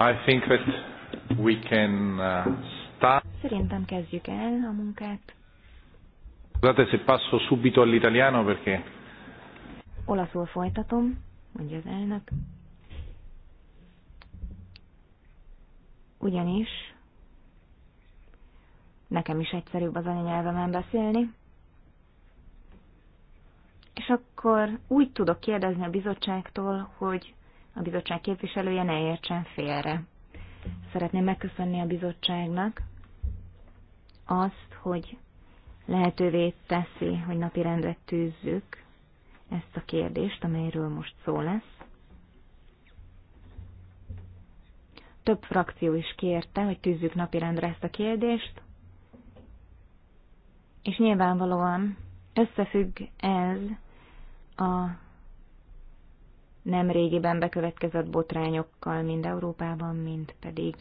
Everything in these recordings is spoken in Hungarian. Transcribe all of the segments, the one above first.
I think that we can uh, start. Szerintem kezdjük el a munkát. Scusate se passo subito all'italiano perché... Olaszul folytatom, mondja az elnök. Ugyanis nekem is egyszerűbb az anyanyelvemen beszélni. És akkor úgy tudok kérdezni a bizottságtól, hogy a bizottság képviselője ne értsen félre. Szeretném megköszönni a bizottságnak azt, hogy lehetővé teszi, hogy napirendre tűzzük ezt a kérdést, amelyről most szó lesz. Több frakció is kérte, hogy tűzzük napirendre ezt a kérdést, és nyilvánvalóan összefügg ez a nem régiben bekövetkezett botrányokkal, mind Európában, mind pedig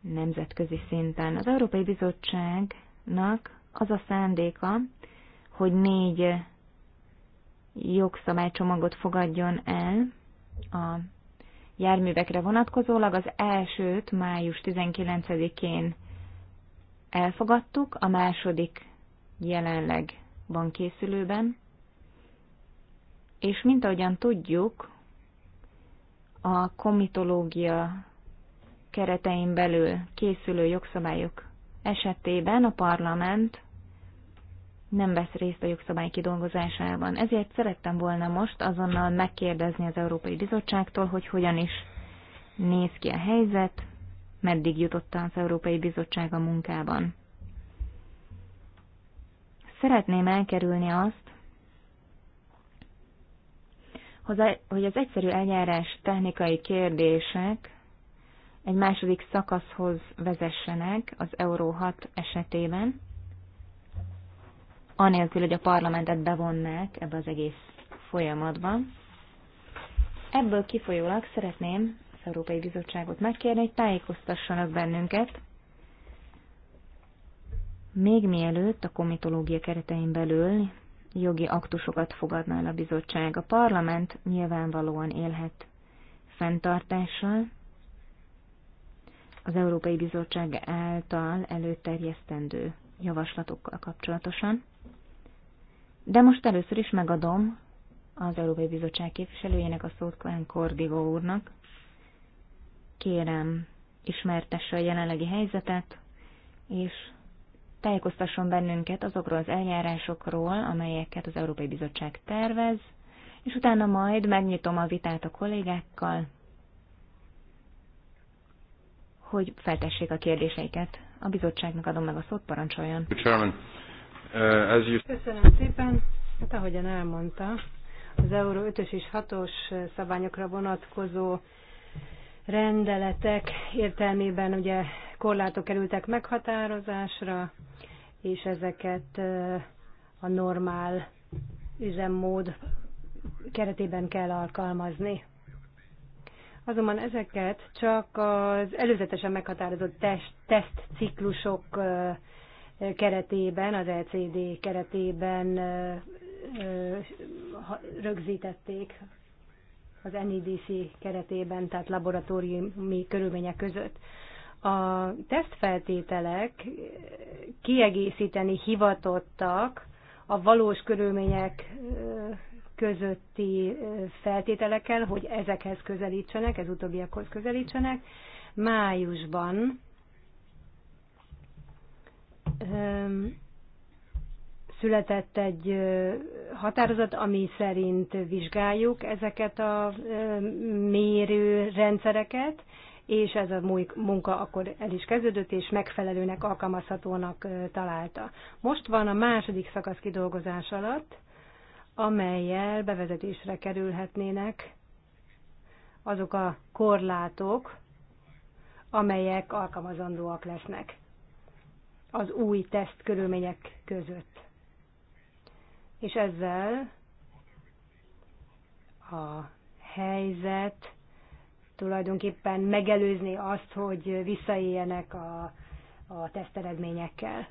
nemzetközi szinten. Az Európai Bizottságnak az a szándéka, hogy négy jogszabálycsomagot fogadjon el a járművekre vonatkozólag. Az elsőt május 19-én elfogadtuk, a második jelenleg van készülőben, és mint ahogyan tudjuk, a komitológia keretein belül készülő jogszabályok esetében a parlament nem vesz részt a jogszabály kidolgozásában. Ezért szerettem volna most azonnal megkérdezni az Európai Bizottságtól, hogy hogyan is néz ki a helyzet, meddig jutott az Európai Bizottság a munkában. Szeretném elkerülni azt, hogy az egyszerű eljárás technikai kérdések egy második szakaszhoz vezessenek az Euró 6 esetében, anélkül, hogy a parlamentet bevonnák ebbe az egész folyamatba. Ebből kifolyólag szeretném az Európai Bizottságot megkérni, hogy tájékoztassanak bennünket, még mielőtt a komitológia keretein belül jogi aktusokat fogadna el a bizottság. A parlament nyilvánvalóan élhet fenntartással, az Európai Bizottság által előterjesztendő javaslatokkal kapcsolatosan. De most először is megadom az Európai Bizottság képviselőjének a szót Klán Kordigó úrnak. Kérem, ismertesse a jelenlegi helyzetet, és tájékoztasson bennünket azokról az eljárásokról, amelyeket az Európai Bizottság tervez, és utána majd megnyitom a vitát a kollégákkal, hogy feltessék a kérdéseiket. A bizottságnak adom meg a szót, parancsoljon. Uh, Köszönöm szépen. Hát ahogyan elmondta, az Euró 5-ös és 6-os szabályokra vonatkozó rendeletek értelmében ugye korlátok kerültek meghatározásra, és ezeket a normál üzemmód keretében kell alkalmazni. Azonban ezeket csak az előzetesen meghatározott test, tesztciklusok keretében, az LCD keretében rögzítették az NEDC keretében, tehát laboratóriumi körülmények között. A tesztfeltételek kiegészíteni hivatottak a valós körülmények közötti feltételekkel, hogy ezekhez közelítsenek, ez utóbbiakhoz közelítsenek. Májusban született egy határozat, ami szerint vizsgáljuk ezeket a mérő rendszereket, és ez a munka akkor el is kezdődött, és megfelelőnek, alkalmazhatónak találta. Most van a második szakasz kidolgozás alatt, amelyel bevezetésre kerülhetnének azok a korlátok, amelyek alkalmazandóak lesznek az új teszt körülmények között. És ezzel a helyzet tulajdonképpen megelőzni azt, hogy visszaéljenek a, a teszteredményekkel.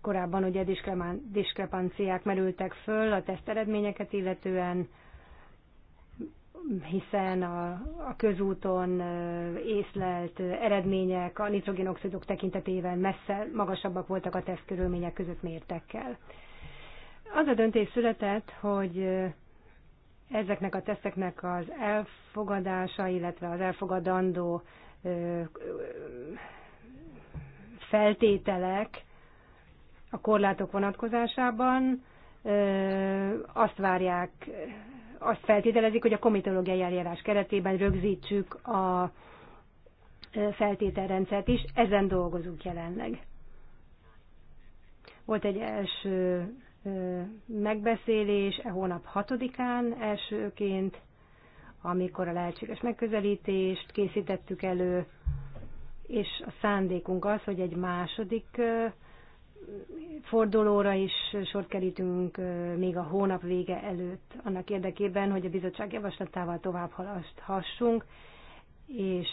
Korábban ugye diskrepanciák merültek föl a teszteredményeket illetően, hiszen a, a közúton észlelt eredmények a nitrogénoxidok tekintetében messze magasabbak voltak a teszt körülmények között mértekkel. Az a döntés született, hogy Ezeknek a teszteknek az elfogadása, illetve az elfogadandó feltételek a korlátok vonatkozásában azt várják, azt feltételezik, hogy a komitológiai eljárás keretében rögzítsük a feltételrendszert is, ezen dolgozunk jelenleg. Volt egy első megbeszélés e hónap 6-án elsőként, amikor a lehetséges megközelítést készítettük elő, és a szándékunk az, hogy egy második fordulóra is sort kerítünk még a hónap vége előtt, annak érdekében, hogy a bizottság javaslatával tovább haladhassunk, és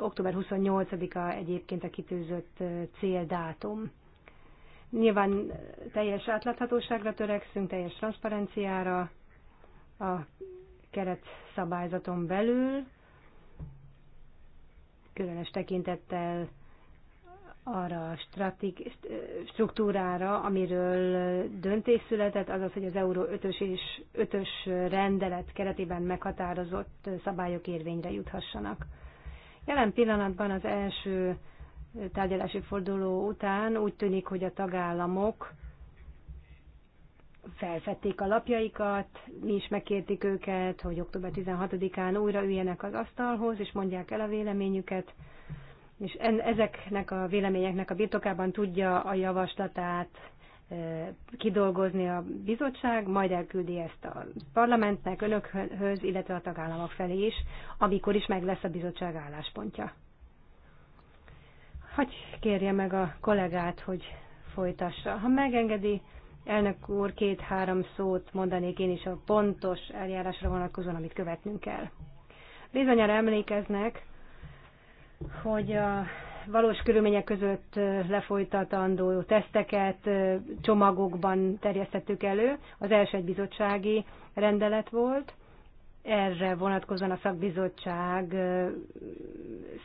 október 28-a egyébként a kitűzött céldátum. Nyilván teljes átláthatóságra törekszünk, teljes transzparenciára a keret szabályzaton belül, különös tekintettel arra a stratik, struktúrára, amiről döntés született, azaz, hogy az Euró 5-ös és 5-ös rendelet keretében meghatározott szabályok érvényre juthassanak. Jelen pillanatban az első tárgyalási forduló után úgy tűnik, hogy a tagállamok felfedték a lapjaikat, mi is megkértik őket, hogy október 16-án újra üljenek az asztalhoz, és mondják el a véleményüket, és en, ezeknek a véleményeknek a birtokában tudja a javaslatát e, kidolgozni a bizottság, majd elküldi ezt a parlamentnek, önökhöz, illetve a tagállamok felé is, amikor is meg lesz a bizottság álláspontja hogy kérje meg a kollégát, hogy folytassa. Ha megengedi, elnök úr, két-három szót mondanék én is a pontos eljárásra vonatkozóan, amit követnünk kell. Bizonyára emlékeznek, hogy a valós körülmények között lefolytatandó teszteket csomagokban terjesztettük elő. Az első egy bizottsági rendelet volt, erre vonatkozóan a szakbizottság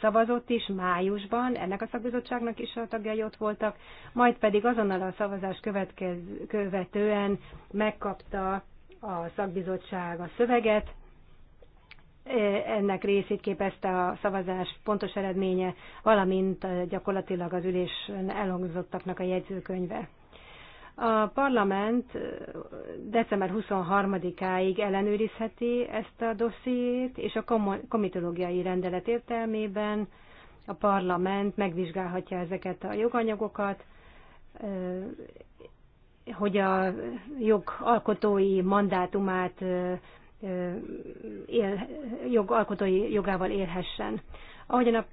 szavazott is májusban, ennek a szakbizottságnak is a tagjai ott voltak, majd pedig azonnal a szavazás következ, követően megkapta a szakbizottság a szöveget, ennek részét képezte a szavazás pontos eredménye, valamint gyakorlatilag az ülésen elhangzottaknak a jegyzőkönyve. A parlament december 23-áig ellenőrizheti ezt a dossziét, és a komitológiai rendelet értelmében a parlament megvizsgálhatja ezeket a joganyagokat, hogy a jogalkotói mandátumát él, jogalkotói jogával élhessen. Ahogyan a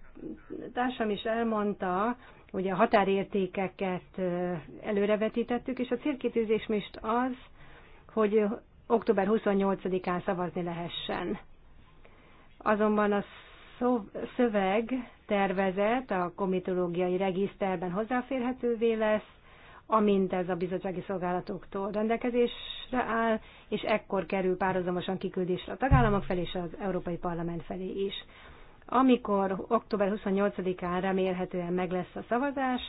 társam is elmondta, Ugye a határértékeket előrevetítettük, és a célkitűzés most az, hogy október 28-án szavazni lehessen. Azonban a szöveg tervezet a komitológiai regiszterben hozzáférhetővé lesz, amint ez a bizottsági szolgálatoktól rendelkezésre áll, és ekkor kerül párhuzamosan kiküldésre a tagállamok felé és az Európai Parlament felé is. Amikor október 28-án remélhetően meg lesz a szavazás,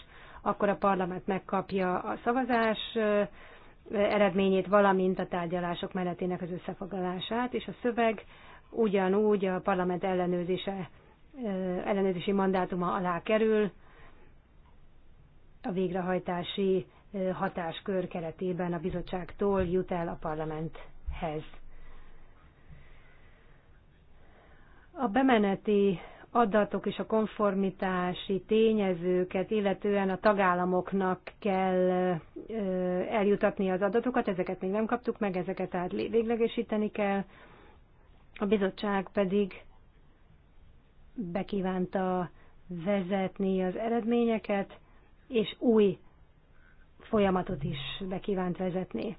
akkor a parlament megkapja a szavazás eredményét, valamint a tárgyalások menetének az összefoglalását, és a szöveg ugyanúgy a parlament ellenőrzése, ellenőrzési mandátuma alá kerül a végrehajtási hatáskör keretében a bizottságtól jut el a parlamenthez. A bemeneti adatok és a konformitási tényezőket, illetően a tagállamoknak kell eljutatni az adatokat, ezeket még nem kaptuk meg, ezeket tehát véglegesíteni kell. A bizottság pedig bekívánta vezetni az eredményeket, és új folyamatot is bekívánt vezetni.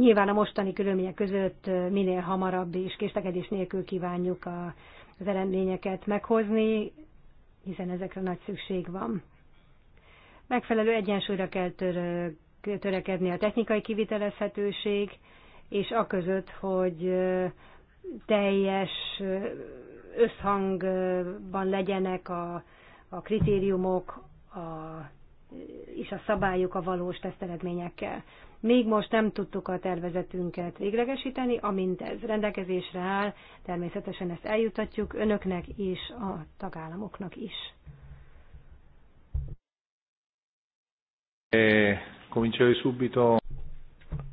Nyilván a mostani körülmények között minél hamarabb és késlekedés nélkül kívánjuk a, az eredményeket meghozni, hiszen ezekre nagy szükség van. Megfelelő egyensúlyra kell törekedni a technikai kivitelezhetőség, és a között, hogy teljes összhangban legyenek a, a kritériumok a, és a szabályok a valós teszteredményekkel. Még most nem tudtuk a tervezetünket véglegesíteni, amint ez rendelkezésre áll, természetesen ezt eljutatjuk önöknek és a tagállamoknak is. Eh,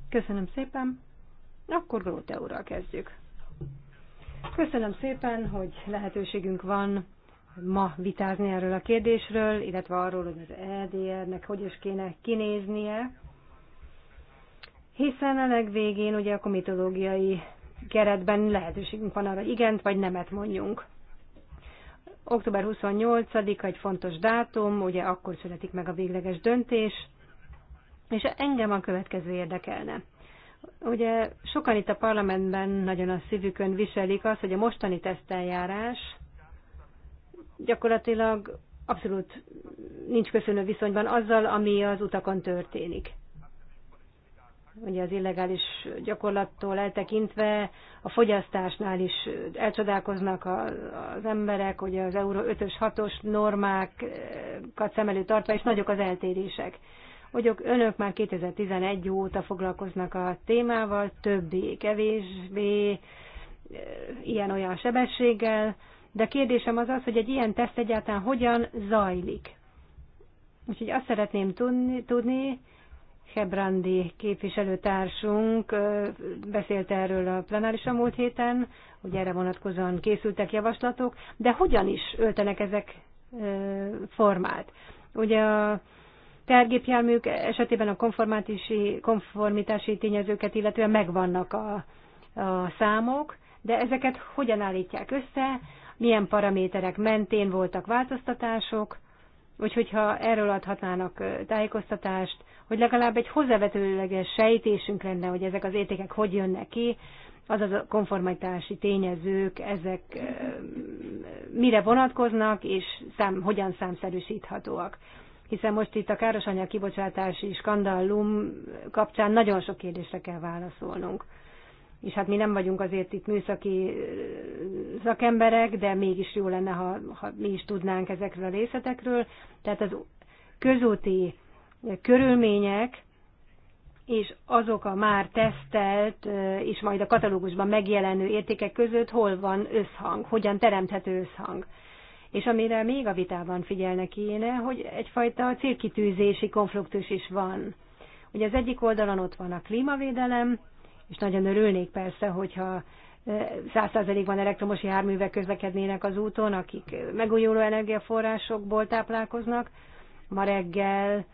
Köszönöm szépen. Akkor Glóte úrral kezdjük. Köszönöm szépen, hogy lehetőségünk van ma vitázni erről a kérdésről, illetve arról, hogy az EDR-nek hogy is kéne kinéznie hiszen a legvégén ugye a komitológiai keretben lehetőségünk van arra, hogy igent vagy nemet mondjunk. Október 28-a egy fontos dátum, ugye akkor születik meg a végleges döntés, és engem a következő érdekelne. Ugye sokan itt a parlamentben nagyon a szívükön viselik azt, hogy a mostani teszteljárás gyakorlatilag abszolút nincs köszönő viszonyban azzal, ami az utakon történik ugye az illegális gyakorlattól eltekintve a fogyasztásnál is elcsodálkoznak az emberek, hogy az euró 5-ös, 6-os normákat szem előtt tartva, és nagyok az eltérések. Hogy önök már 2011 óta foglalkoznak a témával, többé, kevésbé, e, ilyen-olyan sebességgel, de kérdésem az az, hogy egy ilyen teszt egyáltalán hogyan zajlik. Úgyhogy azt szeretném tudni, Hebrandi képviselőtársunk beszélt erről a a múlt héten, hogy erre vonatkozóan készültek javaslatok, de hogyan is öltenek ezek formát? Ugye a tergépjárműk esetében a konformitási tényezőket illetően megvannak a, a számok, de ezeket hogyan állítják össze, milyen paraméterek mentén voltak változtatások, Úgyhogy hogyha erről adhatnának tájékoztatást, hogy legalább egy hozzávetőleges sejtésünk lenne, hogy ezek az értékek hogy jönnek ki, azaz a konformitási tényezők, ezek mire vonatkoznak, és szám, hogyan számszerűsíthatóak. Hiszen most itt a károsanyag kibocsátási skandallum kapcsán nagyon sok kérdésre kell válaszolnunk és hát mi nem vagyunk azért itt műszaki szakemberek, de mégis jó lenne, ha, ha mi is tudnánk ezekről a részletekről. Tehát az közúti körülmények és azok a már tesztelt és majd a katalógusban megjelenő értékek között hol van összhang, hogyan teremthető összhang. És amire még a vitában figyelnek kéne, hogy egyfajta célkitűzési konfliktus is van. Ugye az egyik oldalon ott van a klímavédelem, és nagyon örülnék persze, hogyha százszázalékban elektromos járművek közlekednének az úton, akik megújuló energiaforrásokból táplálkoznak. Ma reggel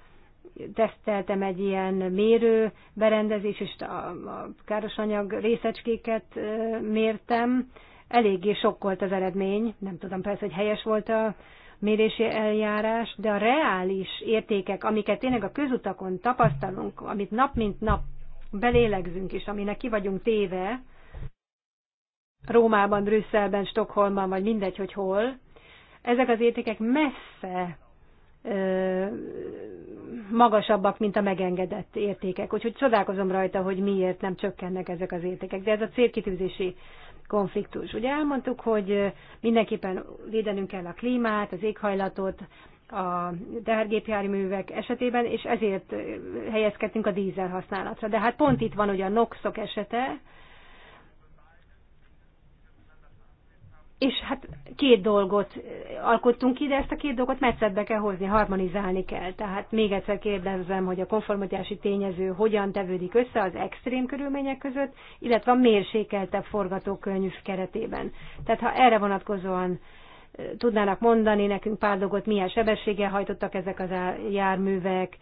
teszteltem egy ilyen mérő berendezés, és a, a károsanyag részecskéket mértem. Eléggé sok volt az eredmény, nem tudom persze, hogy helyes volt a mérési eljárás, de a reális értékek, amiket tényleg a közutakon tapasztalunk, amit nap mint nap belélegzünk is, aminek ki vagyunk téve, Rómában, Brüsszelben, Stockholmban, vagy mindegy, hogy hol, ezek az értékek messze ö, magasabbak, mint a megengedett értékek. Úgyhogy csodálkozom rajta, hogy miért nem csökkennek ezek az értékek. De ez a célkitűzési konfliktus. Ugye elmondtuk, hogy mindenképpen védenünk kell a klímát, az éghajlatot, a tehergépjárművek esetében, és ezért helyezkedtünk a dízel használatra. De hát pont itt van ugye a NOx-ok esete, és hát két dolgot alkottunk ki, de ezt a két dolgot meccetbe kell hozni, harmonizálni kell. Tehát még egyszer kérdezem, hogy a konformitási tényező hogyan tevődik össze az extrém körülmények között, illetve a mérsékeltebb forgatókönyv keretében. Tehát ha erre vonatkozóan tudnának mondani nekünk pár dolgot, milyen sebességgel hajtottak ezek az járművek.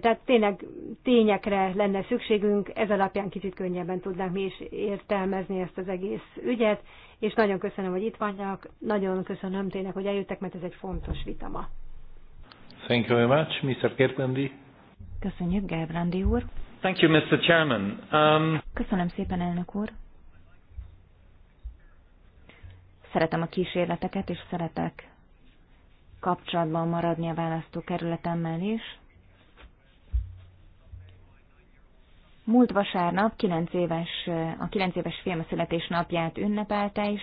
Tehát tényleg tényekre lenne szükségünk, ez alapján kicsit könnyebben tudnánk mi is értelmezni ezt az egész ügyet, és nagyon köszönöm, hogy itt vannak, nagyon köszönöm tényleg, hogy eljöttek, mert ez egy fontos vita ma. Thank you very much, Mr. Kertendi. Köszönjük, Gerbrandi úr. Thank you, Mr. Chairman. Um... Köszönöm szépen, elnök úr. Szeretem a kísérleteket, és szeretek kapcsolatban maradni a választókerületemmel is. Múlt vasárnap 9 éves, a 9 éves fiam születésnapját ünnepelte, és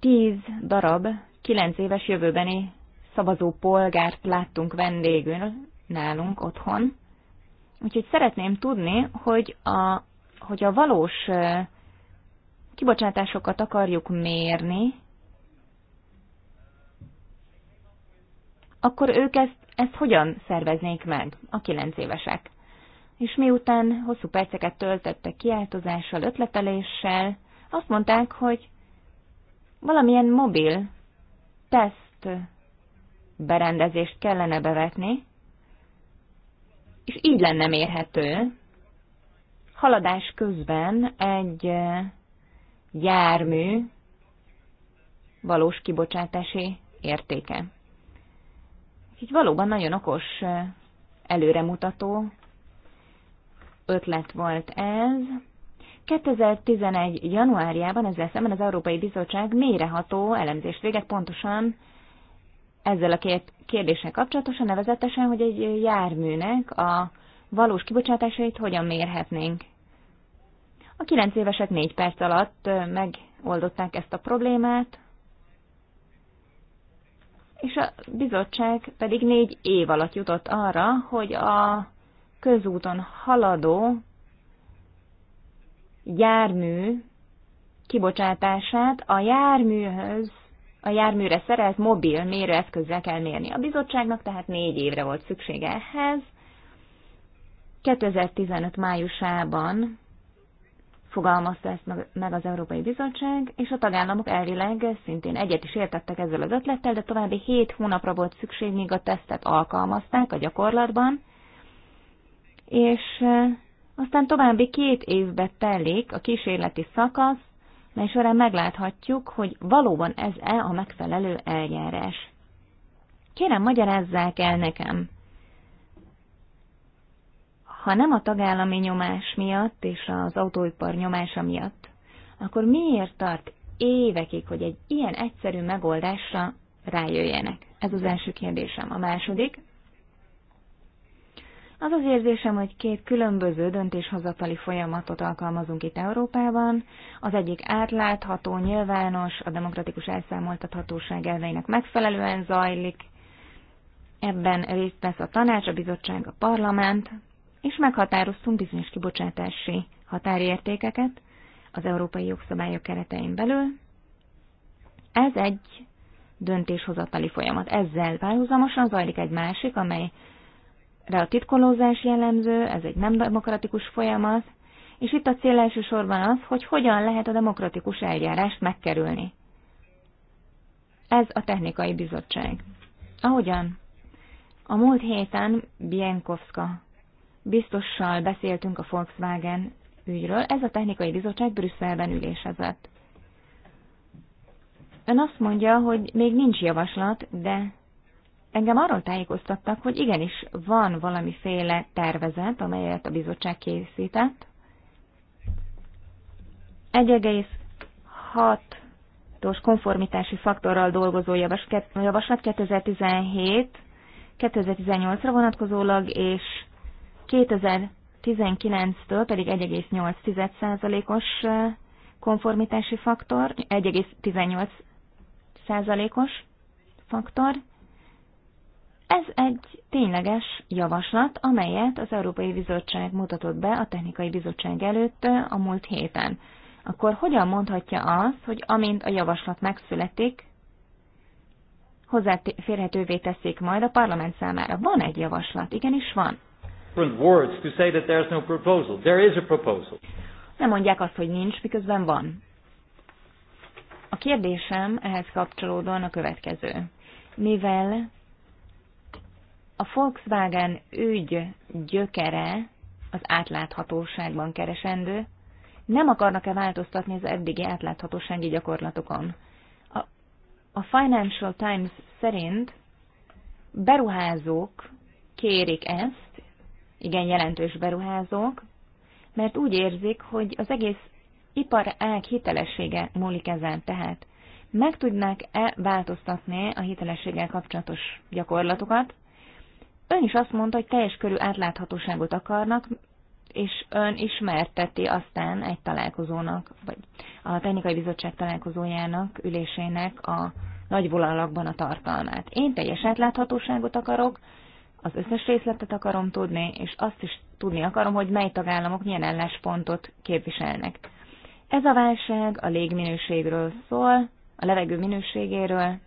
10 darab 9 éves jövőbeni szavazó polgárt láttunk vendégül nálunk otthon. Úgyhogy szeretném tudni, hogy a, hogy a valós kibocsátásokat akarjuk mérni, akkor ők ezt, ezt hogyan szerveznék meg, a kilenc évesek? És miután hosszú perceket töltöttek kiáltozással, ötleteléssel, azt mondták, hogy valamilyen mobil teszt berendezést kellene bevetni, és így lenne mérhető haladás közben egy jármű valós kibocsátási értéke. Így valóban nagyon okos, előremutató ötlet volt ez. 2011. januárjában ezzel szemben az Európai Bizottság mélyreható elemzést végett pontosan ezzel a két kérdéssel kapcsolatosan, nevezetesen, hogy egy járműnek a valós kibocsátásait hogyan mérhetnénk. A kilenc évesek négy perc alatt megoldották ezt a problémát, és a bizottság pedig négy év alatt jutott arra, hogy a közúton haladó jármű kibocsátását a járműhöz, a járműre szerelt mobil mérőeszközzel kell mérni. A bizottságnak tehát négy évre volt szüksége ehhez. 2015 májusában fogalmazta ezt meg az Európai Bizottság, és a tagállamok elvileg szintén egyet is értettek ezzel az ötlettel, de további hét hónapra volt szükség, míg a tesztet alkalmazták a gyakorlatban, és aztán további két évbe telik a kísérleti szakasz, mely során megláthatjuk, hogy valóban ez-e a megfelelő eljárás. Kérem, magyarázzák el nekem, ha nem a tagállami nyomás miatt és az autóipar nyomása miatt, akkor miért tart évekig, hogy egy ilyen egyszerű megoldásra rájöjjenek? Ez az első kérdésem. A második, az az érzésem, hogy két különböző döntéshozatali folyamatot alkalmazunk itt Európában. Az egyik átlátható, nyilvános, a demokratikus elszámoltathatóság elveinek megfelelően zajlik. Ebben részt vesz a tanács, a bizottság, a parlament és meghatároztunk bizonyos kibocsátási határértékeket az európai jogszabályok keretein belül. Ez egy döntéshozatali folyamat. Ezzel párhuzamosan zajlik egy másik, amelyre a titkolózás jellemző, ez egy nem demokratikus folyamat, és itt a cél elsősorban az, hogy hogyan lehet a demokratikus eljárást megkerülni. Ez a technikai bizottság. Ahogyan a múlt héten Bienkowska biztossal beszéltünk a Volkswagen ügyről. Ez a technikai bizottság Brüsszelben ülésezett. Ön azt mondja, hogy még nincs javaslat, de engem arról tájékoztattak, hogy igenis van valamiféle tervezet, amelyet a bizottság készített. 1,6-os konformitási faktorral dolgozó javaslat 2017 2018-ra vonatkozólag, és 2019-től pedig 1,8%-os konformitási faktor, 1,18%-os faktor. Ez egy tényleges javaslat, amelyet az Európai Bizottság mutatott be a Technikai Bizottság előtt a múlt héten. Akkor hogyan mondhatja azt, hogy amint a javaslat megszületik, hozzáférhetővé teszik majd a parlament számára? Van egy javaslat, igenis van different words to say that there's no proposal. There is a proposal. Nem mondják azt, hogy nincs, miközben van. A kérdésem ehhez kapcsolódóan a következő. Mivel a Volkswagen ügy gyökere az átláthatóságban keresendő, nem akarnak-e változtatni az eddigi átláthatósági gyakorlatokon? A, a Financial Times szerint beruházók kérik ezt, igen jelentős beruházók, mert úgy érzik, hogy az egész ág hitelessége múlik ezen. Tehát meg tudnák-e változtatni a hitelességgel kapcsolatos gyakorlatokat? Ön is azt mondta, hogy teljes körű átláthatóságot akarnak, és ön ismerteti aztán egy találkozónak, vagy a technikai bizottság találkozójának, ülésének a nagyvonalakban a tartalmát. Én teljes átláthatóságot akarok, az összes részletet akarom tudni, és azt is tudni akarom, hogy mely tagállamok milyen álláspontot képviselnek. Ez a válság a légminőségről szól, a levegő minőségéről.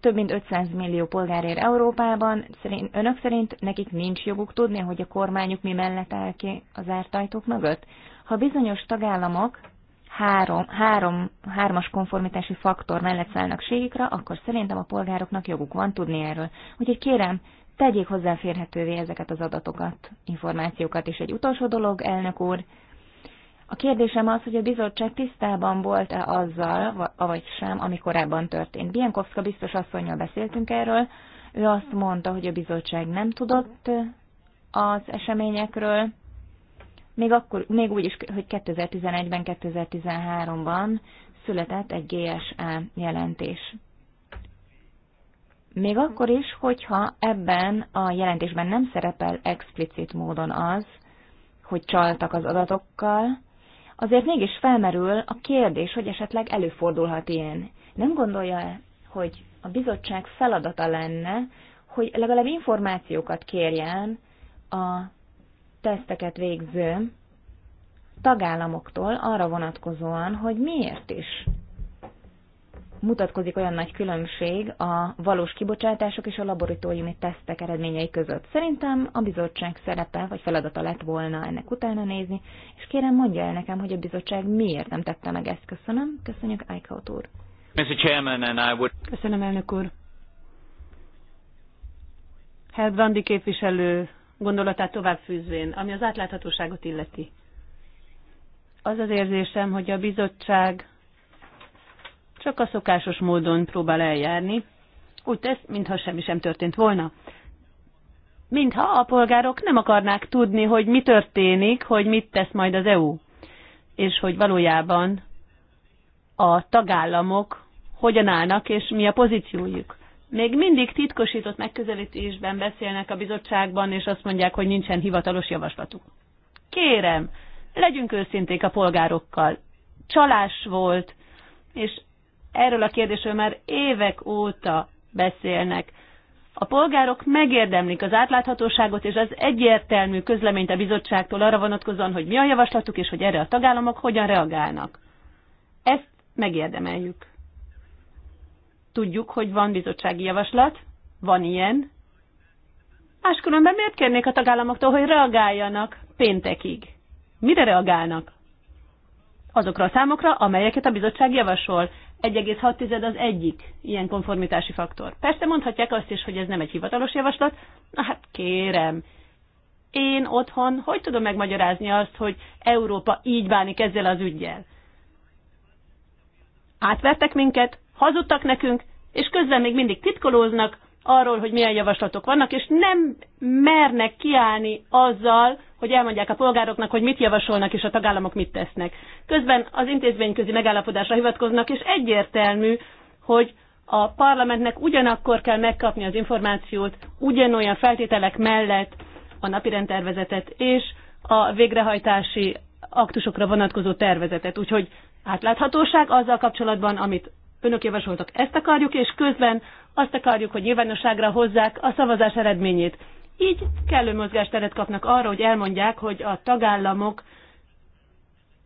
Több mint 500 millió polgár ér Európában, szerint, önök szerint nekik nincs joguk tudni, hogy a kormányuk mi mellett áll ki az ártajtók mögött? Ha bizonyos tagállamok három, három, hármas konformitási faktor mellett szállnak ségikra, akkor szerintem a polgároknak joguk van tudni erről. Úgyhogy kérem, tegyék hozzáférhetővé ezeket az adatokat, információkat. És egy utolsó dolog, elnök úr, a kérdésem az, hogy a bizottság tisztában volt-e azzal, vagy sem, ami korábban történt. Bienkowska biztos asszonynal beszéltünk erről, ő azt mondta, hogy a bizottság nem tudott az eseményekről, még, akkor, még úgy is, hogy 2011-ben, 2013-ban született egy GSA jelentés. Még akkor is, hogyha ebben a jelentésben nem szerepel explicit módon az, hogy csaltak az adatokkal, azért mégis felmerül a kérdés, hogy esetleg előfordulhat ilyen. Nem gondolja-e, hogy a bizottság feladata lenne, hogy legalább információkat kérjen a teszteket végző tagállamoktól arra vonatkozóan, hogy miért is mutatkozik olyan nagy különbség a valós kibocsátások és a laboratóriumi tesztek eredményei között. Szerintem a bizottság szerepe vagy feladata lett volna ennek utána nézni, és kérem mondja el nekem, hogy a bizottság miért nem tette meg ezt. Köszönöm. Köszönjük, Eichhout úr. Mr. Chairman, and I would... Köszönöm, elnök úr. Helbrandi képviselő gondolatát továbbfűzvén, ami az átláthatóságot illeti. Az az érzésem, hogy a bizottság csak a szokásos módon próbál eljárni, úgy tesz, mintha semmi sem történt volna. Mintha a polgárok nem akarnák tudni, hogy mi történik, hogy mit tesz majd az EU, és hogy valójában a tagállamok hogyan állnak, és mi a pozíciójuk még mindig titkosított megközelítésben beszélnek a bizottságban, és azt mondják, hogy nincsen hivatalos javaslatuk. Kérem, legyünk őszinték a polgárokkal. Csalás volt, és erről a kérdésről már évek óta beszélnek. A polgárok megérdemlik az átláthatóságot és az egyértelmű közleményt a bizottságtól arra vonatkozóan, hogy mi a javaslatuk és hogy erre a tagállamok hogyan reagálnak. Ezt megérdemeljük. Tudjuk, hogy van bizottsági javaslat, van ilyen. Máskülönben miért kérnék a tagállamoktól, hogy reagáljanak péntekig? Mire reagálnak? Azokra a számokra, amelyeket a bizottság javasol. 1,6 az egyik ilyen konformitási faktor. Persze mondhatják azt is, hogy ez nem egy hivatalos javaslat. Na hát kérem, én otthon hogy tudom megmagyarázni azt, hogy Európa így bánik ezzel az ügyjel? Átvertek minket, hazudtak nekünk, és közben még mindig titkolóznak arról, hogy milyen javaslatok vannak, és nem mernek kiállni azzal, hogy elmondják a polgároknak, hogy mit javasolnak, és a tagállamok mit tesznek. Közben az intézményközi megállapodásra hivatkoznak, és egyértelmű, hogy a parlamentnek ugyanakkor kell megkapni az információt, ugyanolyan feltételek mellett a napi rendtervezetet és a végrehajtási aktusokra vonatkozó tervezetet. Úgyhogy átláthatóság azzal kapcsolatban, amit önök javasoltak, ezt akarjuk, és közben azt akarjuk, hogy nyilvánosságra hozzák a szavazás eredményét. Így kellő mozgásteret kapnak arra, hogy elmondják, hogy a tagállamok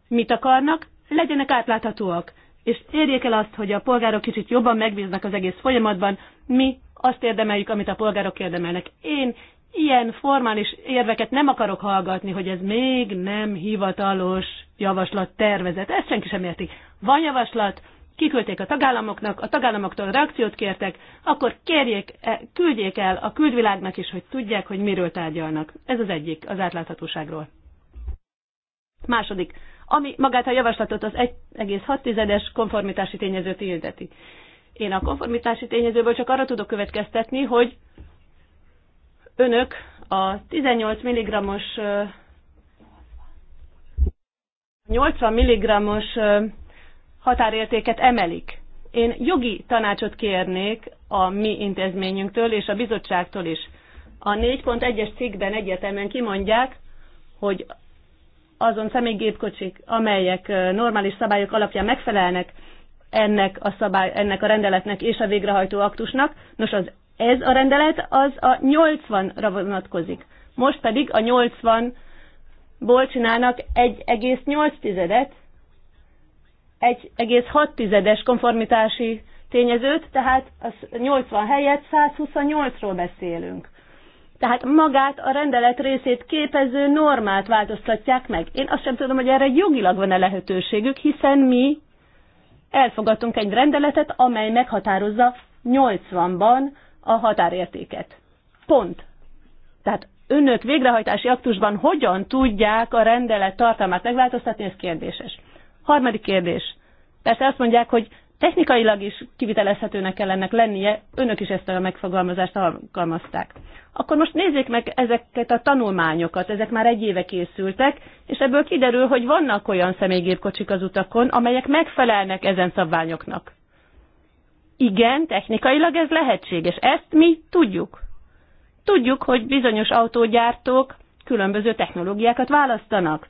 mit akarnak, legyenek átláthatóak, és érjék el azt, hogy a polgárok kicsit jobban megbíznak az egész folyamatban, mi azt érdemeljük, amit a polgárok érdemelnek. Én ilyen formális érveket nem akarok hallgatni, hogy ez még nem hivatalos javaslat tervezet. Ezt senki sem érti. Van javaslat, kiküldték a tagállamoknak, a tagállamoktól reakciót kértek, akkor kérjék, e, küldjék el a külvilágnak is, hogy tudják, hogy miről tárgyalnak. Ez az egyik, az átláthatóságról. Második, ami magát a javaslatot az 1,6-es konformitási tényezőt illeti. Én a konformitási tényezőből csak arra tudok következtetni, hogy önök a 18 mg-os 80 mg-os határértéket emelik. Én jogi tanácsot kérnék a mi intézményünktől és a bizottságtól is. A 4.1-es cikkben egyetemen kimondják, hogy azon személygépkocsik, amelyek normális szabályok alapján megfelelnek ennek a, szabály, ennek a rendeletnek és a végrehajtó aktusnak, nos az ez a rendelet az a 80-ra vonatkozik. Most pedig a 80-ból csinálnak 1,8-et, 1,6-es konformitási tényezőt, tehát az 80 helyett 128-ról beszélünk. Tehát magát a rendelet részét képező normát változtatják meg. Én azt sem tudom, hogy erre jogilag van-e lehetőségük, hiszen mi elfogadtunk egy rendeletet, amely meghatározza 80-ban a határértéket. Pont. Tehát önök végrehajtási aktusban hogyan tudják a rendelet tartalmát megváltoztatni, ez kérdéses. Harmadik kérdés. Persze azt mondják, hogy technikailag is kivitelezhetőnek kell ennek lennie, önök is ezt a megfogalmazást alkalmazták. Akkor most nézzék meg ezeket a tanulmányokat, ezek már egy éve készültek, és ebből kiderül, hogy vannak olyan személygépkocsik az utakon, amelyek megfelelnek ezen szabványoknak. Igen, technikailag ez lehetséges, ezt mi tudjuk. Tudjuk, hogy bizonyos autógyártók különböző technológiákat választanak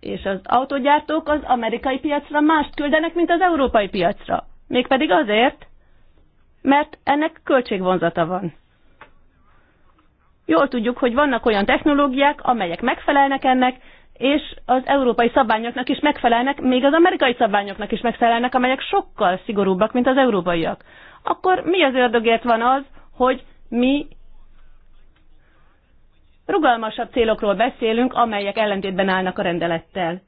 és az autogyártók az amerikai piacra mást küldenek, mint az európai piacra. Mégpedig azért, mert ennek költségvonzata van. Jól tudjuk, hogy vannak olyan technológiák, amelyek megfelelnek ennek, és az európai szabványoknak is megfelelnek, még az amerikai szabványoknak is megfelelnek, amelyek sokkal szigorúbbak, mint az európaiak. Akkor mi az ördögért van az, hogy mi rugalmasabb célokról beszélünk, amelyek ellentétben állnak a rendelettel.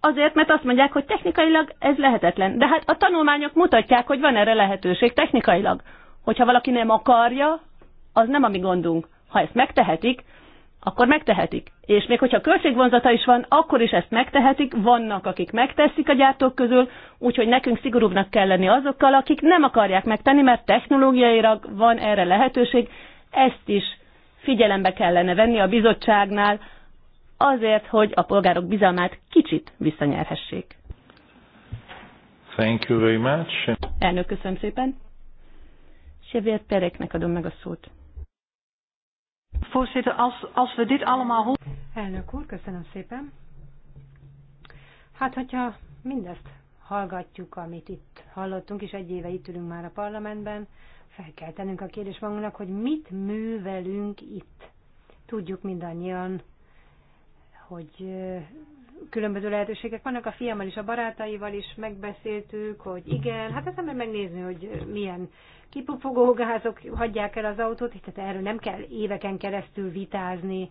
Azért, mert azt mondják, hogy technikailag ez lehetetlen. De hát a tanulmányok mutatják, hogy van erre lehetőség technikailag. Hogyha valaki nem akarja, az nem a mi gondunk. Ha ezt megtehetik, akkor megtehetik. És még hogyha költségvonzata is van, akkor is ezt megtehetik, vannak, akik megteszik a gyártók közül, úgyhogy nekünk szigorúbbnak kell lenni azokkal, akik nem akarják megtenni, mert technológiailag van erre lehetőség, ezt is figyelembe kellene venni a bizottságnál azért, hogy a polgárok bizalmát kicsit visszanyerhessék. Thank you very much. Elnök, köszönöm szépen. Sevier Pereknek adom meg a szót. Voorzitter, als, als we dit allemaal... Elnök úr, köszönöm szépen. Hát, hogyha mindezt hallgatjuk, amit itt hallottunk, és egy éve itt ülünk már a parlamentben, fel kell tennünk a kérdés magunknak, hogy mit művelünk itt. Tudjuk mindannyian, hogy különböző lehetőségek vannak a fiammal és a barátaival is, megbeszéltük, hogy igen, hát ezt meg megnézni, hogy milyen kipufogógázok hagyják el az autót, tehát erről nem kell éveken keresztül vitázni.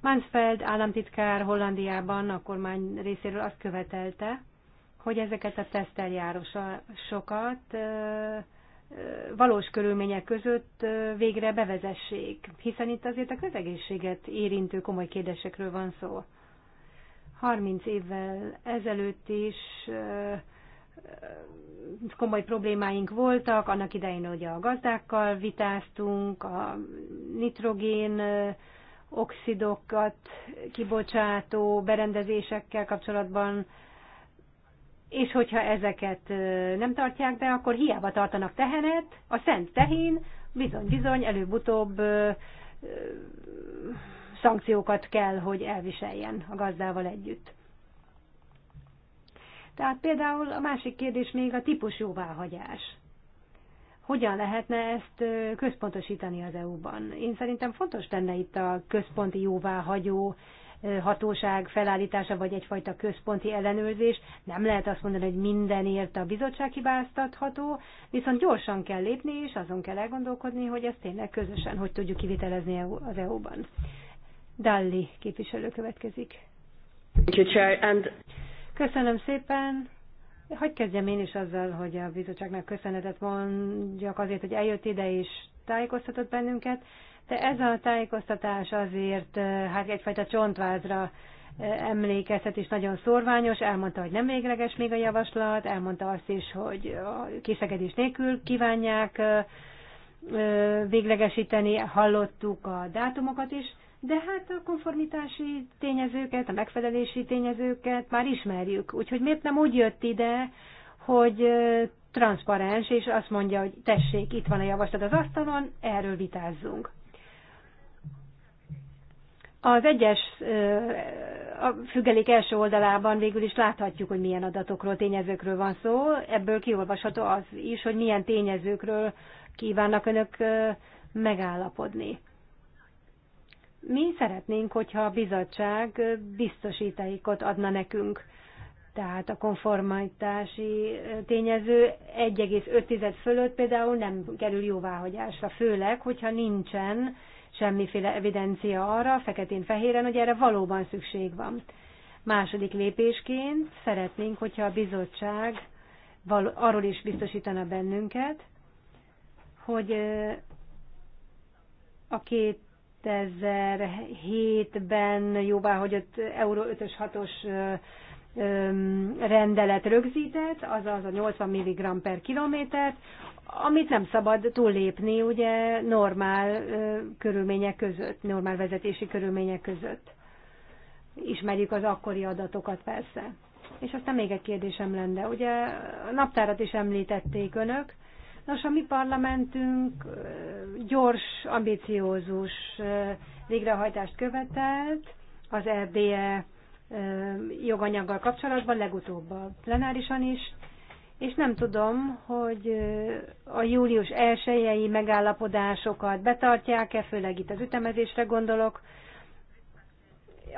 Mansfeld államtitkár Hollandiában a kormány részéről azt követelte, hogy ezeket a teszteljárosokat sokat valós körülmények között végre bevezessék, hiszen itt azért a közegészséget érintő komoly kérdésekről van szó. 30 évvel ezelőtt is komoly problémáink voltak, annak idején hogy a gazdákkal vitáztunk, a nitrogén oxidokat kibocsátó berendezésekkel kapcsolatban és hogyha ezeket nem tartják be, akkor hiába tartanak tehenet, a szent tehén bizony-bizony előbb-utóbb szankciókat kell, hogy elviseljen a gazdával együtt. Tehát például a másik kérdés még a típus jóváhagyás. Hogyan lehetne ezt központosítani az EU-ban? Én szerintem fontos lenne itt a központi jóváhagyó hatóság felállítása, vagy egyfajta központi ellenőrzés. Nem lehet azt mondani, hogy mindenért a bizottság hibáztatható, viszont gyorsan kell lépni, és azon kell elgondolkodni, hogy ezt tényleg közösen hogy tudjuk kivitelezni az EU-ban. Dalli képviselő következik. Köszönöm szépen. hogy kezdjem én is azzal, hogy a bizottságnak köszönetet mondjak azért, hogy eljött ide és tájékoztatott bennünket. De ez a tájékoztatás azért eh, hát egyfajta csontvázra eh, emlékezhet és nagyon szorványos, elmondta, hogy nem végleges még a javaslat, elmondta azt is, hogy a kiszegedés nélkül kívánják eh, véglegesíteni, hallottuk a dátumokat is, de hát a konformitási tényezőket, a megfelelési tényezőket már ismerjük, úgyhogy miért nem úgy jött ide, hogy transzparens, és azt mondja, hogy tessék, itt van a javaslat az asztalon, erről vitázzunk. Az egyes a függelék első oldalában végül is láthatjuk, hogy milyen adatokról, tényezőkről van szó. Ebből kiolvasható az is, hogy milyen tényezőkről kívánnak önök megállapodni. Mi szeretnénk, hogyha a bizottság biztosítékot adna nekünk. Tehát a konformitási tényező 1,5 fölött például nem kerül jóváhagyásra, főleg, hogyha nincsen semmiféle evidencia arra, feketén-fehéren, hogy erre valóban szükség van. Második lépésként szeretnénk, hogyha a bizottság arról is biztosítana bennünket, hogy a 2007-ben jóváhagyott Euró 5-ös 6-os rendelet rögzített, azaz a 80 mg per kilométert, amit nem szabad túllépni, ugye normál körülmények között, normál vezetési körülmények között. Ismerjük az akkori adatokat persze. És aztán még egy kérdésem lenne. Ugye a naptárat is említették önök. Nos, a mi parlamentünk gyors, ambiciózus végrehajtást követelt az RDE joganyaggal kapcsolatban, legutóbb a plenárisan is és nem tudom, hogy a július 1 megállapodásokat betartják-e, főleg itt az ütemezésre gondolok,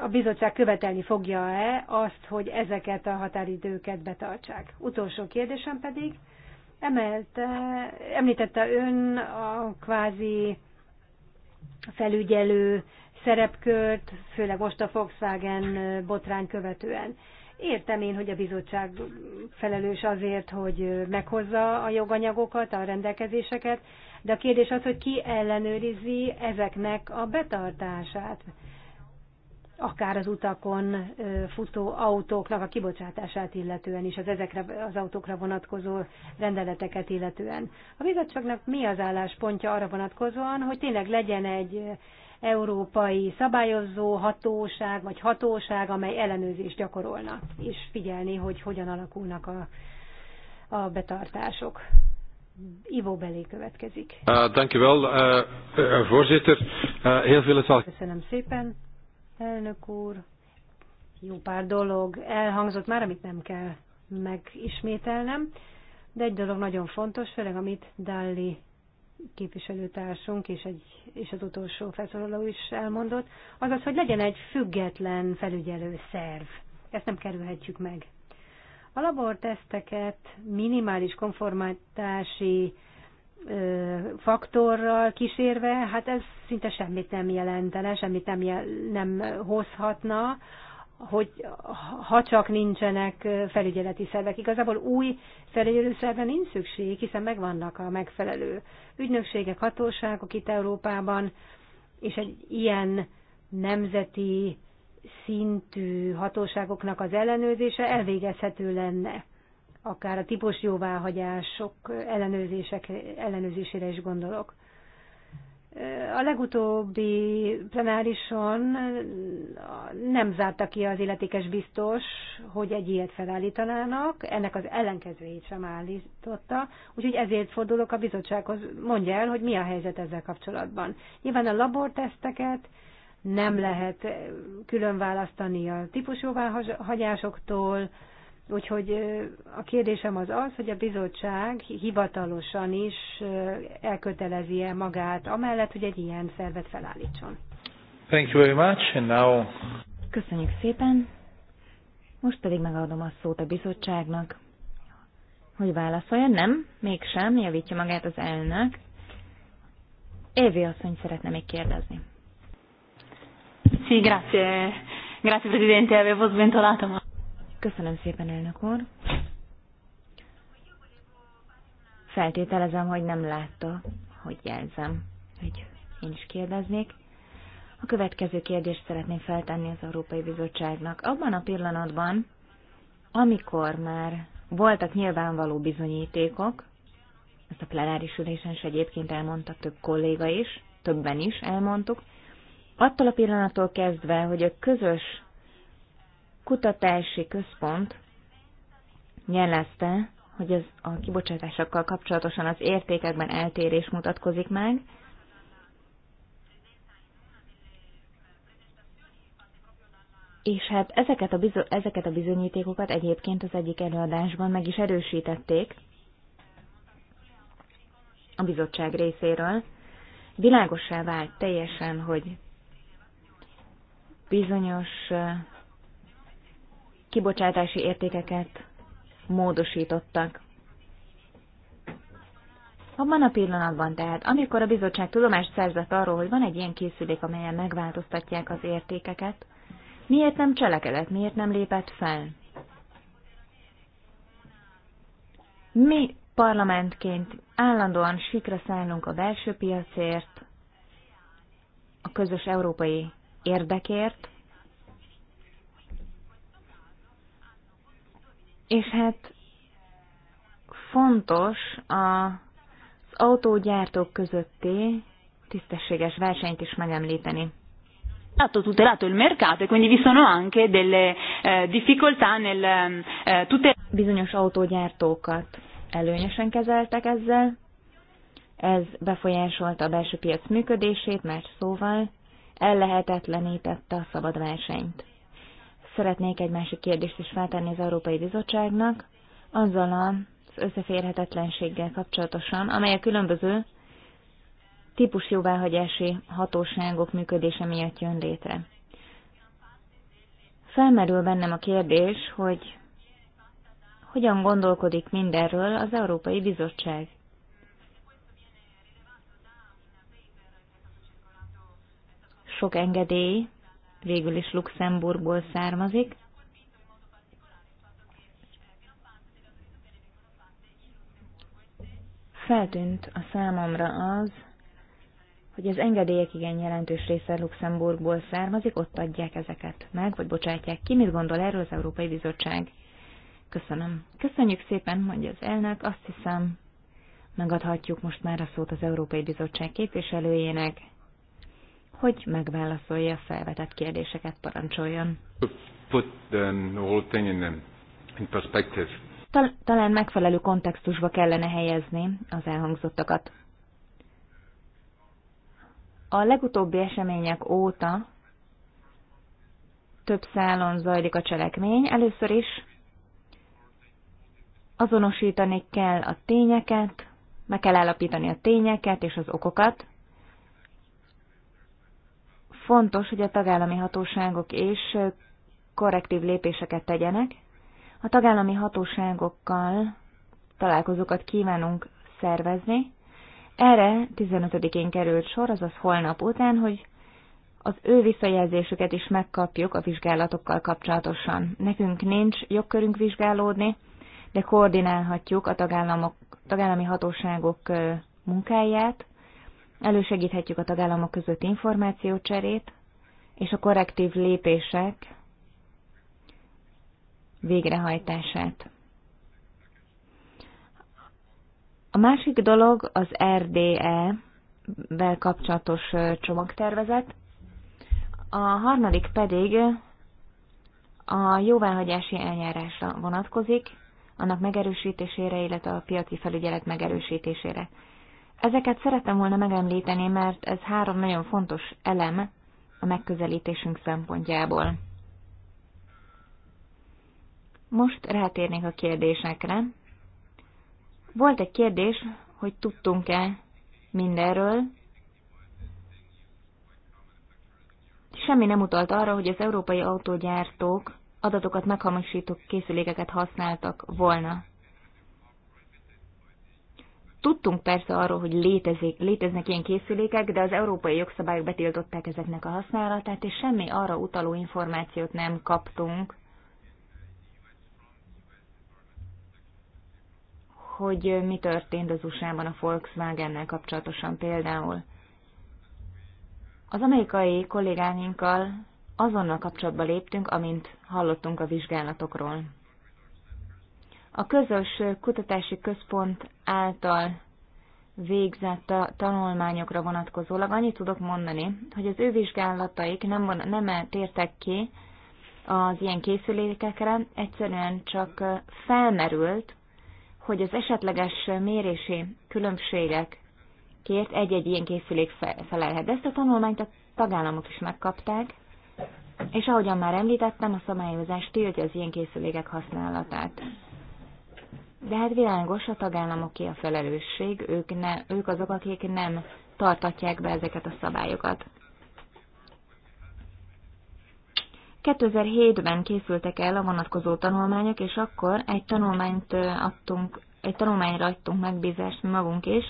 a bizottság követelni fogja-e azt, hogy ezeket a határidőket betartsák. Utolsó kérdésem pedig, emelte, említette ön a kvázi felügyelő szerepkört, főleg most a Volkswagen botrány követően. Értem én, hogy a bizottság felelős azért, hogy meghozza a joganyagokat, a rendelkezéseket, de a kérdés az, hogy ki ellenőrizi ezeknek a betartását, akár az utakon futó autóknak a kibocsátását illetően is, az ezekre az autókra vonatkozó rendeleteket illetően. A bizottságnak mi az álláspontja arra vonatkozóan, hogy tényleg legyen egy európai szabályozó hatóság vagy hatóság, amely ellenőrzést gyakorolna, és figyelni, hogy hogyan alakulnak a, a betartások. Ivo Belé következik. Uh, dank you wel, uh, uh, voorzitter. Uh, heel veel is al... Köszönöm szépen, elnök úr. Jó pár dolog elhangzott már, amit nem kell megismételnem, de egy dolog nagyon fontos, főleg amit Dalli képviselőtársunk és, egy, és az utolsó felszólaló is elmondott, azaz, hogy legyen egy független felügyelő szerv. Ezt nem kerülhetjük meg. A laborteszteket minimális konformitási ö, faktorral kísérve, hát ez szinte semmit nem jelentene, semmit nem, jel, nem hozhatna hogy ha csak nincsenek felügyeleti szervek. Igazából új felügyelő szerve nincs szükség, hiszen megvannak a megfelelő ügynökségek, hatóságok itt Európában, és egy ilyen nemzeti szintű hatóságoknak az ellenőrzése elvégezhető lenne. Akár a típus jóváhagyások ellenőrzések, ellenőrzésére is gondolok. A legutóbbi plenárison nem zárta ki az illetékes biztos, hogy egy ilyet felállítanának, ennek az ellenkezőjét sem állította, úgyhogy ezért fordulok a bizottsághoz, mondja el, hogy mi a helyzet ezzel kapcsolatban. Nyilván a laborteszteket nem lehet külön választani a típusjóváhagyásoktól, Úgyhogy a kérdésem az az, hogy a bizottság hivatalosan is elkötelezi-e magát amellett, hogy egy ilyen szervet felállítson. Thank you very much, and now... Köszönjük szépen. Most pedig megadom a szót a bizottságnak. Hogy válaszolja? Nem, mégsem, javítja magát az elnök. Évi asszony szeretne még kérdezni. Sí, grazie. Grazie Presidente, avevo sventolato Köszönöm szépen, elnök úr. Feltételezem, hogy nem látta, hogy jelzem, hogy én is kérdeznék. A következő kérdést szeretném feltenni az Európai Bizottságnak. Abban a pillanatban, amikor már voltak nyilvánvaló bizonyítékok, ezt a plenáris ülésen is egyébként elmondta több kolléga is, többen is elmondtuk, attól a pillanattól kezdve, hogy a közös kutatási központ jelezte, hogy ez a kibocsátásokkal kapcsolatosan az értékekben eltérés mutatkozik meg, És hát ezeket a, bizo- ezeket a bizonyítékokat egyébként az egyik előadásban meg is erősítették a bizottság részéről. Világosá vált teljesen, hogy bizonyos kibocsátási értékeket módosítottak. Abban a pillanatban tehát, amikor a bizottság tudomást szerzett arról, hogy van egy ilyen készülék, amelyen megváltoztatják az értékeket, miért nem cselekedett, miért nem lépett fel? Mi parlamentként állandóan sikra szállunk a belső piacért, a közös európai érdekért, És hát fontos az autógyártók közötti tisztességes versenyt is megemlíteni stato tutelato il mercato e quindi vi sono anche delle eh, difficoltà nel eh, tutelare. Bizonyos autógyártókat előnyösen kezeltek ezzel, ez befolyásolta a belső piac működését, mert szóval ellehetetlenítette a szabad versenyt. Szeretnék egy másik kérdést is feltenni az Európai Bizottságnak, azzal az összeférhetetlenséggel kapcsolatosan, amely a különböző típus jóváhagyási hatóságok működése miatt jön létre. Felmerül bennem a kérdés, hogy hogyan gondolkodik mindenről az Európai Bizottság. Sok engedély végül is Luxemburgból származik. Feltűnt a számomra az, hogy az engedélyek igen jelentős része Luxemburgból származik, ott adják ezeket meg, vagy bocsátják ki. Mit gondol erről az Európai Bizottság? Köszönöm. Köszönjük szépen, mondja az elnök. Azt hiszem, megadhatjuk most már a szót az Európai Bizottság képviselőjének, hogy megválaszolja a felvetett kérdéseket, parancsoljon. Put the whole thing in, um, in perspective. Tal- talán megfelelő kontextusba kellene helyezni az elhangzottakat. A legutóbbi események óta több szálon zajlik a cselekmény. Először is azonosítani kell a tényeket, meg kell állapítani a tényeket és az okokat, Fontos, hogy a tagállami hatóságok és korrektív lépéseket tegyenek. A tagállami hatóságokkal találkozókat kívánunk szervezni. Erre 15-én került sor, azaz holnap után, hogy az ő visszajelzésüket is megkapjuk a vizsgálatokkal kapcsolatosan. Nekünk nincs jogkörünk vizsgálódni, de koordinálhatjuk a tagállamok, tagállami hatóságok munkáját, elősegíthetjük a tagállamok közötti információcserét, és a korrektív lépések végrehajtását. A másik dolog az RDE-vel kapcsolatos csomagtervezet, a harmadik pedig a jóváhagyási eljárásra vonatkozik, annak megerősítésére, illetve a piaci felügyelet megerősítésére. Ezeket szerettem volna megemlíteni, mert ez három nagyon fontos elem a megközelítésünk szempontjából. Most rátérnék a kérdésekre. Volt egy kérdés, hogy tudtunk-e mindenről. Semmi nem utalt arra, hogy az európai autógyártók adatokat meghamisító készülékeket használtak volna. Tudtunk persze arról, hogy létezik, léteznek ilyen készülékek, de az európai jogszabályok betiltották ezeknek a használatát, és semmi arra utaló információt nem kaptunk, hogy mi történt az USA-ban a Volkswagen-nel kapcsolatosan például. Az amerikai kollégáinkkal azonnal kapcsolatba léptünk, amint hallottunk a vizsgálatokról. A közös kutatási központ által végzett tanulmányokra vonatkozólag annyit tudok mondani, hogy az ő vizsgálataik nem, von, nem tértek ki az ilyen készülékekre, egyszerűen csak felmerült, hogy az esetleges mérési különbségek kért egy-egy ilyen készülék felelhet. De ezt a tanulmányt a tagállamok is megkapták, és ahogyan már említettem, a szabályozás tiltja az ilyen készülékek használatát. De hát világos, a tagállamoké a felelősség, ők, ne, ők azok, akik nem tartatják be ezeket a szabályokat. 2007-ben készültek el a vonatkozó tanulmányok, és akkor egy tanulmányt adtunk, egy tanulmányra adtunk megbízást mi magunk is,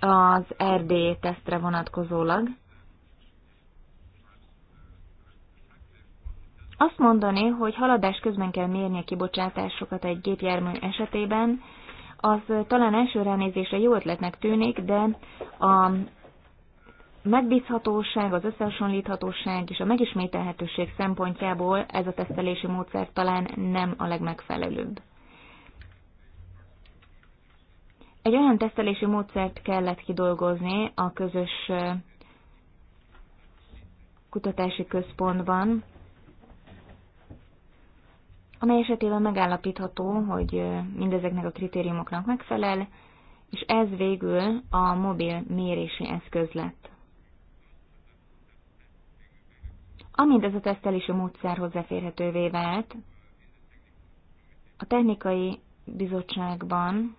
az RD tesztre vonatkozólag. Azt mondani, hogy haladás közben kell mérni a kibocsátásokat egy gépjármű esetében, az talán első ránézésre jó ötletnek tűnik, de a megbízhatóság, az összehasonlíthatóság és a megismételhetőség szempontjából ez a tesztelési módszer talán nem a legmegfelelőbb. Egy olyan tesztelési módszert kellett kidolgozni a közös kutatási központban, amely esetében megállapítható, hogy mindezeknek a kritériumoknak megfelel, és ez végül a mobil mérési eszköz lett. Amint ez a tesztelési módszer hozzáférhetővé vált, a technikai bizottságban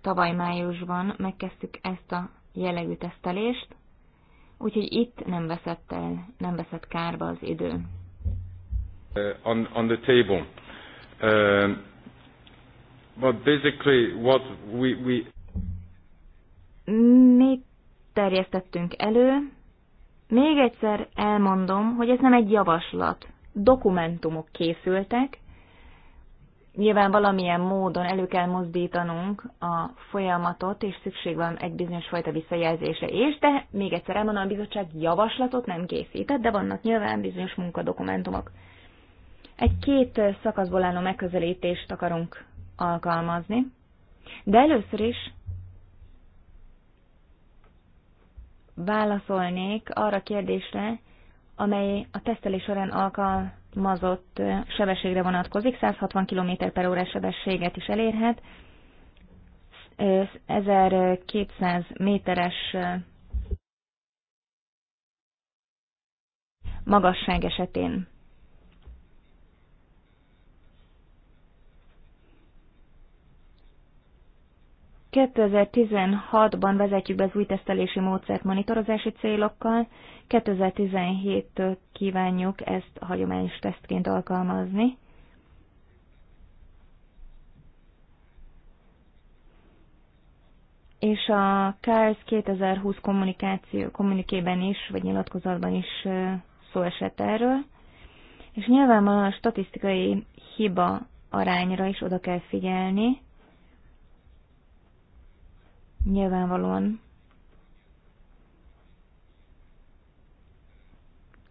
tavaly májusban megkezdtük ezt a jellegű tesztelést, úgyhogy itt nem veszett el, nem veszett kárba az idő. Uh, on, on the table. Uh, but basically what we, we... Mi terjesztettünk elő? Még egyszer elmondom, hogy ez nem egy javaslat. Dokumentumok készültek, nyilván valamilyen módon elő kell mozdítanunk a folyamatot, és szükség van egy bizonyos fajta visszajelzésre és de még egyszer elmondom, a bizottság javaslatot nem készített, de vannak nyilván bizonyos munkadokumentumok. Egy két szakaszból álló megközelítést akarunk alkalmazni, de először is válaszolnék arra kérdésre, amely a tesztelés során alkalmazott sebességre vonatkozik, 160 km per órás sebességet is elérhet, 1200 méteres magasság esetén. 2016-ban vezetjük be az új tesztelési módszert monitorozási célokkal, 2017-től kívánjuk ezt hagyományos tesztként alkalmazni. És a KS 2020 kommunikáció, kommunikében is, vagy nyilatkozatban is szó esett erről. És nyilvánvalóan a statisztikai hiba arányra is oda kell figyelni, nyilvánvalóan.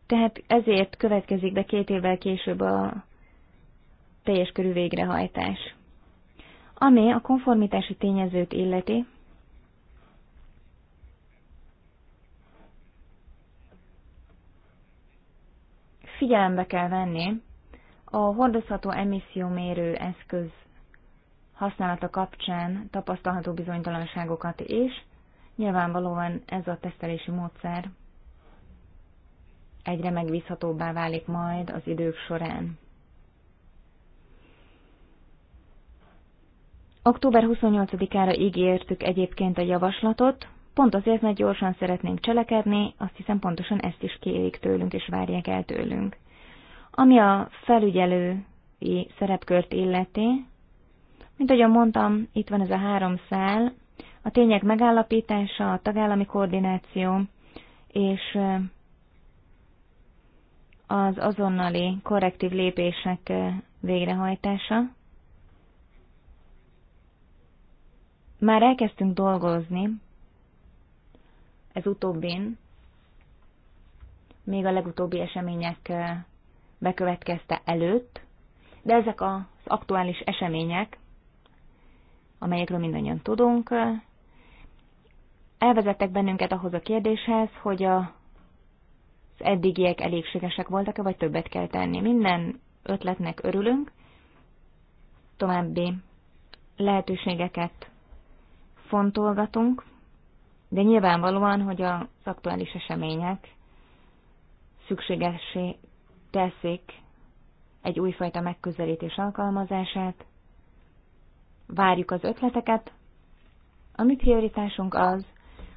Tehát ezért következik be két évvel később a teljes körű végrehajtás. Ami a konformitási tényezőt illeti, figyelembe kell venni a hordozható emissziómérő eszköz használata kapcsán tapasztalható bizonytalanságokat is. Nyilvánvalóan ez a tesztelési módszer egyre megbízhatóbbá válik majd az idők során. Október 28-ára ígértük egyébként a javaslatot, pont azért, mert gyorsan szeretnénk cselekedni, azt hiszem pontosan ezt is kérik tőlünk és várják el tőlünk. Ami a felügyelői szerepkört illeti, mint ahogy mondtam, itt van ez a három szál, a tények megállapítása, a tagállami koordináció és az azonnali korrektív lépések végrehajtása. Már elkezdtünk dolgozni ez utóbbin, még a legutóbbi események bekövetkezte előtt, de ezek az aktuális események amelyekről mindannyian tudunk, elvezettek bennünket ahhoz a kérdéshez, hogy a, az eddigiek elégségesek voltak-e, vagy többet kell tenni. Minden ötletnek örülünk, további lehetőségeket fontolgatunk, de nyilvánvalóan, hogy az aktuális események szükségessé teszik egy újfajta megközelítés alkalmazását, várjuk az ötleteket. A mi prioritásunk az,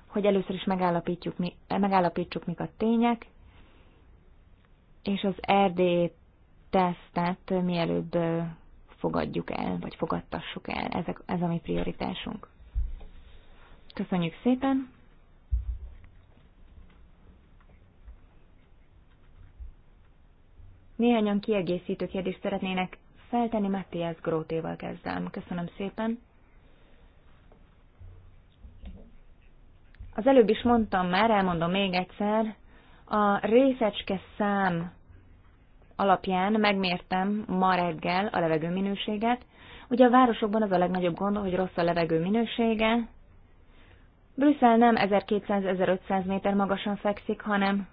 hogy először is megállapítjuk, megállapítsuk, mik a tények, és az RD tesztet mielőbb fogadjuk el, vagy fogadtassuk el. Ezek, ez a mi prioritásunk. Köszönjük szépen! Néhányan kiegészítő kérdést szeretnének feltenni. Matthias Grótéval kezdem. Köszönöm szépen. Az előbb is mondtam már, elmondom még egyszer, a részecske szám alapján megmértem ma reggel a levegő minőséget. Ugye a városokban az a legnagyobb gond, hogy rossz a levegő minősége. Brüsszel nem 1200-1500 méter magasan fekszik, hanem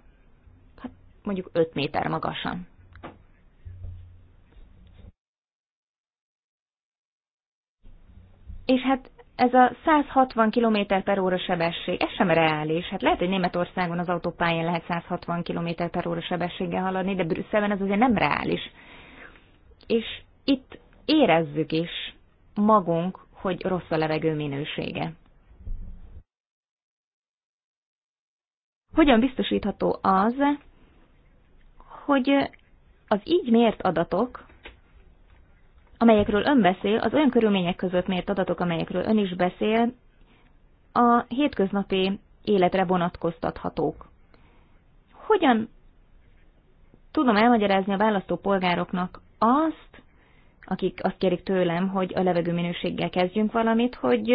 hát mondjuk 5 méter magasan. És hát ez a 160 km per óra sebesség, ez sem reális. Hát lehet, hogy Németországon az autópályán lehet 160 km per óra sebességgel haladni, de Brüsszelben ez azért nem reális. És itt érezzük is magunk, hogy rossz a levegő minősége. Hogyan biztosítható az, hogy az így mért adatok amelyekről ön beszél, az olyan körülmények között mért adatok, amelyekről ön is beszél, a hétköznapi életre vonatkoztathatók. Hogyan tudom elmagyarázni a választópolgároknak azt, akik azt kérik tőlem, hogy a levegőminőséggel kezdjünk valamit, hogy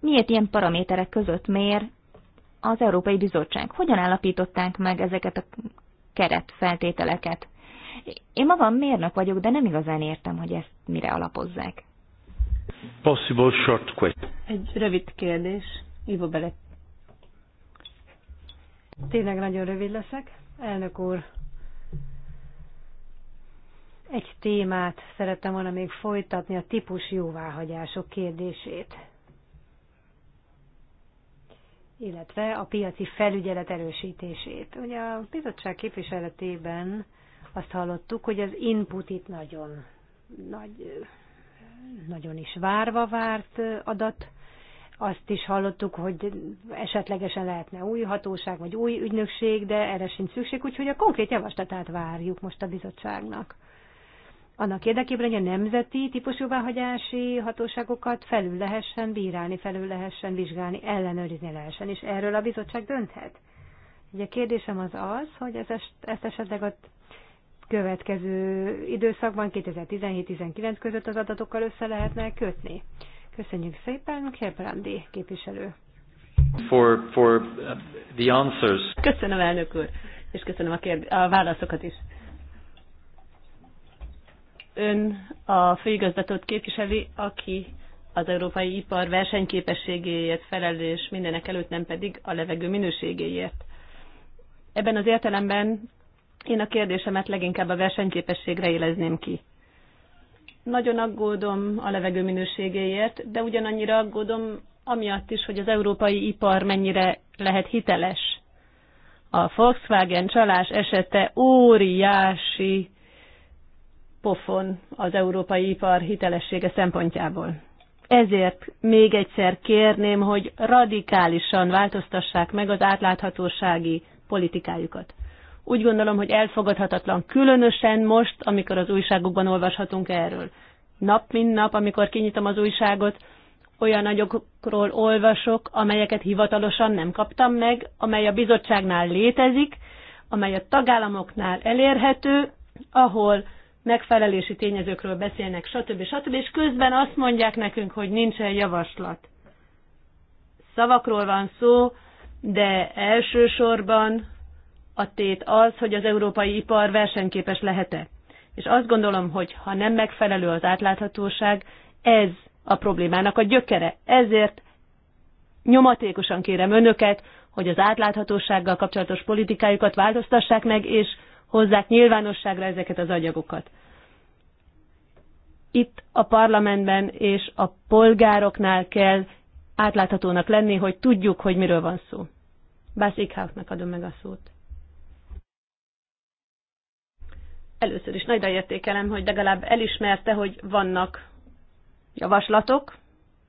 miért ilyen paraméterek között mér az Európai Bizottság? Hogyan állapították meg ezeket a keretfeltételeket? Én magam mérnök vagyok, de nem igazán értem, hogy ezt mire alapozzák. Possible short question. Egy rövid kérdés. Ivo bele. Tényleg nagyon rövid leszek. Elnök úr, egy témát szerettem volna még folytatni, a típus jóváhagyások kérdését. Illetve a piaci felügyelet erősítését. Ugye a bizottság képviseletében azt hallottuk, hogy az input itt nagyon, nagy, nagyon is várva várt adat. Azt is hallottuk, hogy esetlegesen lehetne új hatóság, vagy új ügynökség, de erre sincs szükség, úgyhogy a konkrét javaslatát várjuk most a bizottságnak annak érdekében, hogy a nemzeti típusjóváhagyási hatóságokat felül lehessen bírálni, felül lehessen vizsgálni, ellenőrizni lehessen, és erről a bizottság dönthet. Ugye a kérdésem az az, hogy ez, ezt esetleg a következő időszakban, 2017-19 között az adatokkal össze lehetne kötni. Köszönjük szépen, Herbrandi képviselő. For, for uh, the answers. Köszönöm, elnök úr, és köszönöm a, kérd- a válaszokat is. Ön a főigazgatót képviseli, aki az európai ipar versenyképességéért felelős mindenek előtt, nem pedig a levegő minőségéért. Ebben az értelemben én a kérdésemet leginkább a versenyképességre élezném ki. Nagyon aggódom a levegő minőségéért, de ugyanannyira aggódom amiatt is, hogy az európai ipar mennyire lehet hiteles. A Volkswagen csalás esete óriási pofon az európai ipar hitelessége szempontjából. Ezért még egyszer kérném, hogy radikálisan változtassák meg az átláthatósági politikájukat. Úgy gondolom, hogy elfogadhatatlan, különösen most, amikor az újságokban olvashatunk erről. Nap mint nap, amikor kinyitom az újságot, olyan nagyokról olvasok, amelyeket hivatalosan nem kaptam meg, amely a bizottságnál létezik, amely a tagállamoknál elérhető, ahol megfelelési tényezőkről beszélnek, stb. stb. És közben azt mondják nekünk, hogy nincsen javaslat. Szavakról van szó, de elsősorban a tét az, hogy az európai ipar versenyképes lehet-e. És azt gondolom, hogy ha nem megfelelő az átláthatóság, ez a problémának a gyökere. Ezért nyomatékosan kérem önöket, hogy az átláthatósággal kapcsolatos politikájukat változtassák meg, és hozzák nyilvánosságra ezeket az anyagokat. Itt a parlamentben és a polgároknál kell átláthatónak lenni, hogy tudjuk, hogy miről van szó. Bász Ickhautnak adom meg a szót. Először is nagyra értékelem, hogy legalább elismerte, hogy vannak javaslatok,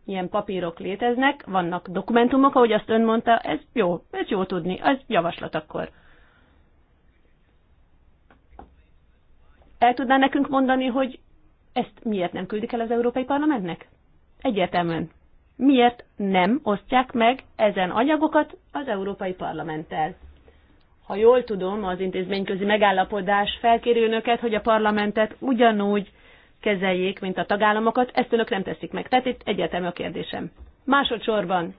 ilyen papírok léteznek, vannak dokumentumok, ahogy azt ön mondta, ez jó, ez jó tudni, az javaslat akkor. El tudná nekünk mondani, hogy ezt miért nem küldik el az Európai Parlamentnek? Egyértelműen. Miért nem osztják meg ezen anyagokat az Európai Parlamenttel? ha jól tudom, az intézményközi megállapodás felkéri önöket, hogy a parlamentet ugyanúgy kezeljék, mint a tagállamokat, ezt önök nem teszik meg. Tehát itt egyetem a kérdésem. Másodszorban,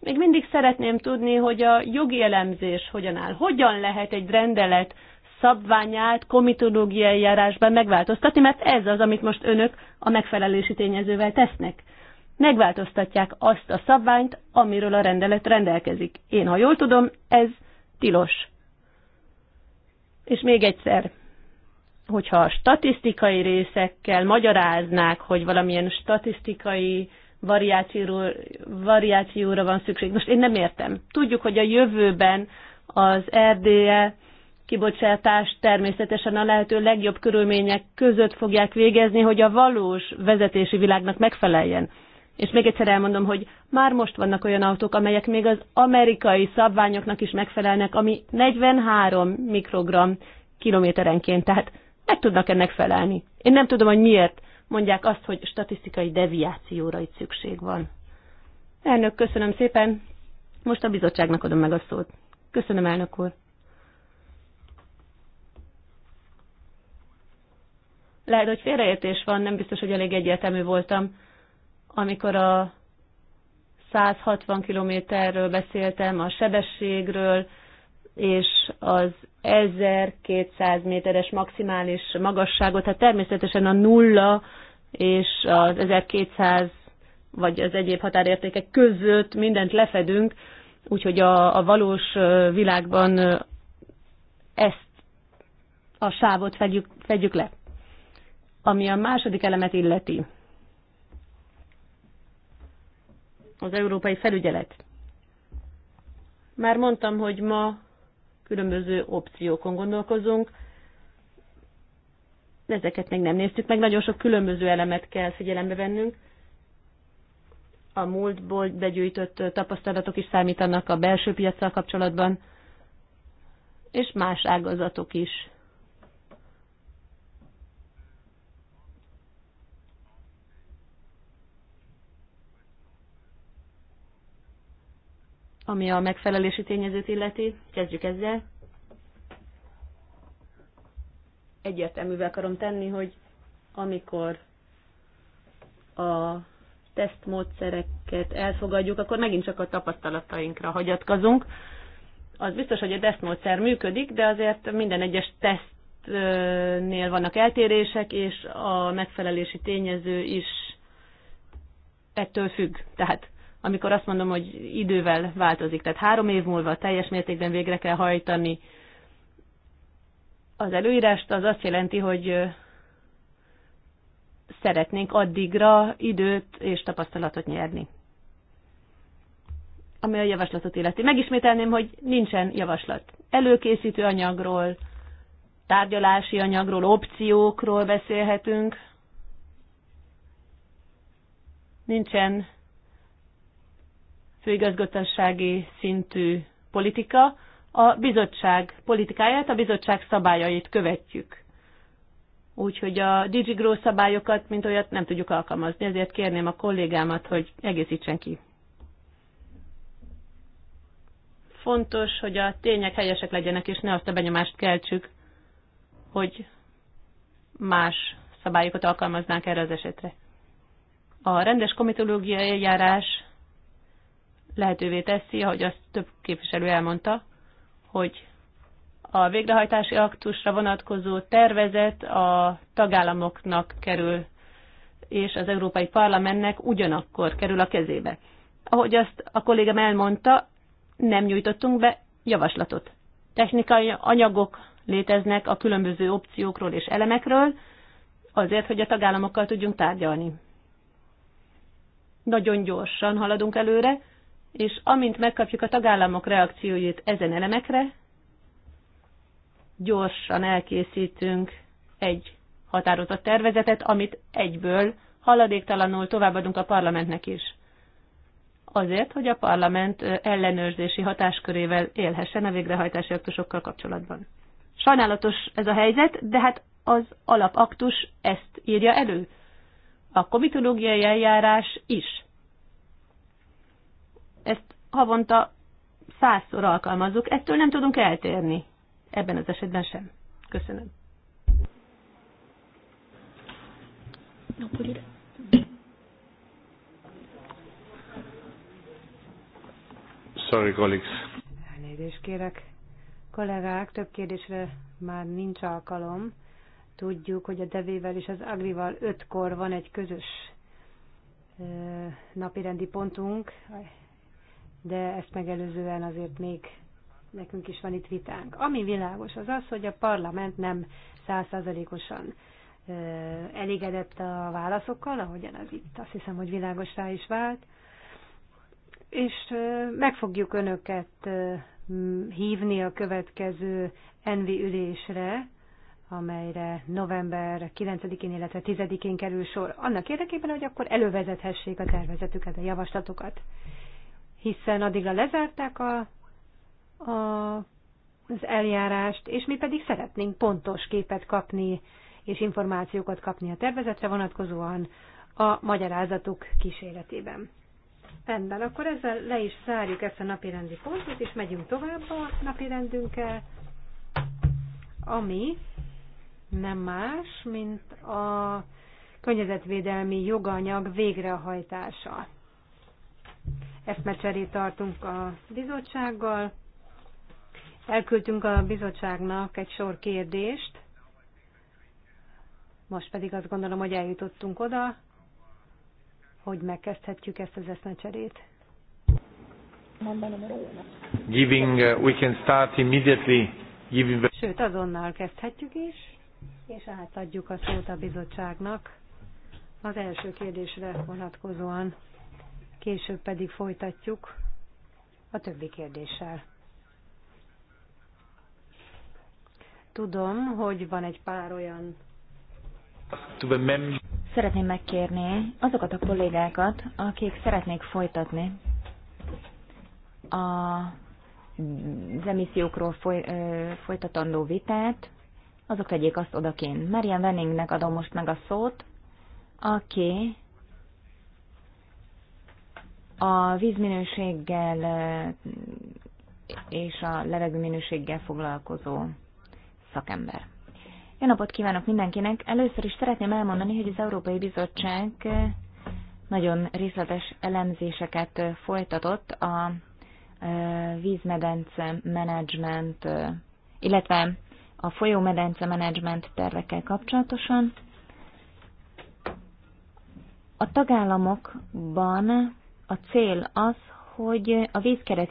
még mindig szeretném tudni, hogy a jogi elemzés hogyan áll. Hogyan lehet egy rendelet szabványát komitológiai járásban megváltoztatni, mert ez az, amit most önök a megfelelési tényezővel tesznek. Megváltoztatják azt a szabványt, amiről a rendelet rendelkezik. Én, ha jól tudom, ez tilos. És még egyszer, hogyha statisztikai részekkel magyaráznák, hogy valamilyen statisztikai variációra, van szükség. Most én nem értem. Tudjuk, hogy a jövőben az RDE kibocsátást természetesen a lehető legjobb körülmények között fogják végezni, hogy a valós vezetési világnak megfeleljen. És még egyszer elmondom, hogy már most vannak olyan autók, amelyek még az amerikai szabványoknak is megfelelnek, ami 43 mikrogram kilométerenként, tehát meg tudnak ennek felelni. Én nem tudom, hogy miért mondják azt, hogy statisztikai deviációra itt szükség van. Elnök, köszönöm szépen. Most a bizottságnak adom meg a szót. Köszönöm, elnök úr. Lehet, hogy félreértés van, nem biztos, hogy elég egyértelmű voltam amikor a 160 kilométerről beszéltem, a sebességről, és az 1200 méteres maximális magasságot, tehát természetesen a nulla és az 1200 vagy az egyéb határértékek között mindent lefedünk, úgyhogy a, a valós világban ezt a sávot fedjük, fedjük le. Ami a második elemet illeti, az európai felügyelet. Már mondtam, hogy ma különböző opciókon gondolkozunk. Ezeket még nem néztük meg, nagyon sok különböző elemet kell figyelembe vennünk. A múltból begyűjtött tapasztalatok is számítanak a belső piacsal kapcsolatban, és más ágazatok is ami a megfelelési tényezőt illeti. Kezdjük ezzel. Egyértelművel akarom tenni, hogy amikor a tesztmódszereket elfogadjuk, akkor megint csak a tapasztalatainkra hagyatkozunk. Az biztos, hogy a tesztmódszer működik, de azért minden egyes tesztnél vannak eltérések, és a megfelelési tényező is ettől függ. Tehát amikor azt mondom, hogy idővel változik. Tehát három év múlva teljes mértékben végre kell hajtani az előírást, az azt jelenti, hogy szeretnénk addigra időt és tapasztalatot nyerni. Ami a javaslatot illeti. Megismételném, hogy nincsen javaslat. Előkészítő anyagról, tárgyalási anyagról, opciókról beszélhetünk. Nincsen főigazgatossági szintű politika, a bizottság politikáját, a bizottság szabályait követjük. Úgyhogy a DigiGrow szabályokat, mint olyat nem tudjuk alkalmazni, ezért kérném a kollégámat, hogy egészítsen ki. Fontos, hogy a tények helyesek legyenek, és ne azt a benyomást keltsük, hogy más szabályokat alkalmaznánk erre az esetre. A rendes komitológiai eljárás lehetővé teszi, ahogy azt több képviselő elmondta, hogy a végrehajtási aktusra vonatkozó tervezet a tagállamoknak kerül, és az Európai Parlamentnek ugyanakkor kerül a kezébe. Ahogy azt a kollégám elmondta, nem nyújtottunk be javaslatot. Technikai anyagok léteznek a különböző opciókról és elemekről, azért, hogy a tagállamokkal tudjunk tárgyalni. Nagyon gyorsan haladunk előre, és amint megkapjuk a tagállamok reakcióját ezen elemekre, gyorsan elkészítünk egy határozott tervezetet, amit egyből haladéktalanul továbbadunk a parlamentnek is. Azért, hogy a parlament ellenőrzési hatáskörével élhessen a végrehajtási aktusokkal kapcsolatban. Sajnálatos ez a helyzet, de hát az alapaktus ezt írja elő. A komitológiai eljárás is. Ezt havonta százszor alkalmazzuk, ettől nem tudunk eltérni. Ebben az esetben sem. Köszönöm. Sorry, colleagues. Elnézést kérek. Kollégák, több kérdésre már nincs alkalom. Tudjuk, hogy a devével és az agrival ötkor van egy közös napirendi pontunk, de ezt megelőzően azért még nekünk is van itt vitánk. Ami világos az az, hogy a parlament nem százszázalékosan elégedett a válaszokkal, ahogyan az itt azt hiszem, hogy világosá is vált, és meg fogjuk önöket hívni a következő envi ülésre, amelyre november 9-én, illetve 10-én kerül sor, annak érdekében, hogy akkor elővezethessék a tervezetüket, a javaslatokat hiszen addigra lezárták a, a, az eljárást, és mi pedig szeretnénk pontos képet kapni, és információkat kapni a tervezetre vonatkozóan a magyarázatuk kíséretében. Rendben, akkor ezzel le is zárjuk ezt a napirendi pontot, és megyünk tovább a napirendünkkel, ami nem más, mint a környezetvédelmi joganyag végrehajtása eszmecserét tartunk a bizottsággal. Elküldtünk a bizottságnak egy sor kérdést, most pedig azt gondolom, hogy eljutottunk oda, hogy megkezdhetjük ezt az eszmecserét. Giving, uh, we can start immediately giving... Sőt, azonnal kezdhetjük is, és átadjuk a szót a bizottságnak az első kérdésre vonatkozóan később pedig folytatjuk a többi kérdéssel. Tudom, hogy van egy pár olyan... Szeretném megkérni azokat a kollégákat, akik szeretnék folytatni a, az emissziókról foly, ö, folytatandó vitát, azok tegyék azt odakint. Marian Wenningnek adom most meg a szót, aki a vízminőséggel és a levegőminőséggel foglalkozó szakember. Jó napot kívánok mindenkinek! Először is szeretném elmondani, hogy az Európai Bizottság nagyon részletes elemzéseket folytatott a vízmedence menedzsment, illetve a folyómedence menedzsment tervekkel kapcsolatosan. A tagállamokban a cél az, hogy a vízkeret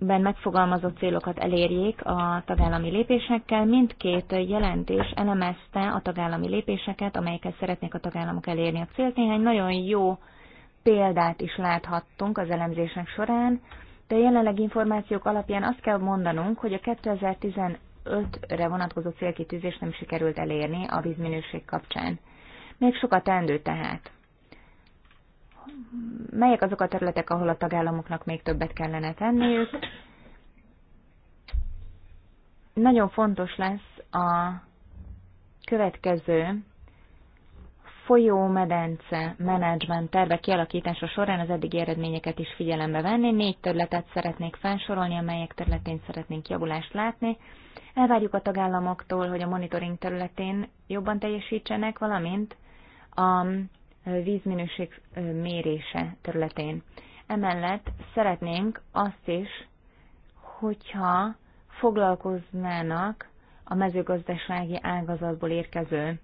ben megfogalmazott célokat elérjék a tagállami lépésekkel. Mindkét jelentés elemezte a tagállami lépéseket, amelyeket szeretnék a tagállamok elérni a célt. Néhány nagyon jó példát is láthattunk az elemzések során, de jelenleg információk alapján azt kell mondanunk, hogy a 2015-re vonatkozó célkitűzést nem sikerült elérni a vízminőség kapcsán. Még sokat teendő tehát melyek azok a területek, ahol a tagállamoknak még többet kellene tenniük. Nagyon fontos lesz a következő folyómedence menedzsment terve kialakítása során az eddigi eredményeket is figyelembe venni. Négy területet szeretnék felsorolni, amelyek területén szeretnénk javulást látni. Elvárjuk a tagállamoktól, hogy a monitoring területén jobban teljesítsenek, valamint a vízminőség mérése területén. Emellett szeretnénk azt is, hogyha foglalkoznának a mezőgazdasági ágazatból érkező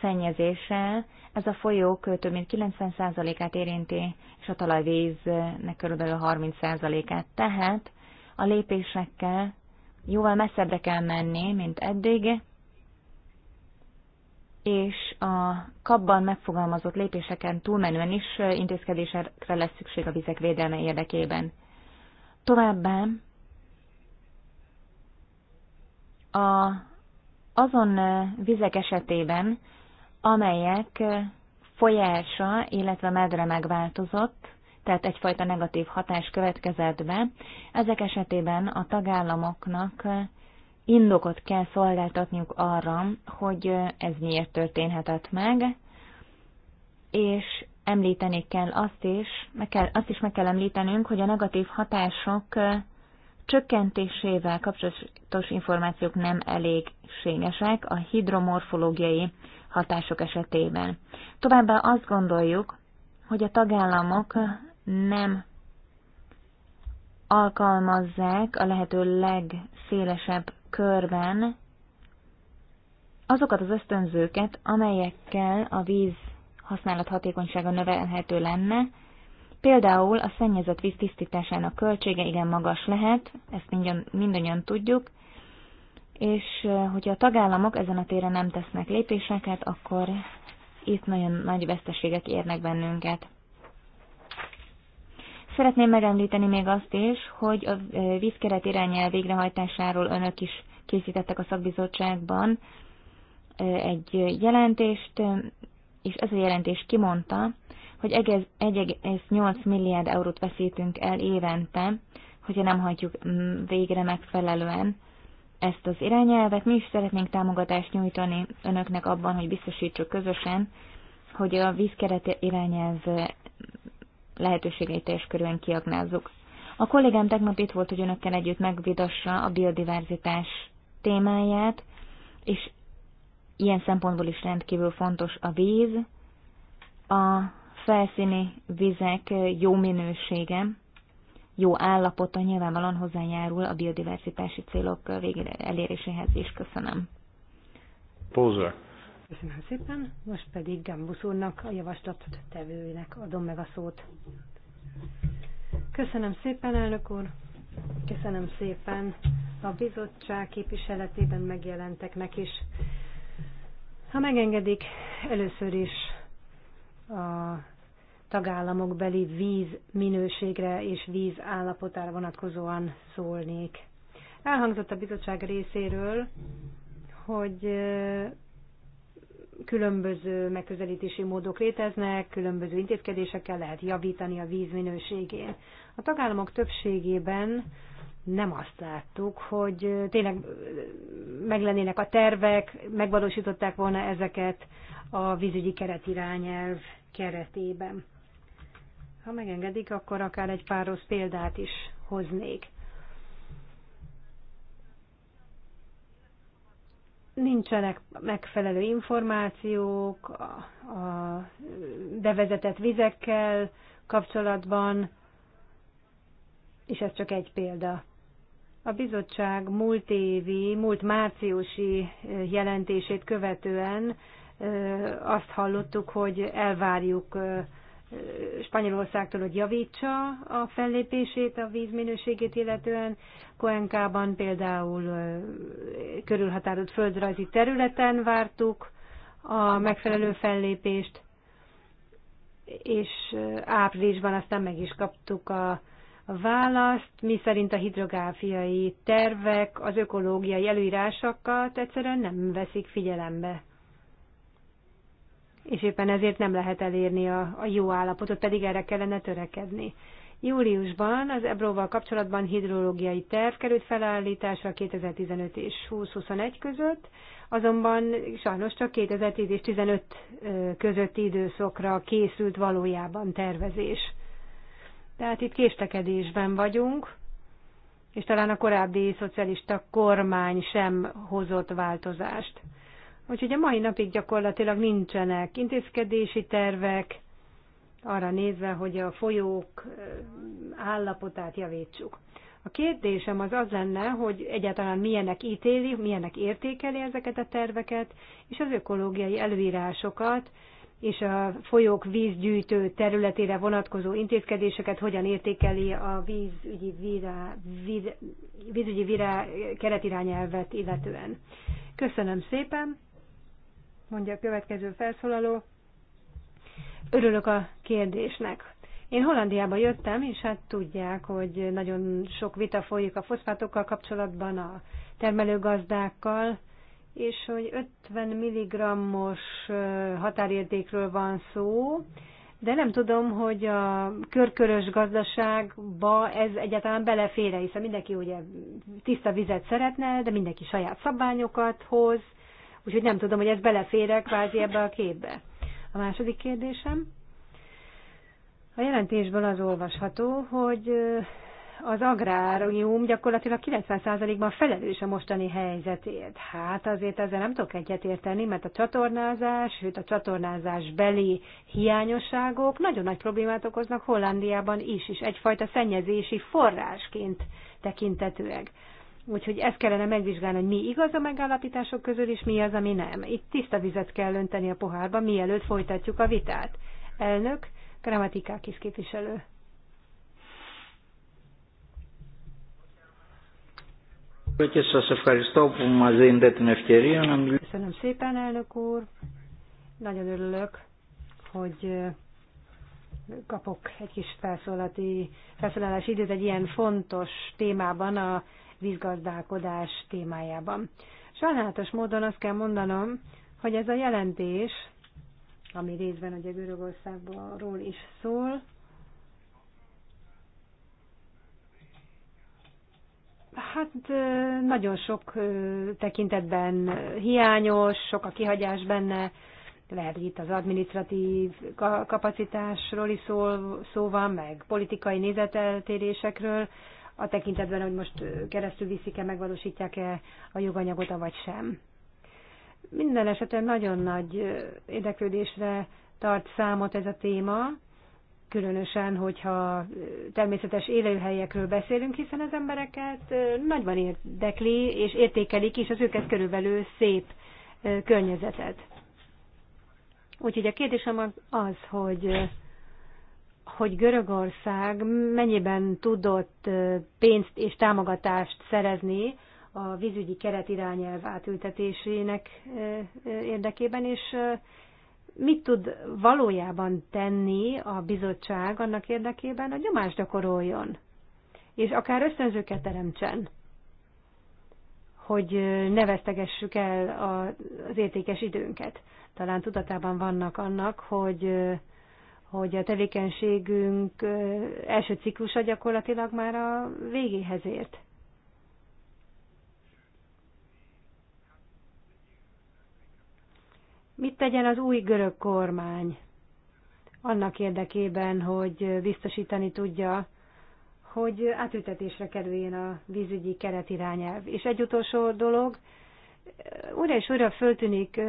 szennyezéssel. Ez a folyók több mint 90%-át érinti, és a talajvíznek körülbelül 30%-át. Tehát a lépésekkel jóval messzebbre kell menni, mint eddig, és a kapban megfogalmazott lépéseken túlmenően is intézkedésekre lesz szükség a vizek védelme érdekében. Továbbá a, azon vizek esetében, amelyek folyása, illetve medre megváltozott, tehát egyfajta negatív hatás következett be, ezek esetében a tagállamoknak indokot kell szolgáltatniuk arra, hogy ez miért történhetett meg, és említeni kell azt is, meg kell, azt is meg kell említenünk, hogy a negatív hatások csökkentésével kapcsolatos információk nem elégségesek a hidromorfológiai hatások esetében. Továbbá azt gondoljuk, hogy a tagállamok nem alkalmazzák a lehető legszélesebb körben azokat az ösztönzőket, amelyekkel a víz használat hatékonysága növelhető lenne, Például a szennyezett víz tisztításának költsége igen magas lehet, ezt mindannyian tudjuk, és hogyha a tagállamok ezen a téren nem tesznek lépéseket, akkor itt nagyon nagy veszteségek érnek bennünket. Szeretném megemlíteni még azt is, hogy a vízkeret irányel végrehajtásáról önök is készítettek a szakbizottságban egy jelentést, és ez a jelentés kimondta, hogy 1,8 milliárd eurót veszítünk el évente, hogyha nem hagyjuk végre megfelelően ezt az irányelvet. Mi is szeretnénk támogatást nyújtani önöknek abban, hogy biztosítsuk közösen, hogy a vízkeret irányelv lehetőségeit teljes körülön kiaknázzuk. A kollégám tegnap itt volt, hogy önökkel együtt megvidassa a biodiverzitás témáját, és ilyen szempontból is rendkívül fontos a víz, a felszíni vizek jó minősége, jó állapota nyilvánvalóan hozzájárul a biodiverzitási célok végére eléréséhez is. Köszönöm. Pózer. Köszönöm szépen, most pedig Gambusz úrnak, a javaslatot tevőjének adom meg a szót. Köszönöm szépen, elnök úr. Köszönöm szépen a bizottság képviseletében megjelenteknek is. Ha megengedik, először is a tagállamok beli víz minőségre és víz állapotára vonatkozóan szólnék. Elhangzott a bizottság részéről, hogy különböző megközelítési módok léteznek, különböző intézkedésekkel lehet javítani a víz minőségén. A tagállamok többségében nem azt láttuk, hogy tényleg meglennének a tervek, megvalósították volna ezeket a vízügyi keretirányelv keretében. Ha megengedik, akkor akár egy pár rossz példát is hoznék. nincsenek megfelelő információk a bevezetett vizekkel kapcsolatban, és ez csak egy példa. A bizottság múlt évi, múlt márciusi jelentését követően azt hallottuk, hogy elvárjuk Spanyolországtól, hogy javítsa a fellépését a vízminőségét illetően. Koenkában például körülhatárolt földrajzi területen vártuk a megfelelő fellépést, és áprilisban aztán meg is kaptuk a választ, mi szerint a hidrográfiai tervek az ökológiai előírásokat egyszerűen nem veszik figyelembe és éppen ezért nem lehet elérni a, a jó állapotot, pedig erre kellene törekedni. Júliusban az Ebróval kapcsolatban hidrológiai terv került felállításra 2015 és 2021 között, azonban sajnos csak 2010 és 15 közötti időszakra készült valójában tervezés. Tehát itt késtekedésben vagyunk, és talán a korábbi szocialista kormány sem hozott változást. Úgyhogy a mai napig gyakorlatilag nincsenek intézkedési tervek, arra nézve, hogy a folyók állapotát javítsuk. A kérdésem az az lenne, hogy egyáltalán milyenek ítéli, milyenek értékeli ezeket a terveket, és az ökológiai előírásokat, és a folyók vízgyűjtő területére vonatkozó intézkedéseket hogyan értékeli a vízügyi, virá, víz, vízügyi virá keretirányelvet illetően. Köszönöm szépen! mondja a következő felszólaló. Örülök a kérdésnek. Én Hollandiába jöttem, és hát tudják, hogy nagyon sok vita folyik a foszfátokkal kapcsolatban, a termelőgazdákkal, és hogy 50 mg-os határértékről van szó, de nem tudom, hogy a körkörös gazdaságba ez egyáltalán belefére, hiszen mindenki ugye tiszta vizet szeretne, de mindenki saját szabványokat hoz, Úgyhogy nem tudom, hogy ez belefér kvázi ebbe a képbe. A második kérdésem. A jelentésből az olvasható, hogy az agrárium gyakorlatilag 90%-ban felelős a mostani helyzetért. Hát azért ezzel nem tudok egyetérteni, mert a csatornázás, sőt a csatornázás beli hiányosságok nagyon nagy problémát okoznak Hollandiában is, és egyfajta szennyezési forrásként tekintetőek. Úgyhogy ezt kellene megvizsgálni, hogy mi igaz a megállapítások közül, és mi az, ami nem. Itt tiszta vizet kell önteni a pohárba, mielőtt folytatjuk a vitát. Elnök, Grammatikákis képviselő. Köszönöm szépen, elnök úr. Nagyon örülök, hogy eh, kapok egy kis felszólalási időt egy ilyen fontos témában a vízgazdálkodás témájában. Sajnálatos módon azt kell mondanom, hogy ez a jelentés, ami részben ugye Görögországról is szól, Hát nagyon sok tekintetben hiányos, sok a kihagyás benne, lehet, hogy itt az administratív kapacitásról is szó, szó van, meg politikai nézeteltérésekről, a tekintetben, hogy most keresztül viszik-e, megvalósítják-e a joganyagot, vagy sem. Minden esetben nagyon nagy érdeklődésre tart számot ez a téma, különösen, hogyha természetes élőhelyekről beszélünk, hiszen az embereket nagyban érdekli és értékelik is az őket körülbelül szép környezetet. Úgyhogy a kérdésem az, hogy hogy Görögország mennyiben tudott pénzt és támogatást szerezni a vízügyi irányelv átültetésének érdekében, és mit tud valójában tenni a bizottság annak érdekében, hogy nyomást gyakoroljon, és akár ösztönzőket teremtsen, hogy ne vesztegessük el az értékes időnket. Talán tudatában vannak annak, hogy hogy a tevékenységünk első ciklusa gyakorlatilag már a végéhez ért. Mit tegyen az új görög kormány annak érdekében, hogy biztosítani tudja, hogy átültetésre kerüljön a vízügyi keretirányelv. És egy utolsó dolog, újra és újra föltűnik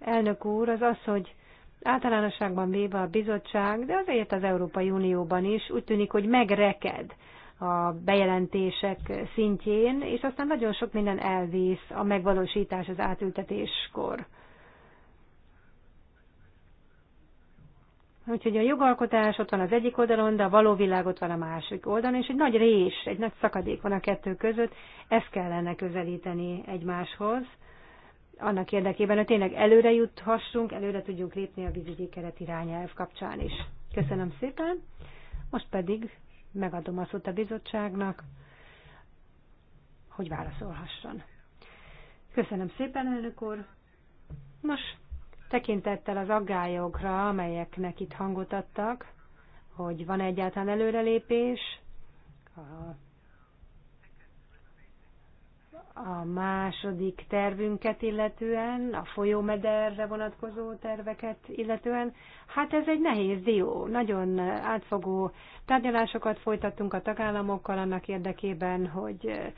elnök úr, az az, hogy Általánosságban véve a bizottság, de azért az Európai Unióban is úgy tűnik, hogy megreked a bejelentések szintjén, és aztán nagyon sok minden elvész a megvalósítás az átültetéskor. Úgyhogy a jogalkotás ott van az egyik oldalon, de a való világ ott van a másik oldalon, és egy nagy rés, egy nagy szakadék van a kettő között, ezt kellene közelíteni egymáshoz, annak érdekében, hogy tényleg előre juthassunk, előre tudjunk lépni a vízügyi keret irányelv kapcsán is. Köszönöm szépen. Most pedig megadom a szót a bizottságnak, hogy válaszolhasson. Köszönöm szépen, elnök úr. Nos, tekintettel az aggályokra, amelyeknek itt hangot adtak, hogy van egyáltalán előrelépés a a második tervünket illetően, a folyómederre vonatkozó terveket illetően, hát ez egy nehéz dió. Nagyon átfogó tárgyalásokat folytattunk a tagállamokkal annak érdekében, hogy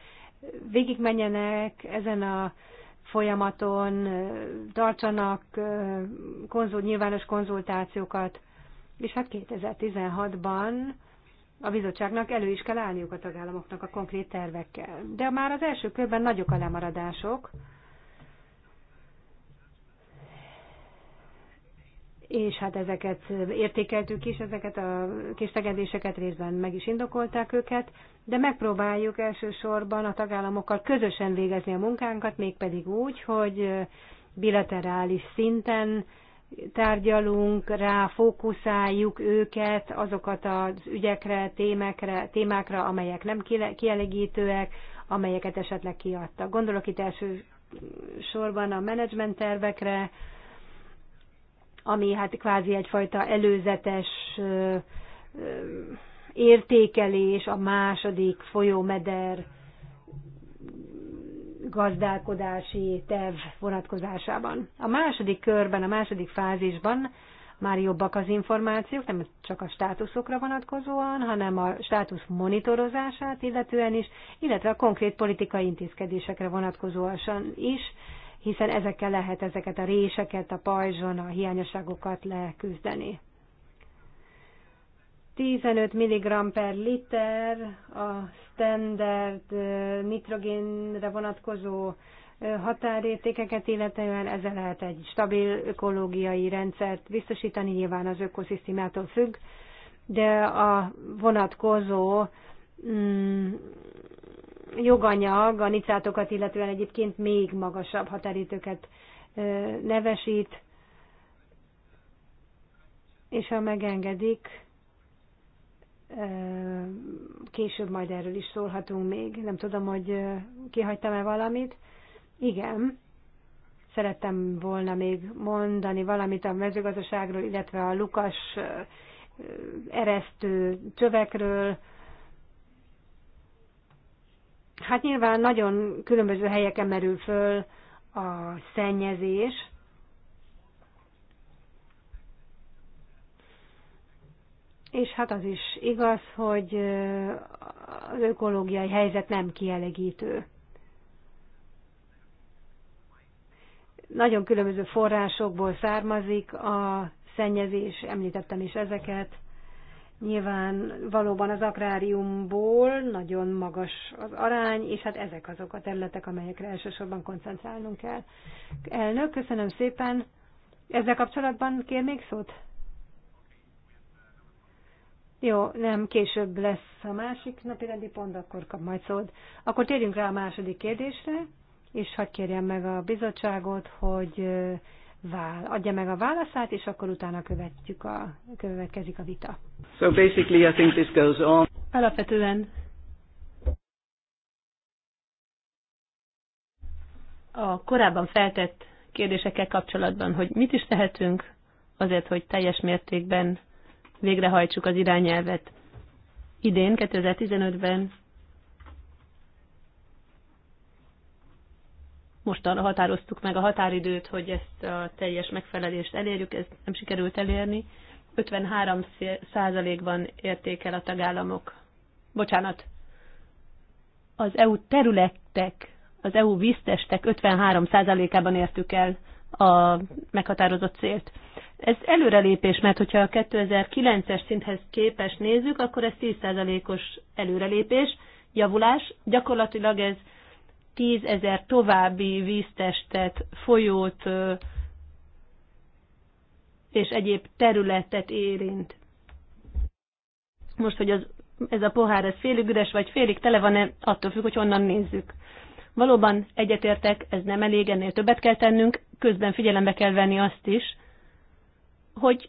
végigmenjenek ezen a folyamaton, tartsanak konzult, nyilvános konzultációkat, és hát 2016-ban a bizottságnak elő is kell állniuk a tagállamoknak a konkrét tervekkel. De már az első körben nagyok a lemaradások, és hát ezeket értékeltük is, ezeket a kis tegedéseket részben meg is indokolták őket, de megpróbáljuk elsősorban a tagállamokkal közösen végezni a munkánkat, mégpedig úgy, hogy bilaterális szinten tárgyalunk, rá fókuszáljuk őket, azokat az ügyekre, témekre, témákra, amelyek nem kielégítőek, amelyeket esetleg kiadtak. Gondolok itt első sorban a menedzsment tervekre, ami hát kvázi egyfajta előzetes értékelés a második folyómeder gazdálkodási terv vonatkozásában. A második körben, a második fázisban már jobbak az információk, nem csak a státuszokra vonatkozóan, hanem a státusz monitorozását illetően is, illetve a konkrét politikai intézkedésekre vonatkozóan is, hiszen ezekkel lehet ezeket a réseket, a pajzson, a hiányosságokat leküzdeni. 15 mg per liter a standard nitrogénre vonatkozó határértékeket, illetően ezzel lehet egy stabil ökológiai rendszert biztosítani, nyilván az ökoszisztémától függ, de a vonatkozó mm, joganyag a nicátokat illetően egyébként még magasabb határértőket nevesít, és ha megengedik, Később majd erről is szólhatunk még. Nem tudom, hogy kihagytam-e valamit. Igen, szerettem volna még mondani valamit a mezőgazdaságról, illetve a lukas eresztő csövekről. Hát nyilván nagyon különböző helyeken merül föl a szennyezés, És hát az is igaz, hogy az ökológiai helyzet nem kielégítő. Nagyon különböző forrásokból származik a szennyezés, említettem is ezeket. Nyilván valóban az akváriumból nagyon magas az arány, és hát ezek azok a területek, amelyekre elsősorban koncentrálnunk kell. Elnök, köszönöm szépen. Ezzel kapcsolatban kér még szót? Jó, nem, később lesz a másik napi rendi pont, akkor kap majd szót. Akkor térjünk rá a második kérdésre, és hadd kérjem meg a bizottságot, hogy vál, adja meg a válaszát, és akkor utána követjük a, következik a vita. So basically I think this goes on. Alapvetően a korábban feltett kérdésekkel kapcsolatban, hogy mit is tehetünk azért, hogy teljes mértékben végrehajtsuk az irányelvet. Idén, 2015-ben mostanra határoztuk meg a határidőt, hogy ezt a teljes megfelelést elérjük, ezt nem sikerült elérni. 53 százalékban érték el a tagállamok. Bocsánat, az EU területek, az EU víztestek 53 százalékában értük el a meghatározott célt. Ez előrelépés, mert hogyha a 2009-es szinthez képes nézzük, akkor ez 10%-os előrelépés, javulás. Gyakorlatilag ez 10 ezer további víztestet, folyót és egyéb területet érint. Most, hogy az, ez a pohár ez félig üres vagy félig tele van-e, attól függ, hogy honnan nézzük. Valóban egyetértek, ez nem elég, ennél többet kell tennünk, közben figyelembe kell venni azt is, hogy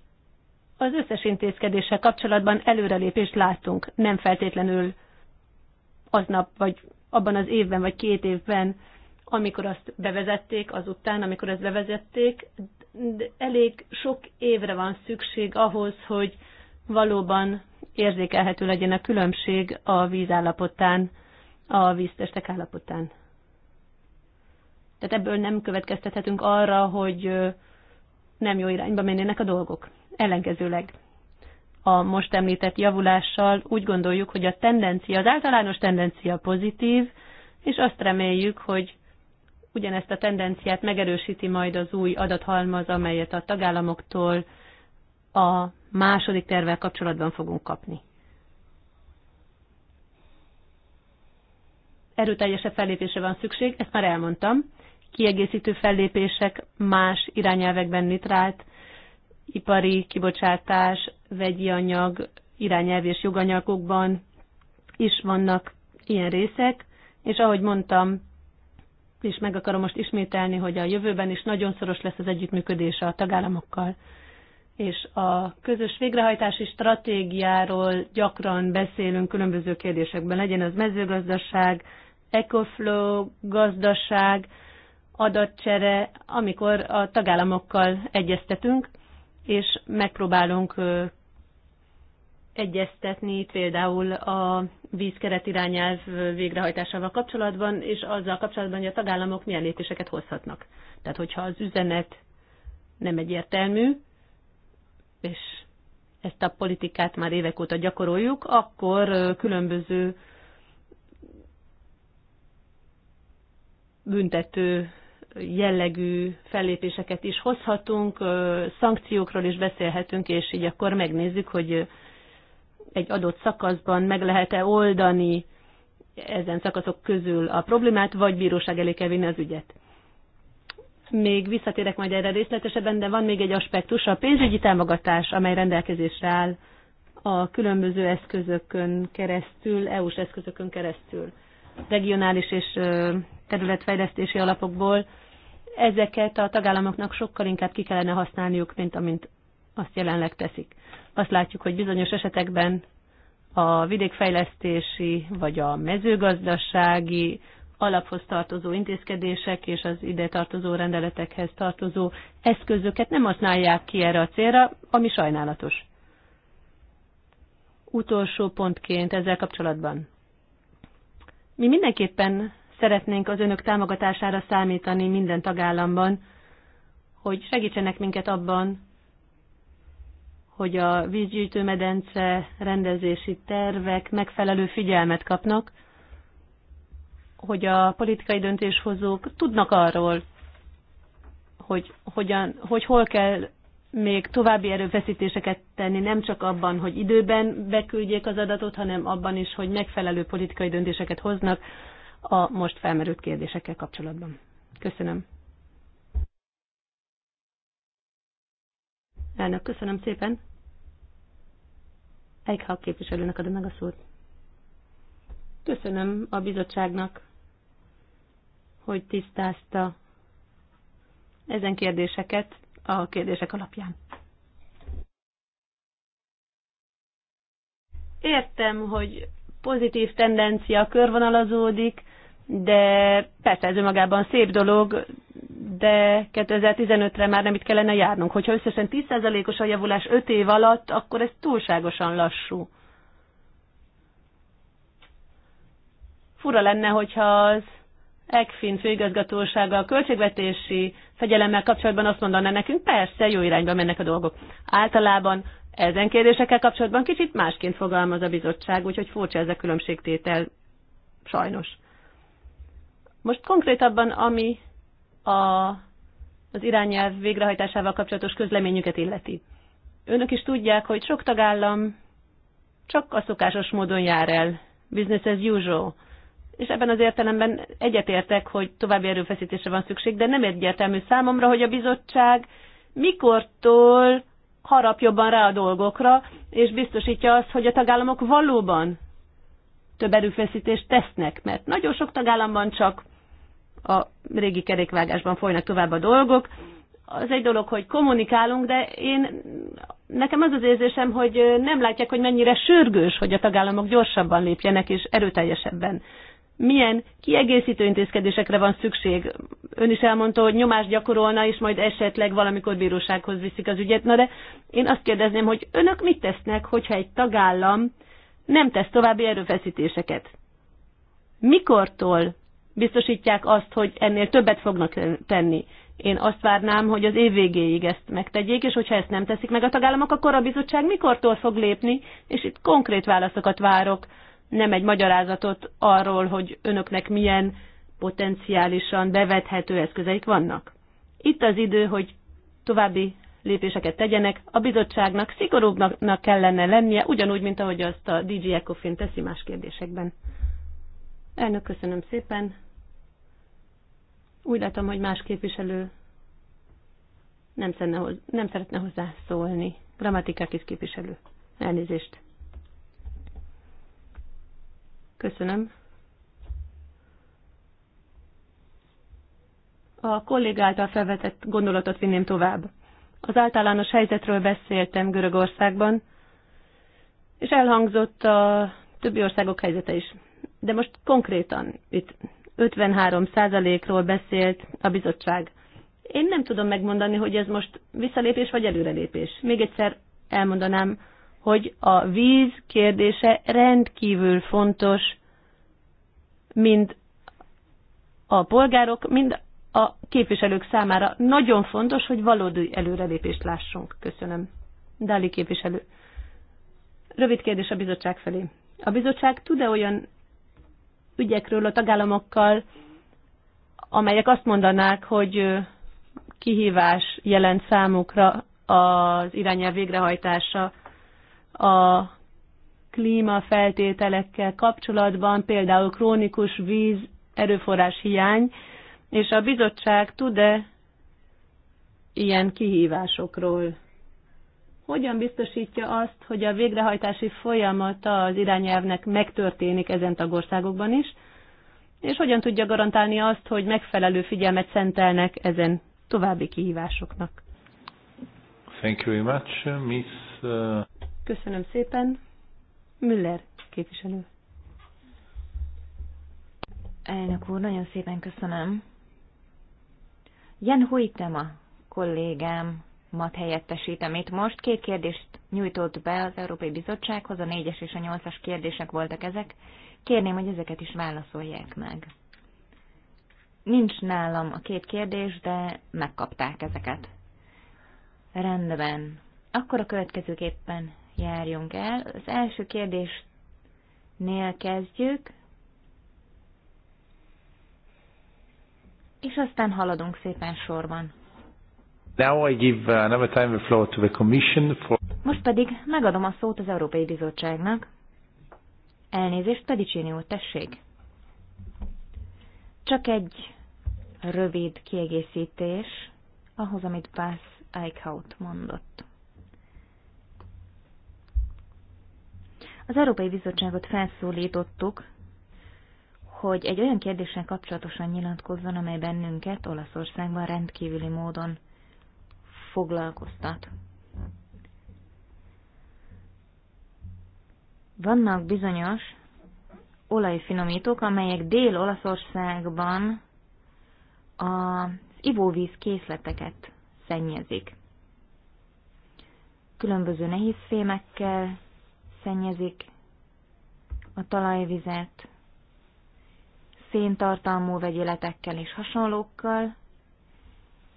az összes intézkedéssel kapcsolatban előrelépést látunk, nem feltétlenül aznap, vagy abban az évben, vagy két évben, amikor azt bevezették, azután, amikor ezt bevezették, elég sok évre van szükség ahhoz, hogy valóban érzékelhető legyen a különbség a vízállapotán, a víztestek állapotán. Tehát ebből nem következtethetünk arra, hogy nem jó irányba mennének a dolgok. Ellenkezőleg a most említett javulással úgy gondoljuk, hogy a tendencia, az általános tendencia pozitív, és azt reméljük, hogy ugyanezt a tendenciát megerősíti majd az új adathalmaz, amelyet a tagállamoktól a második tervvel kapcsolatban fogunk kapni. Erőteljesebb fellépésre van szükség, ezt már elmondtam, kiegészítő fellépések más irányelvekben nitrált ipari kibocsátás, vegyi anyag, irányelv és joganyagokban is vannak ilyen részek, és ahogy mondtam, és meg akarom most ismételni, hogy a jövőben is nagyon szoros lesz az együttműködése a tagállamokkal. És a közös végrehajtási stratégiáról gyakran beszélünk különböző kérdésekben, legyen az mezőgazdaság, ecoflow, gazdaság, adatcsere, amikor a tagállamokkal egyeztetünk, és megpróbálunk egyeztetni például a vízkeret irányelv végrehajtásával kapcsolatban, és azzal kapcsolatban, hogy a tagállamok milyen lépéseket hozhatnak. Tehát, hogyha az üzenet nem egyértelmű, és ezt a politikát már évek óta gyakoroljuk, akkor különböző büntető jellegű fellépéseket is hozhatunk, szankciókról is beszélhetünk, és így akkor megnézzük, hogy egy adott szakaszban meg lehet-e oldani ezen szakaszok közül a problémát, vagy bíróság elé kell vinni az ügyet. Még visszatérek majd erre részletesebben, de van még egy aspektus, a pénzügyi támogatás, amely rendelkezésre áll a különböző eszközökön keresztül, EU-s eszközökön keresztül, regionális és területfejlesztési alapokból, ezeket a tagállamoknak sokkal inkább ki kellene használniuk, mint amint azt jelenleg teszik. Azt látjuk, hogy bizonyos esetekben a vidékfejlesztési vagy a mezőgazdasági alaphoz tartozó intézkedések és az ide tartozó rendeletekhez tartozó eszközöket nem használják ki erre a célra, ami sajnálatos. Utolsó pontként ezzel kapcsolatban. Mi mindenképpen Szeretnénk az önök támogatására számítani minden tagállamban, hogy segítsenek minket abban, hogy a vízgyűjtőmedence rendezési tervek megfelelő figyelmet kapnak, hogy a politikai döntéshozók tudnak arról, hogy, hogyan, hogy hol kell még további erőfeszítéseket tenni, nem csak abban, hogy időben beküldjék az adatot, hanem abban is, hogy megfelelő politikai döntéseket hoznak a most felmerült kérdésekkel kapcsolatban. Köszönöm. Elnök, köszönöm szépen. a képviselőnek adom meg a szót. Köszönöm a bizottságnak, hogy tisztázta ezen kérdéseket a kérdések alapján. Értem, hogy pozitív tendencia körvonalazódik, de persze ez önmagában szép dolog, de 2015-re már nem itt kellene járnunk. Hogyha összesen 10%-os a javulás 5 év alatt, akkor ez túlságosan lassú. Fura lenne, hogyha az ECFIN főigazgatósága a költségvetési fegyelemmel kapcsolatban azt mondaná nekünk, persze, jó irányba mennek a dolgok. Általában ezen kérdésekkel kapcsolatban kicsit másként fogalmaz a bizottság, úgyhogy furcsa ez a különbségtétel, sajnos. Most konkrétabban, ami a, az irányelv végrehajtásával kapcsolatos közleményüket illeti. Önök is tudják, hogy sok tagállam csak a szokásos módon jár el, business as usual. És ebben az értelemben egyetértek, hogy további erőfeszítésre van szükség, de nem egyértelmű számomra, hogy a bizottság mikortól harap jobban rá a dolgokra, és biztosítja azt, hogy a tagállamok valóban több erőfeszítést tesznek, mert nagyon sok tagállamban csak a régi kerékvágásban folynak tovább a dolgok. Az egy dolog, hogy kommunikálunk, de én, nekem az az érzésem, hogy nem látják, hogy mennyire sürgős, hogy a tagállamok gyorsabban lépjenek és erőteljesebben. Milyen kiegészítő intézkedésekre van szükség? Ön is elmondta, hogy nyomást gyakorolna, és majd esetleg valamikor bírósághoz viszik az ügyet. Na de én azt kérdezném, hogy önök mit tesznek, hogyha egy tagállam nem tesz további erőfeszítéseket? Mikortól biztosítják azt, hogy ennél többet fognak tenni. Én azt várnám, hogy az év végéig ezt megtegyék, és hogyha ezt nem teszik meg a tagállamok, akkor a bizottság mikortól fog lépni, és itt konkrét válaszokat várok, nem egy magyarázatot arról, hogy önöknek milyen potenciálisan bevethető eszközeik vannak. Itt az idő, hogy további lépéseket tegyenek, a bizottságnak szigorúbbnak kellene lennie, ugyanúgy, mint ahogy azt a DG Ecofin teszi más kérdésekben. Elnök, köszönöm szépen. Úgy látom, hogy más képviselő nem, szenne, nem szeretne hozzászólni. Grammatikákis képviselő. Elnézést. Köszönöm. A kolléga által felvetett gondolatot vinném tovább. Az általános helyzetről beszéltem Görögországban, és elhangzott a többi országok helyzete is. De most konkrétan itt 53%-ról beszélt a bizottság. Én nem tudom megmondani, hogy ez most visszalépés vagy előrelépés. Még egyszer elmondanám, hogy a víz kérdése rendkívül fontos, mind a polgárok, mind a képviselők számára. Nagyon fontos, hogy valódi előrelépést lássunk. Köszönöm. Dáli képviselő. Rövid kérdés a bizottság felé. A bizottság tud-e olyan ügyekről a tagállamokkal, amelyek azt mondanák, hogy kihívás jelent számukra az irányelv végrehajtása a klímafeltételekkel kapcsolatban, például krónikus víz erőforrás hiány, és a bizottság tud-e ilyen kihívásokról hogyan biztosítja azt, hogy a végrehajtási folyamata az irányelvnek megtörténik ezen tagországokban is, és hogyan tudja garantálni azt, hogy megfelelő figyelmet szentelnek ezen további kihívásoknak. Thank you very much, uh, Miss... Uh, köszönöm szépen. Müller képviselő. Elnök úr, nagyon szépen köszönöm. Jan Hoitema kollégám mat helyettesítem itt most. Két kérdést nyújtott be az Európai Bizottsághoz, a négyes és a nyolcas kérdések voltak ezek. Kérném, hogy ezeket is válaszolják meg. Nincs nálam a két kérdés, de megkapták ezeket. Rendben. Akkor a következőképpen járjunk el. Az első kérdésnél kezdjük, és aztán haladunk szépen sorban. Most pedig megadom a szót az Európai Bizottságnak. Elnézést, Pedicsini úr, tessék. Csak egy rövid kiegészítés ahhoz, amit Bass Eichhout mondott. Az Európai Bizottságot felszólítottuk, hogy egy olyan kérdéssel kapcsolatosan nyilatkozzon, amely bennünket Olaszországban rendkívüli módon foglalkoztat. Vannak bizonyos olajfinomítók, amelyek Dél-Olaszországban az ivóvíz készleteket szennyezik. Különböző nehézfémekkel szennyezik a talajvizet, széntartalmú vegyületekkel és hasonlókkal,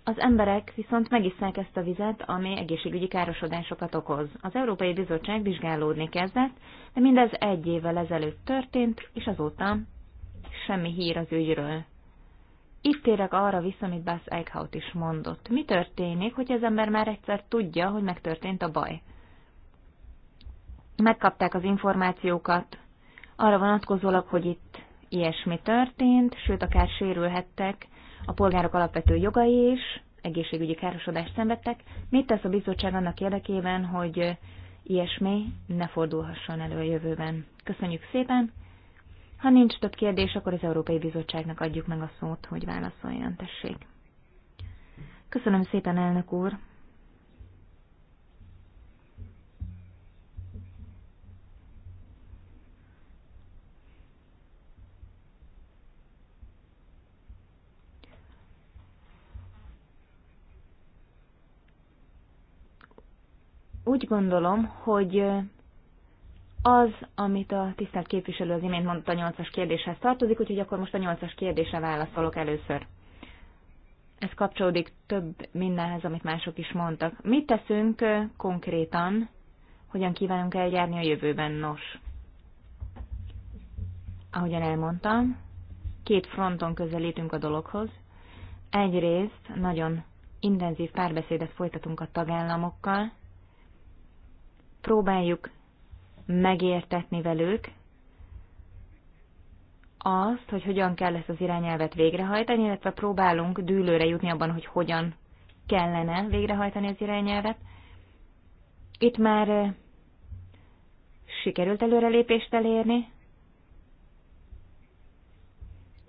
az emberek viszont megisszák ezt a vizet, ami egészségügyi károsodásokat okoz. Az Európai Bizottság vizsgálódni kezdett, de mindez egy évvel ezelőtt történt, és azóta semmi hír az ügyről. Itt térek arra vissza, amit Bász Eichhout is mondott. Mi történik, hogy az ember már egyszer tudja, hogy megtörtént a baj? Megkapták az információkat arra vonatkozólag, hogy itt ilyesmi történt, sőt, akár sérülhettek, a polgárok alapvető jogai is egészségügyi károsodást szenvedtek. Mit tesz a bizottság annak érdekében, hogy ilyesmi ne fordulhasson elő a jövőben? Köszönjük szépen! Ha nincs több kérdés, akkor az Európai Bizottságnak adjuk meg a szót, hogy válaszoljon, tessék. Köszönöm szépen, elnök úr! úgy gondolom, hogy az, amit a tisztelt képviselő az imént mondta, a nyolcas kérdéshez tartozik, úgyhogy akkor most a nyolcas kérdésre válaszolok először. Ez kapcsolódik több mindenhez, amit mások is mondtak. Mit teszünk konkrétan, hogyan kívánunk eljárni a jövőben? Nos, ahogyan elmondtam, két fronton közelítünk a dologhoz. Egyrészt nagyon intenzív párbeszédet folytatunk a tagállamokkal, próbáljuk megértetni velük azt, hogy hogyan kell ezt az irányelvet végrehajtani, illetve próbálunk dűlőre jutni abban, hogy hogyan kellene végrehajtani az irányelvet. Itt már eh, sikerült előrelépést elérni.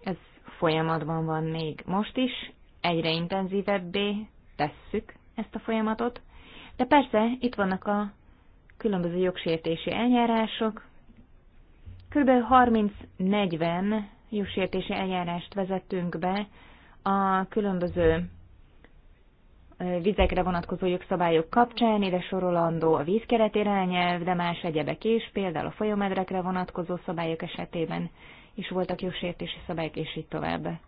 Ez folyamatban van még most is, egyre intenzívebbé tesszük ezt a folyamatot. De persze, itt vannak a különböző jogsértési eljárások. Kb. 30-40 jogsértési eljárást vezettünk be a különböző vizekre vonatkozó jogszabályok kapcsán, ide sorolandó a vízkeret irányelv, de más egyebek is, például a folyamedrekre vonatkozó szabályok esetében is voltak jogsértési szabályok, és így tovább.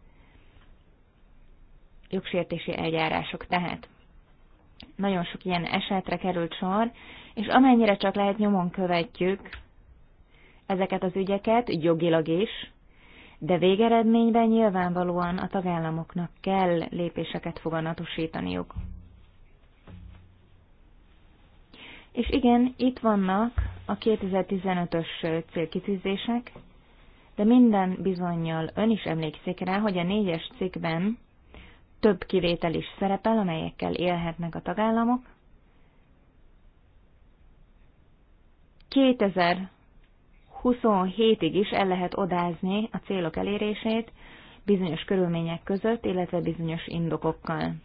Jogsértési eljárások tehát. Nagyon sok ilyen esetre került sor, és amennyire csak lehet nyomon követjük ezeket az ügyeket, jogilag is, de végeredményben nyilvánvalóan a tagállamoknak kell lépéseket foganatosítaniuk. És igen, itt vannak a 2015-ös célkitűzések, de minden bizonyal ön is emlékszik rá, hogy a négyes cikkben több kivétel is szerepel, amelyekkel élhetnek a tagállamok. 2027-ig is el lehet odázni a célok elérését bizonyos körülmények között, illetve bizonyos indokokkal.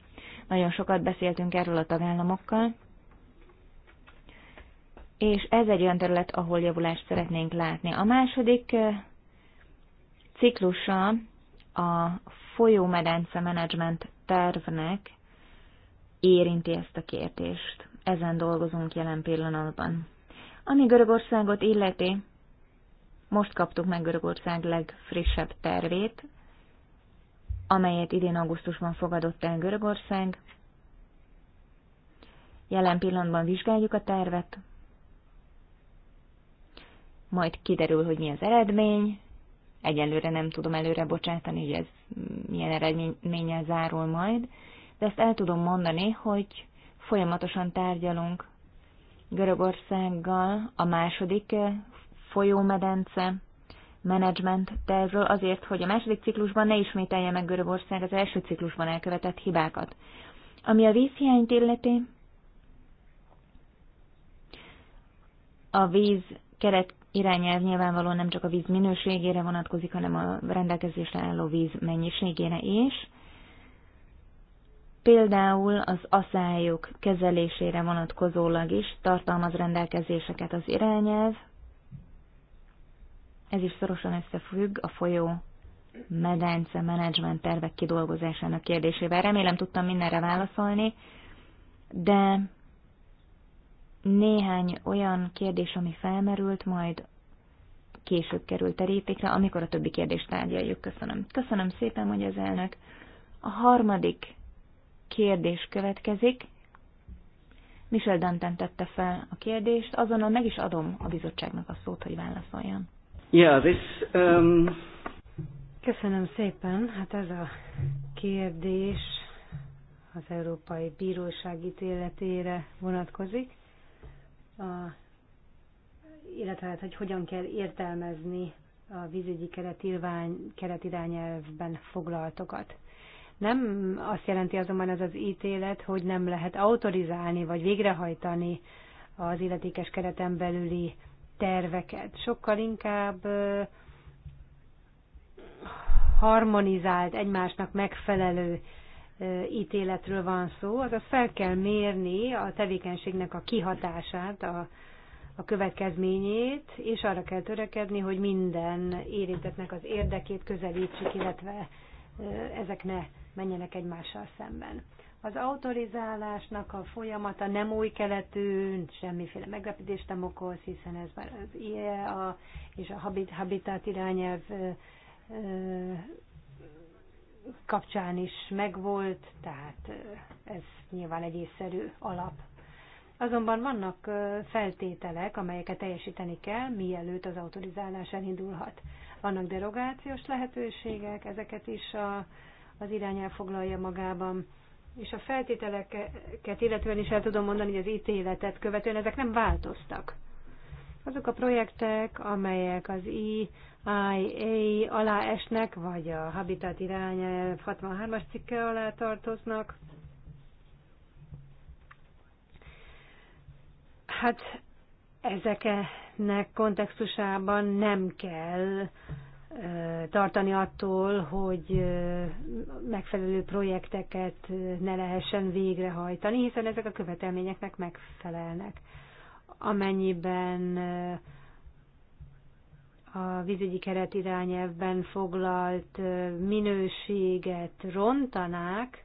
Nagyon sokat beszéltünk erről a tagállamokkal, és ez egy olyan terület, ahol javulást szeretnénk látni. A második eh, ciklusa a folyómedence menedzsment tervnek érinti ezt a kérdést. Ezen dolgozunk jelen pillanatban. Ami Görögországot illeti, most kaptuk meg Görögország legfrissebb tervét, amelyet idén augusztusban fogadott el Görögország. Jelen pillanatban vizsgáljuk a tervet, majd kiderül, hogy mi az eredmény, Egyelőre nem tudom előre bocsátani, hogy ez milyen eredménnyel zárul majd, de azt el tudom mondani, hogy folyamatosan tárgyalunk Görögországgal a második folyómedence menedzsment tervről azért, hogy a második ciklusban ne ismételje meg Görögország az első ciklusban elkövetett hibákat. Ami a vízhiányt illeti, a víz keret irányelv nyilvánvalóan nem csak a víz minőségére vonatkozik, hanem a rendelkezésre álló víz mennyiségére is. Például az aszályok kezelésére vonatkozólag is tartalmaz rendelkezéseket az irányelv. Ez is szorosan összefügg a folyó medence menedzsment tervek kidolgozásának kérdésével. Remélem tudtam mindenre válaszolni, de néhány olyan kérdés, ami felmerült, majd később került terítékre, amikor a többi kérdést tárgyaljuk. Köszönöm. Köszönöm szépen, hogy az elnök. A harmadik kérdés következik. Michel Danten tette fel a kérdést, azonnal meg is adom a bizottságnak a szót, hogy válaszoljon. Yeah, this, um... Köszönöm szépen. Hát ez a kérdés az Európai Bíróság ítéletére vonatkozik a, illetve hát, hogy hogyan kell értelmezni a vízügyi keretirvány, keretirányelvben foglaltokat. Nem azt jelenti azonban ez az ítélet, hogy nem lehet autorizálni vagy végrehajtani az illetékes kereten belüli terveket. Sokkal inkább harmonizált, egymásnak megfelelő ítéletről van szó, azaz fel kell mérni a tevékenységnek a kihatását, a, a következményét, és arra kell törekedni, hogy minden érintetnek az érdekét közelítsük, illetve ezek ne menjenek egymással szemben. Az autorizálásnak a folyamata nem új keletű, semmiféle meglepetést nem okoz, hiszen ez már az IEA a, és a Habitat irányelv kapcsán is megvolt, tehát ez nyilván egy észszerű alap. Azonban vannak feltételek, amelyeket teljesíteni kell, mielőtt az autorizálás elindulhat. Vannak derogációs lehetőségek, ezeket is a, az irányel foglalja magában. És a feltételeket illetően is el tudom mondani, hogy az ítéletet követően ezek nem változtak. Azok a projektek, amelyek az i IA alá esnek, vagy a Habitat irány 63-as cikke alá tartoznak. Hát ezeknek kontextusában nem kell tartani attól, hogy megfelelő projekteket ne lehessen végrehajtani, hiszen ezek a követelményeknek megfelelnek. Amennyiben a vízügyi keretirányelvben foglalt minőséget rontanák,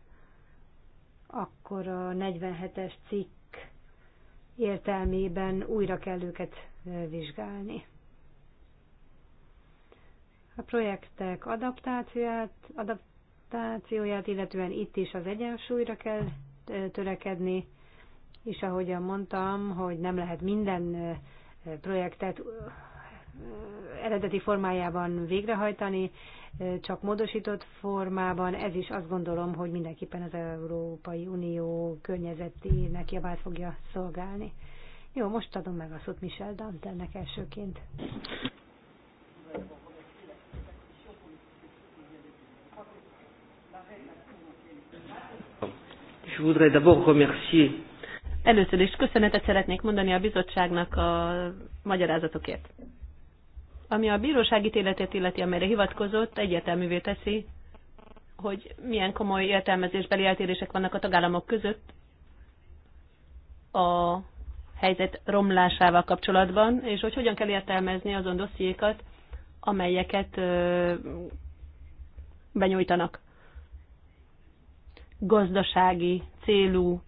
akkor a 47-es cikk értelmében újra kell őket vizsgálni. A projektek adaptációját, adaptációját, illetően itt is az egyensúlyra kell törekedni, és ahogyan mondtam, hogy nem lehet minden projektet eredeti formájában végrehajtani, csak módosított formában. Ez is azt gondolom, hogy mindenképpen az Európai Unió környezetének javát fogja szolgálni. Jó, most adom meg a szót Michel Dantelnek elsőként. Je voudrais d'abord remercier Először is köszönetet szeretnék mondani a bizottságnak a magyarázatokért. Ami a bíróságítéletet illeti, amelyre hivatkozott, egyértelművé teszi, hogy milyen komoly értelmezésbeli eltérések vannak a tagállamok között a helyzet romlásával kapcsolatban, és hogy hogyan kell értelmezni azon dossziékat, amelyeket benyújtanak. Gazdasági célú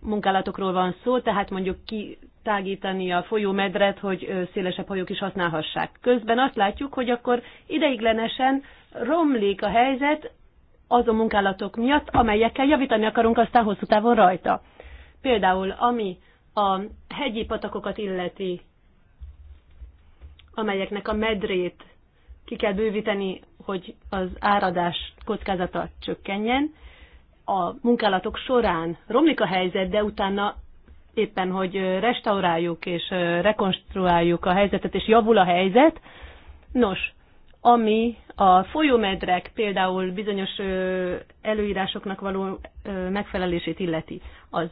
munkálatokról van szó, tehát mondjuk ki tágítani a folyómedret, hogy szélesebb hajók is használhassák. Közben azt látjuk, hogy akkor ideiglenesen romlik a helyzet azon munkálatok miatt, amelyekkel javítani akarunk aztán hosszú távon rajta. Például, ami a hegyi patakokat illeti, amelyeknek a medrét ki kell bővíteni, hogy az áradás kockázata csökkenjen. A munkálatok során romlik a helyzet, de utána éppen, hogy restauráljuk és rekonstruáljuk a helyzetet, és javul a helyzet. Nos, ami a folyómedrek például bizonyos előírásoknak való megfelelését illeti, az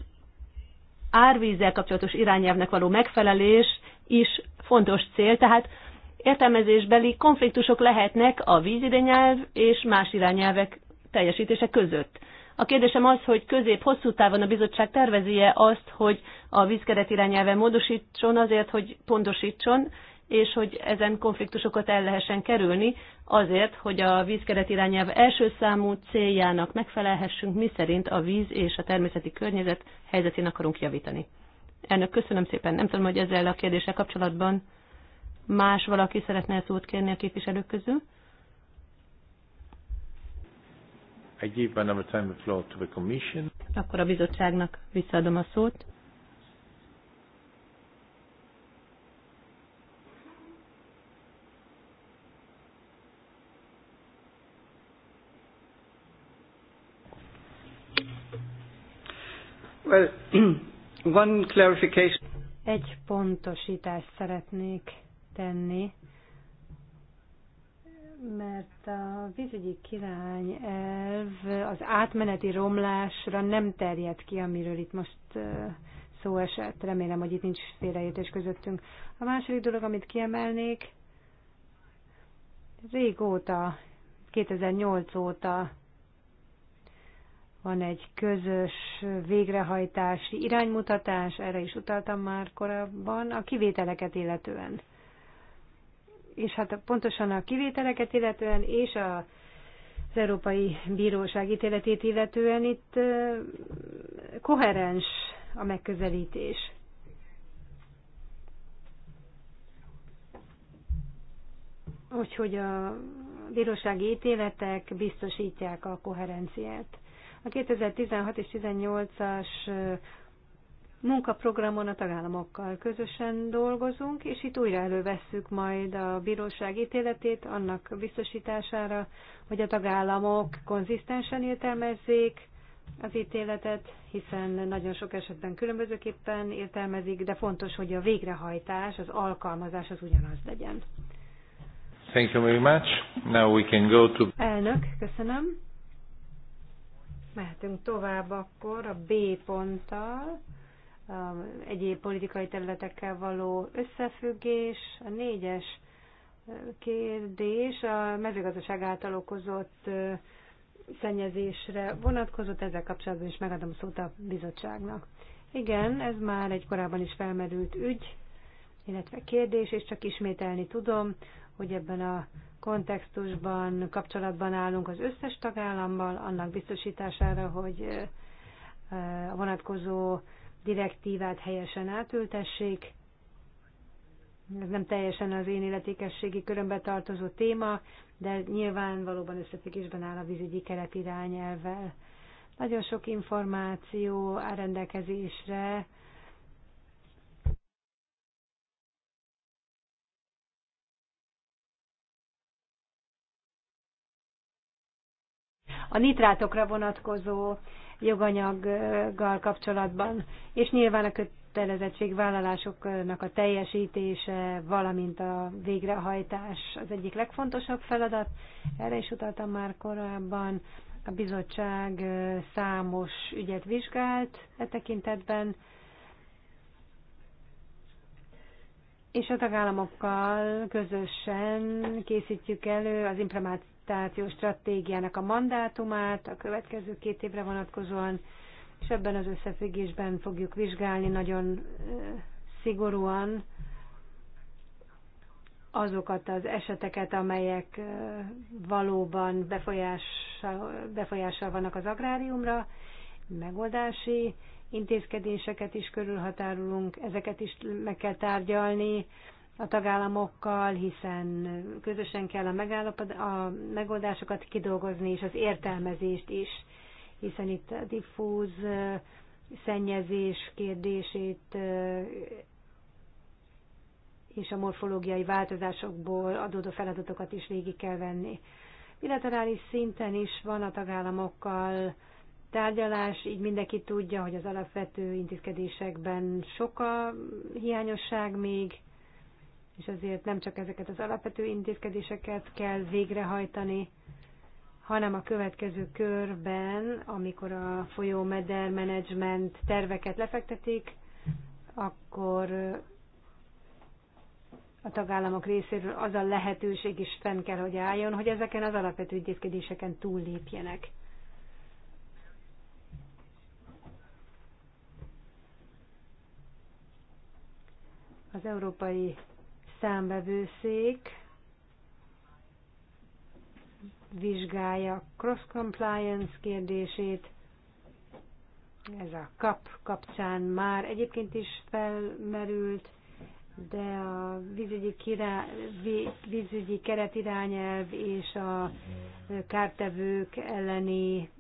árvízzel kapcsolatos irányelvnek való megfelelés is fontos cél, tehát értelmezésbeli konfliktusok lehetnek a vízidényelv és más irányelvek teljesítése között. A kérdésem az, hogy közép-hosszú távon a bizottság tervezi-e azt, hogy a vízkeret irányelve módosítson azért, hogy pontosítson, és hogy ezen konfliktusokat el lehessen kerülni, azért, hogy a vízkeret irányelv első számú céljának megfelelhessünk, mi szerint a víz és a természeti környezet helyzetén akarunk javítani. Elnök, köszönöm szépen. Nem tudom, hogy ezzel a kérdéssel kapcsolatban más valaki szeretne szót kérni a képviselők közül. I give time the floor to the commission. Akkor a bizottságnak visszaadom a szót. Well, one clarification. Egy pontosítást szeretnék tenni mert a vízügyi király elv az átmeneti romlásra nem terjed ki, amiről itt most szó esett. Remélem, hogy itt nincs félreértés közöttünk. A második dolog, amit kiemelnék, régóta, 2008 óta van egy közös végrehajtási iránymutatás, erre is utaltam már korábban, a kivételeket illetően és hát pontosan a kivételeket illetően és a, az Európai Bíróság ítéletét illetően itt koherens a megközelítés. Úgyhogy a bírósági ítéletek biztosítják a koherenciát. A 2016 és 18-as munkaprogramon a tagállamokkal közösen dolgozunk, és itt újra elővesszük majd a bíróság ítéletét annak biztosítására, hogy a tagállamok konzisztensen értelmezzék az ítéletet, hiszen nagyon sok esetben különbözőképpen értelmezik, de fontos, hogy a végrehajtás, az alkalmazás az ugyanaz legyen. Thank you very much. Now we can go to... Elnök, köszönöm. Mehetünk tovább akkor a B ponttal. Um, egyéb politikai területekkel való összefüggés, a négyes uh, kérdés a mezőgazdaság által okozott uh, szennyezésre vonatkozott, ezzel kapcsolatban is megadom szót a bizottságnak. Igen, ez már egy korábban is felmerült ügy, illetve kérdés, és csak ismételni tudom, hogy ebben a kontextusban kapcsolatban állunk az összes tagállammal, annak biztosítására, hogy uh, a vonatkozó direktívát helyesen átültessék. Ez nem teljesen az én illetékességi körömbe tartozó téma, de nyilván valóban összefüggésben áll a vízügyi keret irányelvvel. Nagyon sok információ a rendelkezésre, a nitrátokra vonatkozó joganyaggal kapcsolatban, és nyilván a kötelezettségvállalásoknak a teljesítése, valamint a végrehajtás az egyik legfontosabb feladat. Erre is utaltam már korábban. A bizottság számos ügyet vizsgált e tekintetben, és a tagállamokkal közösen készítjük elő az adaptációs stratégiának a mandátumát a következő két évre vonatkozóan, és ebben az összefüggésben fogjuk vizsgálni nagyon szigorúan azokat az eseteket, amelyek valóban befolyással, befolyással vannak az agráriumra, megoldási intézkedéseket is körülhatárolunk, ezeket is meg kell tárgyalni, a tagállamokkal, hiszen közösen kell a, a megoldásokat kidolgozni, és az értelmezést is, hiszen itt a diffúz szennyezés kérdését és a morfológiai változásokból adódó feladatokat is végig kell venni. Bilaterális szinten is van a tagállamokkal tárgyalás, így mindenki tudja, hogy az alapvető intézkedésekben sok a hiányosság még, és ezért nem csak ezeket az alapvető intézkedéseket kell végrehajtani, hanem a következő körben, amikor a folyómeder menedzsment terveket lefektetik, akkor a tagállamok részéről az a lehetőség is fenn kell, hogy álljon, hogy ezeken az alapvető intézkedéseken túllépjenek. Az Európai számbevőszék vizsgálja cross-compliance kérdését, ez a kap kapcsán már egyébként is felmerült, de a vízügyi, kirá, vízügyi keretirányelv és a kártevők elleni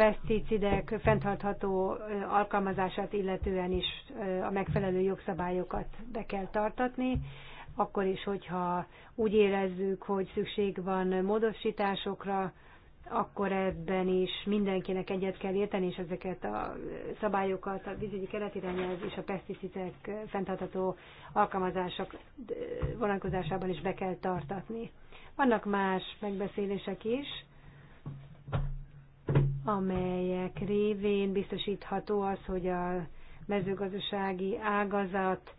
peszticidek fenntartható alkalmazását illetően is a megfelelő jogszabályokat be kell tartatni, akkor is, hogyha úgy érezzük, hogy szükség van módosításokra, akkor ebben is mindenkinek egyet kell érteni, és ezeket a szabályokat, a vízügyi keretirányelv és a peszticidek fenntartható alkalmazások vonatkozásában is be kell tartatni. Vannak más megbeszélések is, amelyek révén biztosítható az, hogy a mezőgazdasági ágazat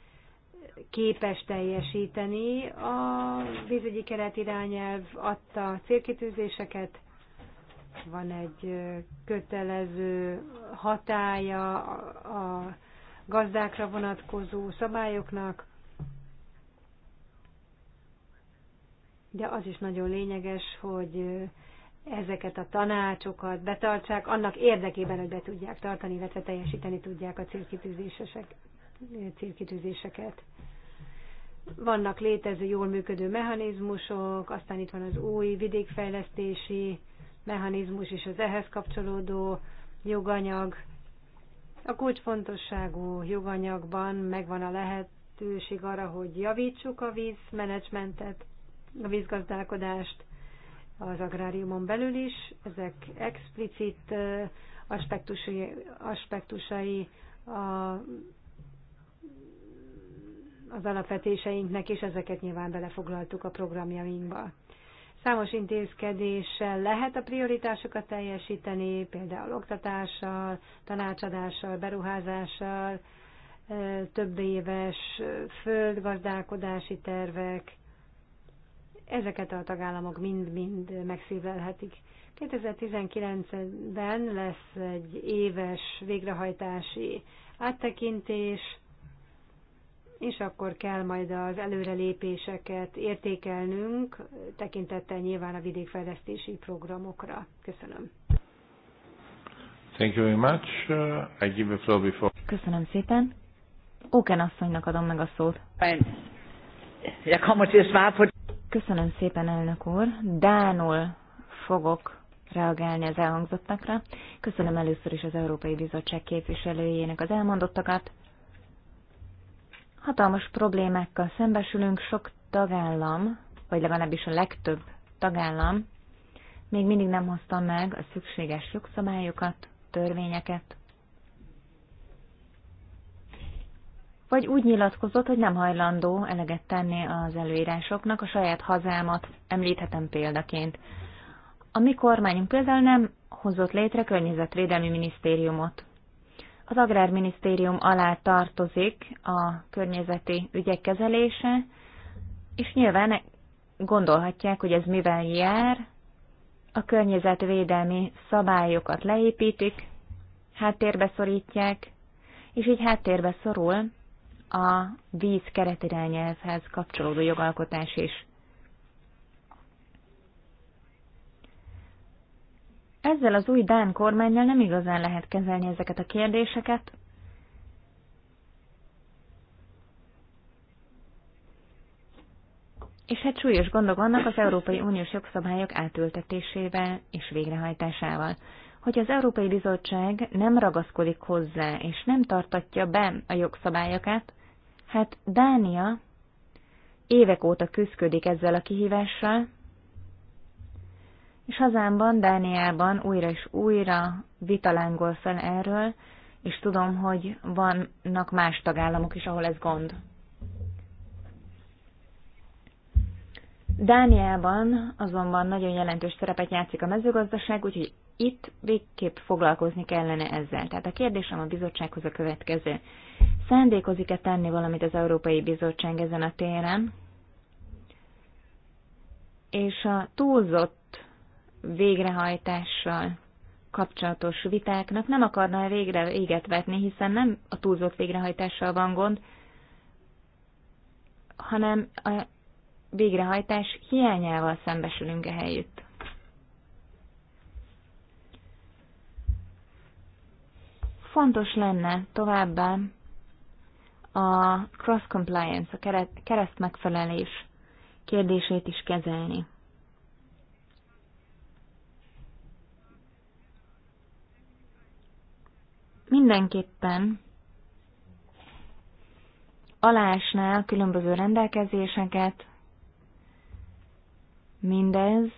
képes teljesíteni a vízügyi keretirányelv adta célkitűzéseket, van egy kötelező hatája a gazdákra vonatkozó szabályoknak, de az is nagyon lényeges, hogy ezeket a tanácsokat betartsák, annak érdekében, hogy be tudják tartani, illetve teljesíteni tudják a célkitűzéseket. Vannak létező, jól működő mechanizmusok, aztán itt van az új vidékfejlesztési mechanizmus és az ehhez kapcsolódó joganyag. A kulcsfontosságú joganyagban megvan a lehetőség arra, hogy javítsuk a vízmenedzsmentet, a vízgazdálkodást, az agráriumon belül is, ezek explicit aspektusai, aspektusai a, az alapvetéseinknek, és ezeket nyilván belefoglaltuk a programjainkba. Számos intézkedéssel lehet a prioritásokat teljesíteni, például oktatással, tanácsadással, beruházással, több éves földgazdálkodási tervek, ezeket a tagállamok mind-mind megszívelhetik. 2019-ben lesz egy éves végrehajtási áttekintés, és akkor kell majd az előrelépéseket értékelnünk, tekintettel nyilván a vidékfejlesztési programokra. Köszönöm. Thank you very much. Uh, I give the floor before. Köszönöm szépen. Óken asszonynak adom meg a szót. Ja, kommer til at Köszönöm szépen, elnök úr. Dánul fogok reagálni az elhangzottakra. Köszönöm először is az Európai Bizottság képviselőjének az elmondottakat. Hatalmas problémákkal szembesülünk, sok tagállam, vagy legalábbis a legtöbb tagállam még mindig nem hozta meg a szükséges jogszabályokat, törvényeket, vagy úgy nyilatkozott, hogy nem hajlandó eleget tenni az előírásoknak, a saját hazámat említhetem példaként. A mi kormányunk például nem hozott létre környezetvédelmi minisztériumot. Az Agrárminisztérium alá tartozik a környezeti ügyek kezelése, és nyilván gondolhatják, hogy ez mivel jár, a környezetvédelmi szabályokat leépítik, háttérbe szorítják, és így háttérbe szorul a víz keretirányelvhez kapcsolódó jogalkotás is. Ezzel az új Dán kormánynál nem igazán lehet kezelni ezeket a kérdéseket. És hát súlyos gondok vannak az Európai Uniós jogszabályok átültetésével és végrehajtásával. Hogy az Európai Bizottság nem ragaszkodik hozzá és nem tartatja be a jogszabályokat, Hát Dánia évek óta küzdködik ezzel a kihívással, és hazámban, Dániában újra és újra vitalángol fel erről, és tudom, hogy vannak más tagállamok is, ahol ez gond. Dániában azonban nagyon jelentős szerepet játszik a mezőgazdaság, úgyhogy itt végképp foglalkozni kellene ezzel. Tehát a kérdésem a bizottsághoz a következő. Szándékozik-e tenni valamit az Európai Bizottság ezen a téren? És a túlzott végrehajtással kapcsolatos vitáknak nem akarna végre véget vetni, hiszen nem a túlzott végrehajtással van gond, hanem a végrehajtás hiányával szembesülünk ehelyütt. Fontos lenne továbbá a cross-compliance, a keresztmegfelelés kérdését is kezelni. Mindenképpen alásnál a különböző rendelkezéseket, mindez,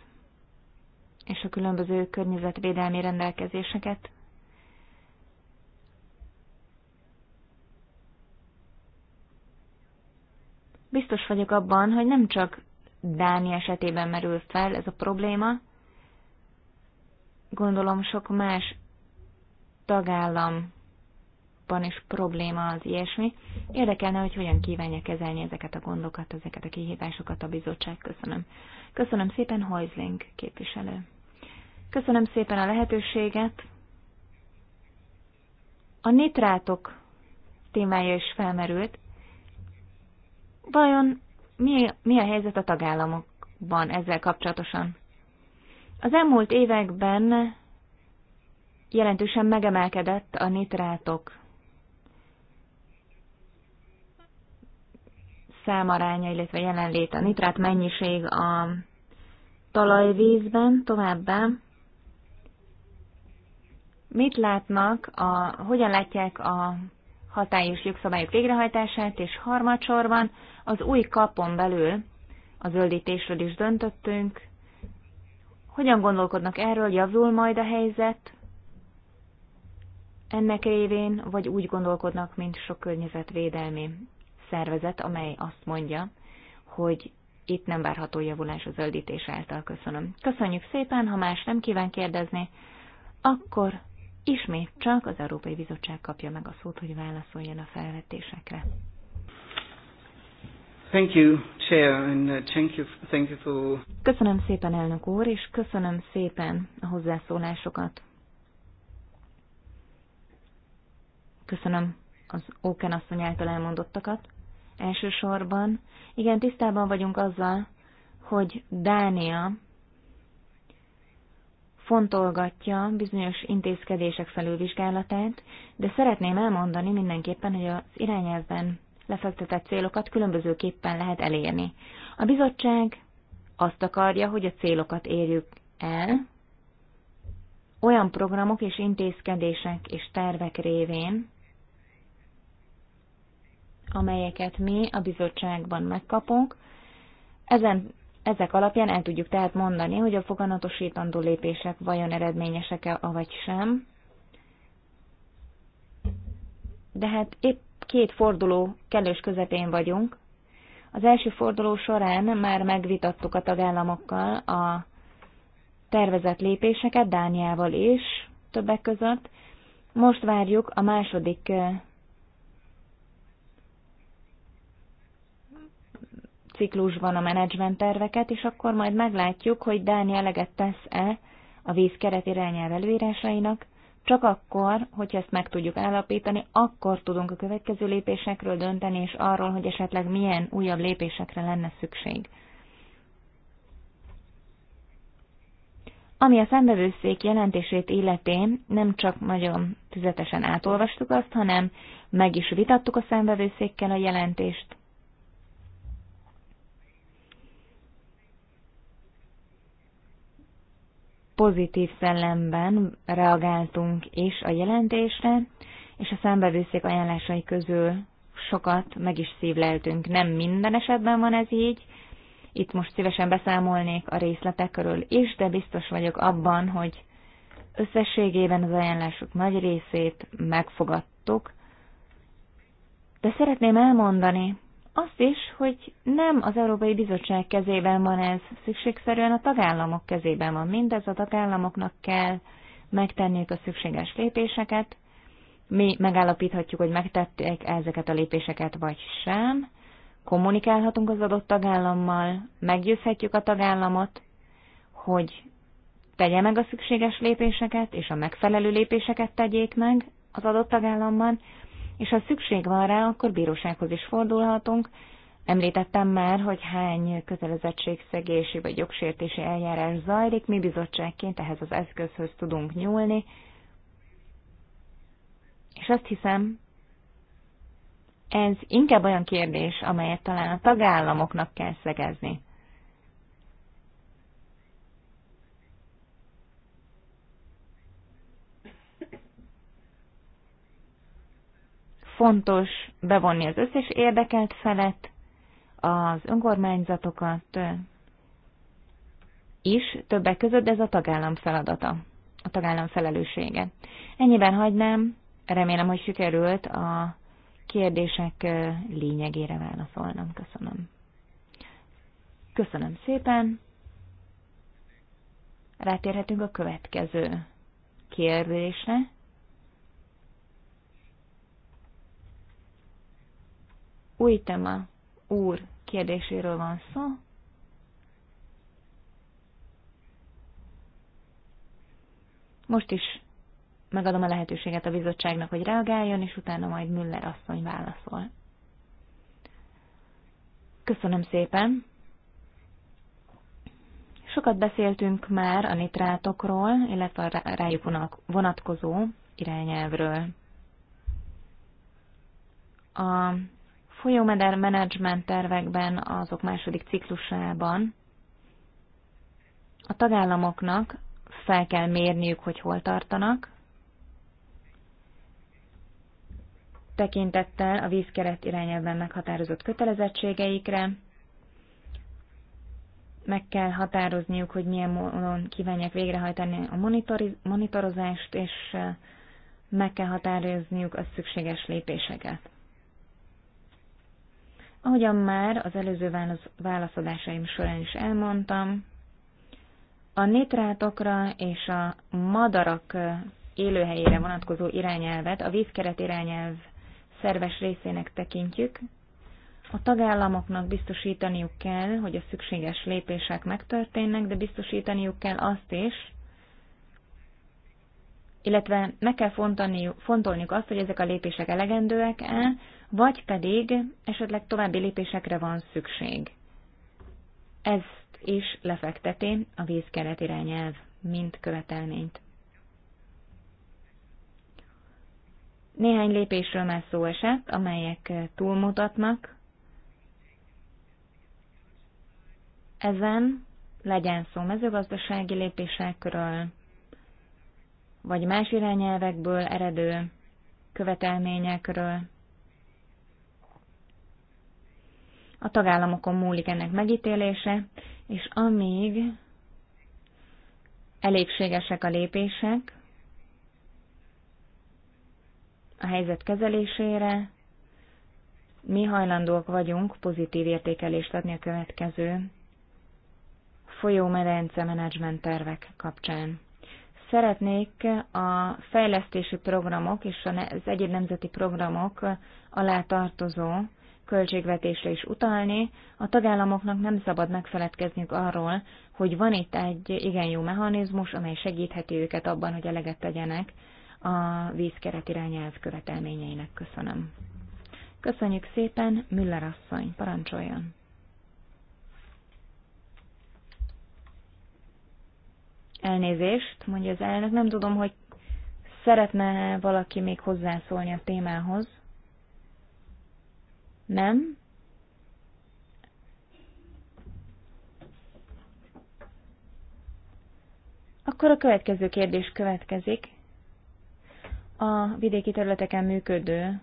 és a különböző környezetvédelmi rendelkezéseket Biztos vagyok abban, hogy nem csak Dánia esetében merül fel ez a probléma, gondolom sok más tagállam Európában is probléma az ilyesmi. Érdekelne, hogy hogyan kívánja kezelni ezeket a gondokat, ezeket a kihívásokat a bizottság. Köszönöm. Köszönöm szépen, Hojzling képviselő. Köszönöm szépen a lehetőséget. A nitrátok témája is felmerült. Vajon mi, mi a helyzet a tagállamokban ezzel kapcsolatosan? Az elmúlt években jelentősen megemelkedett a nitrátok számaránya, illetve jelenlét, a nitrát mennyiség a talajvízben, továbbá mit látnak, a, hogyan látják a hatályos jogszabályok végrehajtását, és harmadsorban az új kapon belül a zöldítésről is döntöttünk. Hogyan gondolkodnak erről, javul majd a helyzet ennek évén, vagy úgy gondolkodnak, mint sok környezetvédelmi szervezet, amely azt mondja, hogy itt nem várható javulás a zöldítés által. Köszönöm. Köszönjük szépen, ha más nem kíván kérdezni, akkor ismét csak az Európai Bizottság kapja meg a szót, hogy válaszoljon a felvetésekre. Thank you, Chair, and uh, thank you, thank you for... Köszönöm szépen, elnök úr, és köszönöm szépen a hozzászólásokat. Köszönöm az Óken asszony által elmondottakat elsősorban. Igen, tisztában vagyunk azzal, hogy Dánia fontolgatja bizonyos intézkedések felülvizsgálatát, de szeretném elmondani mindenképpen, hogy az irányelvben lefektetett célokat különbözőképpen lehet elérni. A bizottság azt akarja, hogy a célokat érjük el, olyan programok és intézkedések és tervek révén, amelyeket mi a bizottságban megkapunk. Ezen, ezek alapján el tudjuk tehát mondani, hogy a foganatosítandó lépések vajon eredményesek-e, vagy sem. De hát épp két forduló kellős közepén vagyunk. Az első forduló során már megvitattuk a tagállamokkal a tervezett lépéseket, Dániával is többek között. Most várjuk a második ciklusban a menedzsment terveket, és akkor majd meglátjuk, hogy Dánia eleget tesz-e a vízkeret irányelv előírásainak, csak akkor, hogyha ezt meg tudjuk állapítani, akkor tudunk a következő lépésekről dönteni, és arról, hogy esetleg milyen újabb lépésekre lenne szükség. Ami a szembevőszék jelentését illetén, nem csak nagyon tüzetesen átolvastuk azt, hanem meg is vitattuk a szembevőszékkel a jelentést. pozitív szellemben reagáltunk is a jelentésre, és a szembevőszék ajánlásai közül sokat meg is szívleltünk. Nem minden esetben van ez így, itt most szívesen beszámolnék a részletekről is, de biztos vagyok abban, hogy összességében az ajánlások nagy részét megfogadtuk, de szeretném elmondani, azt is, hogy nem az Európai Bizottság kezében van ez, szükségszerűen a tagállamok kezében van. Mindez a tagállamoknak kell megtenniük a szükséges lépéseket. Mi megállapíthatjuk, hogy megtették ezeket a lépéseket vagy sem. Kommunikálhatunk az adott tagállammal, meggyőzhetjük a tagállamot, hogy tegye meg a szükséges lépéseket, és a megfelelő lépéseket tegyék meg az adott tagállamban, és ha szükség van rá, akkor bírósághoz is fordulhatunk. Említettem már, hogy hány kötelezettségszegési vagy jogsértési eljárás zajlik, mi bizottságként ehhez az eszközhöz tudunk nyúlni, és azt hiszem, ez inkább olyan kérdés, amelyet talán a tagállamoknak kell szegezni. fontos bevonni az összes érdekelt felet, az önkormányzatokat is, többek között ez a tagállam feladata, a tagállam felelőssége. Ennyiben hagynám, remélem, hogy sikerült a kérdések lényegére válaszolnom. Köszönöm. Köszönöm szépen. Rátérhetünk a következő kérdésre. új tema úr kérdéséről van szó. Most is megadom a lehetőséget a bizottságnak, hogy reagáljon, és utána majd Müller asszony válaszol. Köszönöm szépen! Sokat beszéltünk már a nitrátokról, illetve a rájuk vonatkozó irányelvről. A folyómeder menedzsment tervekben, azok második ciklusában a tagállamoknak fel kell mérniük, hogy hol tartanak, tekintettel a vízkeret irányelvben meghatározott kötelezettségeikre, meg kell határozniuk, hogy milyen módon kívánják végrehajtani a monitorozást, és eh, meg kell határozniuk a szükséges lépéseket. Ahogyan már az előző válaszadásaim során is elmondtam, a nitrátokra és a madarak élőhelyére vonatkozó irányelvet a vízkeret irányelv szerves részének tekintjük. A tagállamoknak biztosítaniuk kell, hogy a szükséges lépések megtörténnek, de biztosítaniuk kell azt is, illetve meg kell fontolniuk azt, hogy ezek a lépések elegendőek-e, vagy pedig esetleg további lépésekre van szükség. Ezt is lefekteti a vízkeret irányelv, mint követelményt. Néhány lépésről már szó esett, amelyek túlmutatnak. Ezen legyen szó mezőgazdasági lépésekről, vagy más irányelvekből eredő követelményekről, a tagállamokon múlik ennek megítélése, és amíg elégségesek a lépések a helyzet kezelésére, mi hajlandóak vagyunk pozitív értékelést adni a következő folyómedence menedzsment tervek kapcsán. Szeretnék a fejlesztési programok és az egyéb nemzeti programok alá tartozó költségvetésre is utalni, a tagállamoknak nem szabad megfeledkezniük arról, hogy van itt egy igen jó mechanizmus, amely segítheti őket abban, hogy eleget tegyenek a vízkeret irányelv követelményeinek. Köszönöm. Köszönjük szépen, Müller asszony, parancsoljon! Elnézést, mondja az elnök, nem tudom, hogy szeretne valaki még hozzászólni a témához. Nem. Akkor a következő kérdés következik. A vidéki területeken működő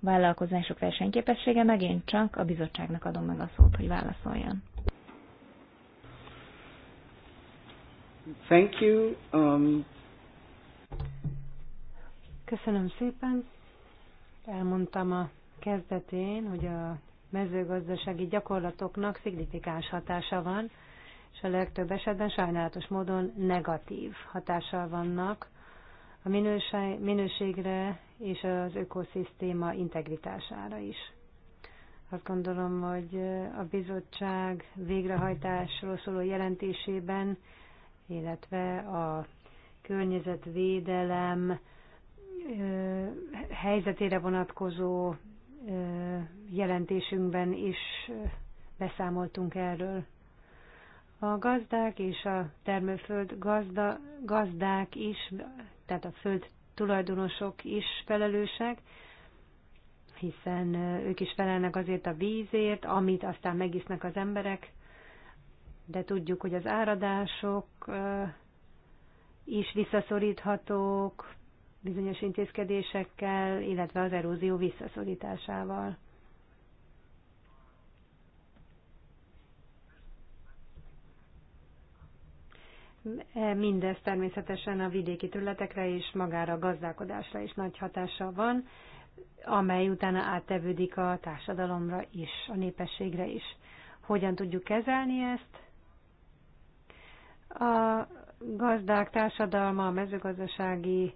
vállalkozások versenyképessége megint csak a bizottságnak adom meg a szót, hogy válaszoljon. Thank you. Um... Köszönöm szépen. Elmondtam a kezdetén, hogy a mezőgazdasági gyakorlatoknak szignifikáns hatása van, és a legtöbb esetben sajnálatos módon negatív hatással vannak a minőségre és az ökoszisztéma integritására is. Azt gondolom, hogy a bizottság végrehajtásról szóló jelentésében, illetve a környezetvédelem helyzetére vonatkozó jelentésünkben is beszámoltunk erről. A gazdák és a termőföld gazda, gazdák is, tehát a föld tulajdonosok is felelősek, hiszen ők is felelnek azért a vízért, amit aztán megisznek az emberek, de tudjuk, hogy az áradások is visszaszoríthatók, bizonyos intézkedésekkel, illetve az erózió visszaszorításával. Mindez természetesen a vidéki területekre és magára a gazdálkodásra is nagy hatása van, amely utána áttevődik a társadalomra is, a népességre is. Hogyan tudjuk kezelni ezt? A gazdák társadalma, a mezőgazdasági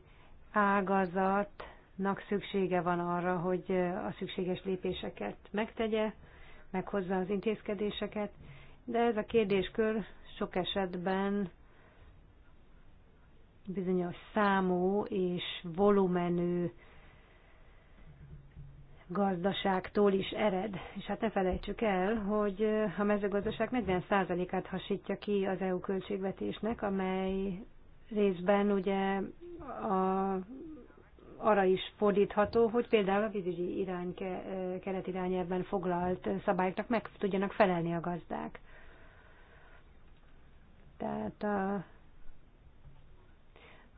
ágazatnak szüksége van arra, hogy a szükséges lépéseket megtegye, meghozza az intézkedéseket, de ez a kérdéskör sok esetben bizonyos számú és volumenű gazdaságtól is ered. És hát ne felejtsük el, hogy a mezőgazdaság 40%-át hasítja ki az EU költségvetésnek, amely részben ugye a, arra is fordítható, hogy például a vízügyi irány, keretirányelvben foglalt szabályoknak meg tudjanak felelni a gazdák. Tehát a,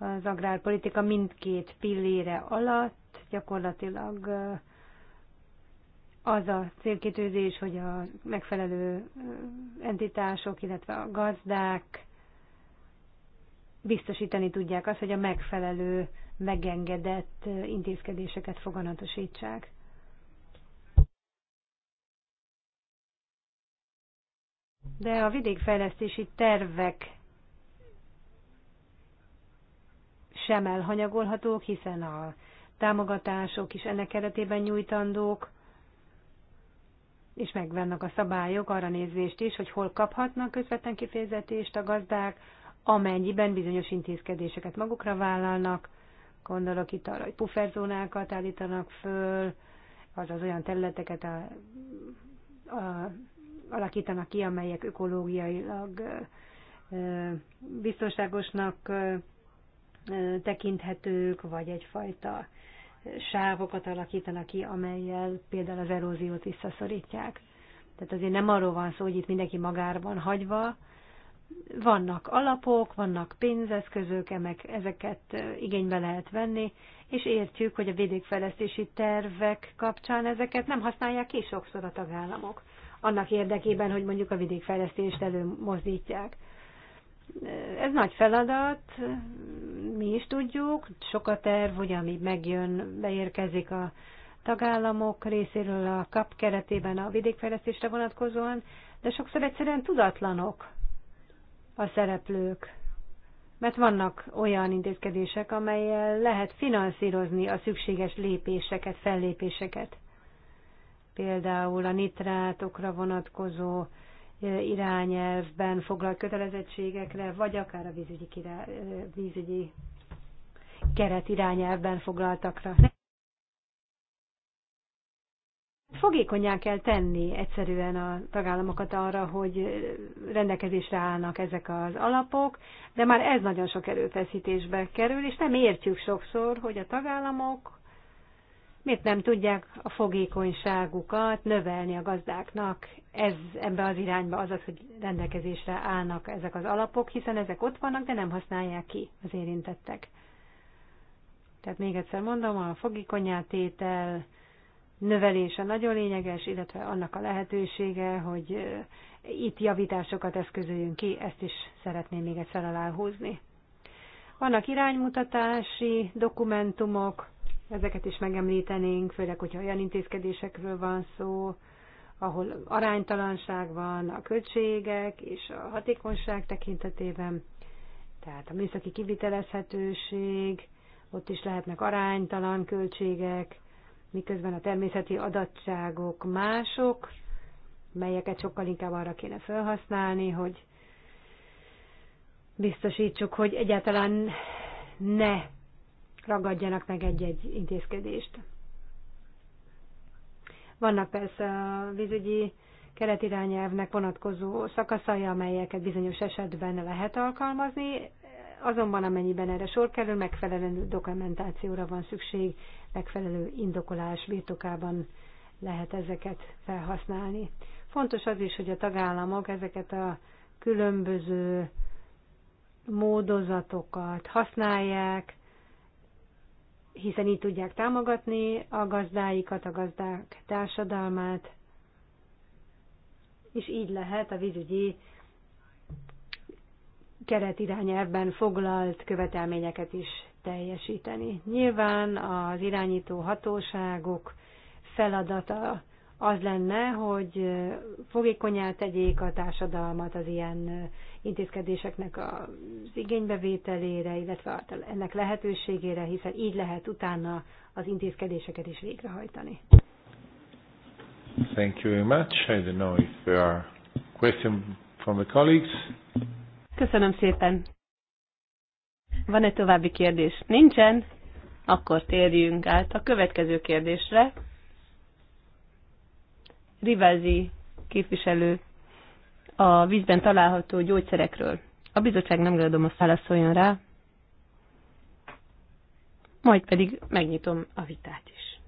az agrárpolitika mindkét pillére alatt gyakorlatilag az a célkitűzés, hogy a megfelelő entitások, illetve a gazdák biztosítani tudják azt, hogy a megfelelő, megengedett intézkedéseket foganatosítsák. De a vidékfejlesztési tervek sem elhanyagolhatók, hiszen a támogatások is ennek keretében nyújtandók, és megvannak a szabályok arra nézvést is, hogy hol kaphatnak közvetlen kifejezetést a gazdák, amennyiben bizonyos intézkedéseket magukra vállalnak, gondolok itt arra, hogy pufferzónákat állítanak föl, azaz olyan területeket a, a, alakítanak ki, amelyek ökológiailag ö, biztonságosnak ö, tekinthetők, vagy egyfajta sávokat alakítanak ki, amelyel például az eróziót visszaszorítják. Tehát azért nem arról van szó, hogy itt mindenki magárban hagyva, vannak alapok, vannak pénzeszközök, ezeket igénybe lehet venni, és értjük, hogy a vidékfejlesztési tervek kapcsán ezeket nem használják ki sokszor a tagállamok, annak érdekében, hogy mondjuk a vidékfejlesztést előmozdítják. Ez nagy feladat, mi is tudjuk, sok a terv, hogy ami megjön, beérkezik a tagállamok részéről a kap keretében a vidékfejlesztésre vonatkozóan, de sokszor egyszerűen tudatlanok a szereplők. Mert vannak olyan intézkedések, amelyel lehet finanszírozni a szükséges lépéseket, fellépéseket. Például a nitrátokra vonatkozó irányelvben foglalt kötelezettségekre, vagy akár a vízügyi, király, vízügyi keret irányelvben foglaltakra. Fogékonyá kell tenni egyszerűen a tagállamokat arra, hogy rendelkezésre állnak ezek az alapok, de már ez nagyon sok erőfeszítésbe kerül, és nem értjük sokszor, hogy a tagállamok miért nem tudják a fogékonyságukat növelni a gazdáknak. Ez ebbe az irányba az hogy rendelkezésre állnak ezek az alapok, hiszen ezek ott vannak, de nem használják ki az érintettek. Tehát még egyszer mondom, a fogékonyátétel tétel növelése nagyon lényeges, illetve annak a lehetősége, hogy itt javításokat eszközöljünk ki, ezt is szeretném még egyszer aláhúzni. Vannak iránymutatási dokumentumok, ezeket is megemlítenénk, főleg, hogyha olyan intézkedésekről van szó, ahol aránytalanság van a költségek és a hatékonyság tekintetében, tehát a műszaki kivitelezhetőség, ott is lehetnek aránytalan költségek, miközben a természeti adatságok mások, melyeket sokkal inkább arra kéne felhasználni, hogy biztosítsuk, hogy egyáltalán ne ragadjanak meg egy-egy intézkedést. Vannak persze a vízügyi keretirányelvnek vonatkozó szakaszai, amelyeket bizonyos esetben lehet alkalmazni, azonban amennyiben erre sor kerül, megfelelő dokumentációra van szükség, megfelelő indokolás birtokában lehet ezeket felhasználni. Fontos az is, hogy a tagállamok ezeket a különböző módozatokat használják, hiszen így tudják támogatni a gazdáikat, a gazdák társadalmát, és így lehet a vízügyi keretirányelvben foglalt követelményeket is teljesíteni. Nyilván az irányító hatóságok feladata az lenne, hogy fogékonyá tegyék a társadalmat az ilyen intézkedéseknek az igénybevételére, illetve ennek lehetőségére, hiszen így lehet utána az intézkedéseket is végrehajtani. Thank you very much. I don't know if there are questions from the colleagues. Köszönöm szépen. Van-e további kérdés? Nincsen? Akkor térjünk át a következő kérdésre. Rivázi képviselő a vízben található gyógyszerekről. A bizottság nem gondolom, hogy válaszoljon rá, majd pedig megnyitom a vitát is.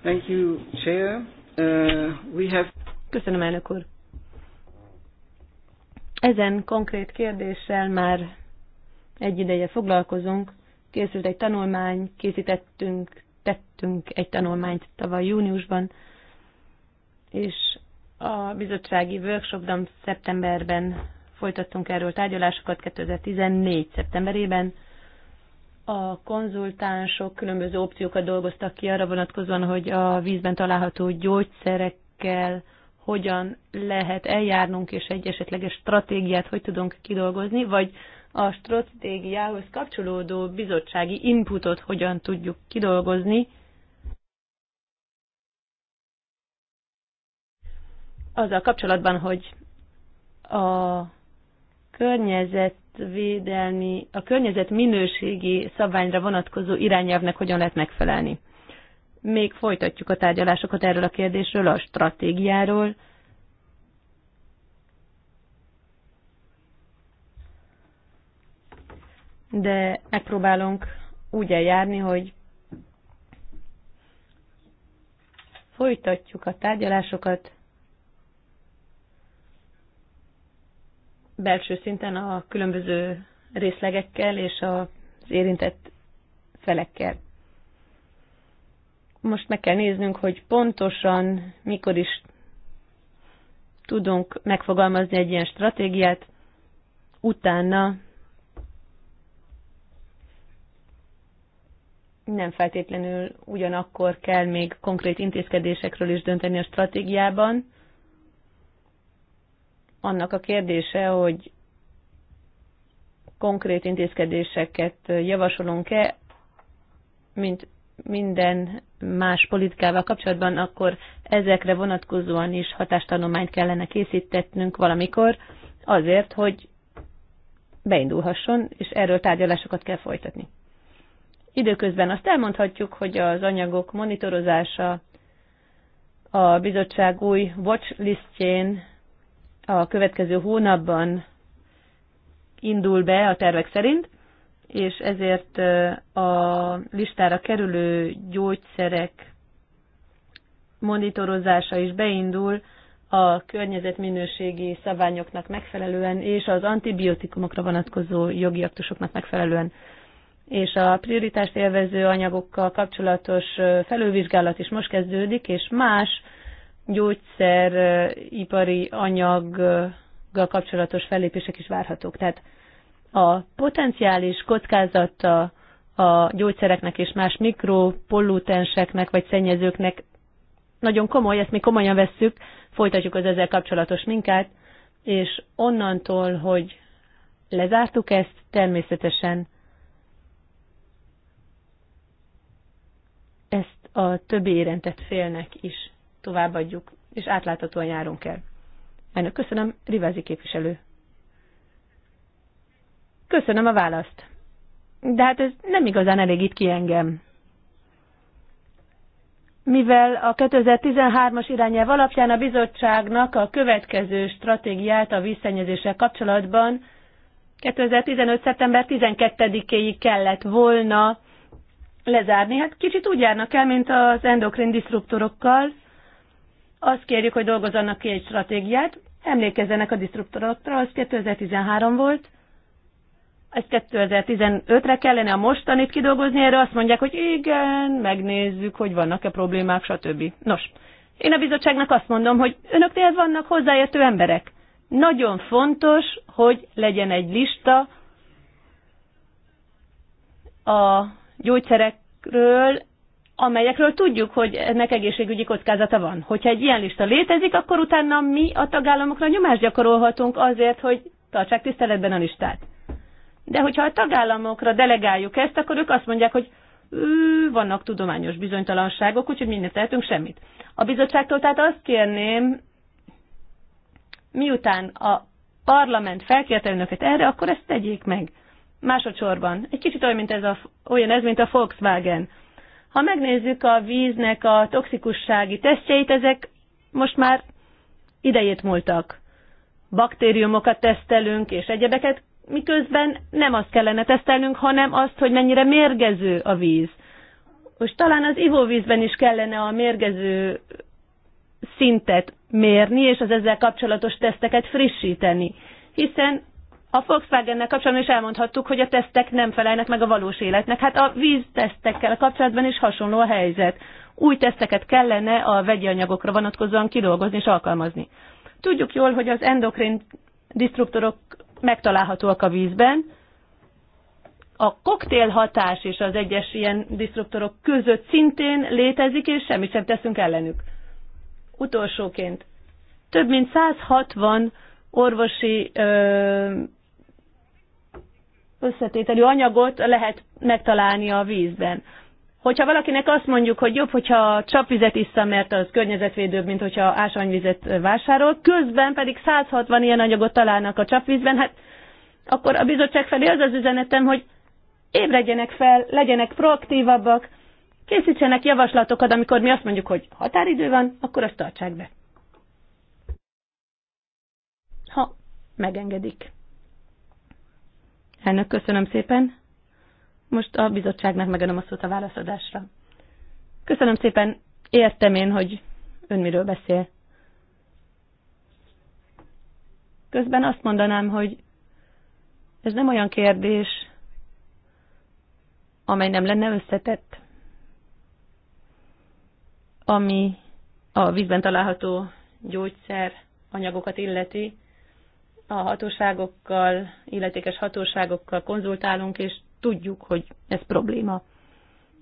Thank you, Chair. Uh, we have... Köszönöm, elnök úr. Ezen konkrét kérdéssel már egy ideje foglalkozunk. Készült egy tanulmány, készítettünk, tettünk egy tanulmányt tavaly júniusban, és a bizottsági workshopban szeptemberben folytattunk erről tárgyalásokat 2014. szeptemberében. A konzultánsok különböző opciókat dolgoztak ki arra vonatkozóan, hogy a vízben található gyógyszerekkel hogyan lehet eljárnunk, és egy esetleges stratégiát hogy tudunk kidolgozni, vagy a stratégiához kapcsolódó bizottsági inputot hogyan tudjuk kidolgozni, azzal kapcsolatban, hogy a környezetvédelmi, a környezet minőségi szabványra vonatkozó irányelvnek hogyan lehet megfelelni még folytatjuk a tárgyalásokat erről a kérdésről, a stratégiáról. De megpróbálunk úgy eljárni, hogy folytatjuk a tárgyalásokat belső szinten a különböző részlegekkel és az érintett felekkel most meg kell néznünk, hogy pontosan mikor is tudunk megfogalmazni egy ilyen stratégiát, utána nem feltétlenül ugyanakkor kell még konkrét intézkedésekről is dönteni a stratégiában. Annak a kérdése, hogy konkrét intézkedéseket javasolunk-e, mint minden más politikával kapcsolatban, akkor ezekre vonatkozóan is hatástanományt kellene készítetnünk valamikor, azért, hogy beindulhasson, és erről tárgyalásokat kell folytatni. Időközben azt elmondhatjuk, hogy az anyagok monitorozása a bizottság új watch-listjén a következő hónapban indul be a tervek szerint, és ezért a listára kerülő gyógyszerek monitorozása is beindul a környezetminőségi szabványoknak megfelelően, és az antibiotikumokra vonatkozó jogi aktusoknak megfelelően. És a prioritást élvező anyagokkal kapcsolatos felülvizsgálat is most kezdődik, és más gyógyszeripari anyaggal kapcsolatos fellépések is várhatók. Tehát a potenciális kockázata a gyógyszereknek és más mikropollutenseknek vagy szennyezőknek nagyon komoly, ezt mi komolyan vesszük, folytatjuk az ezzel kapcsolatos minkát, és onnantól, hogy lezártuk ezt, természetesen ezt a többi érintett félnek is továbbadjuk, és átláthatóan járunk el. Ennek köszönöm, Rivázi képviselő. Köszönöm a választ. De hát ez nem igazán elégít ki engem. Mivel a 2013-as irányelv alapján a bizottságnak a következő stratégiát a vízszennyezéssel kapcsolatban 2015. szeptember 12-éig kellett volna lezárni. Hát kicsit úgy járnak el, mint az endokrin disruptorokkal. Azt kérjük, hogy dolgozzanak ki egy stratégiát, emlékezzenek a disruptorokra, az 2013 volt, ezt 2015-re kellene a mostanit kidolgozni, erre azt mondják, hogy igen, megnézzük, hogy vannak-e problémák, stb. Nos, én a bizottságnak azt mondom, hogy önöknél vannak hozzáértő emberek. Nagyon fontos, hogy legyen egy lista a gyógyszerekről, amelyekről tudjuk, hogy ennek egészségügyi kockázata van. Hogyha egy ilyen lista létezik, akkor utána mi a tagállamokra nyomást gyakorolhatunk azért, hogy tartsák tiszteletben a listát. De hogyha a tagállamokra delegáljuk ezt, akkor ők azt mondják, hogy ő, vannak tudományos bizonytalanságok, úgyhogy mi nem tehetünk semmit. A bizottságtól tehát azt kérném, miután a parlament felkérte önöket erre, akkor ezt tegyék meg. Másodszorban. Egy kicsit olyan, mint ez a, olyan ez, mint a Volkswagen. Ha megnézzük a víznek a toxikussági tesztjeit, ezek most már idejét múltak. Baktériumokat tesztelünk és egyebeket, miközben nem azt kellene tesztelnünk, hanem azt, hogy mennyire mérgező a víz. Most talán az ivóvízben is kellene a mérgező szintet mérni, és az ezzel kapcsolatos teszteket frissíteni. Hiszen a Volkswagen-nel kapcsolatban is elmondhattuk, hogy a tesztek nem felelnek meg a valós életnek. Hát a víztesztekkel kapcsolatban is hasonló a helyzet. Új teszteket kellene a vegyi anyagokra vonatkozóan kidolgozni és alkalmazni. Tudjuk jól, hogy az endokrin disruptorok megtalálhatóak a vízben. A koktél hatás és az egyes ilyen disruptorok között szintén létezik, és semmit sem teszünk ellenük. Utolsóként, több mint 160 orvosi összetételű anyagot lehet megtalálni a vízben. Hogyha valakinek azt mondjuk, hogy jobb, hogyha csapvizet iszza, mert az környezetvédőbb, mint hogyha ásványvizet vásárol, közben pedig 160 ilyen anyagot találnak a csapvízben, hát akkor a bizottság felé az az üzenetem, hogy ébredjenek fel, legyenek proaktívabbak, készítsenek javaslatokat, amikor mi azt mondjuk, hogy határidő van, akkor azt tartsák be. Ha megengedik. Elnök, köszönöm szépen. Most a bizottságnak megadom a szót a válaszadásra. Köszönöm szépen, értem én, hogy ön miről beszél. Közben azt mondanám, hogy ez nem olyan kérdés, amely nem lenne összetett, ami a vízben található gyógyszer anyagokat illeti. A hatóságokkal, illetékes hatóságokkal konzultálunk, és tudjuk, hogy ez probléma.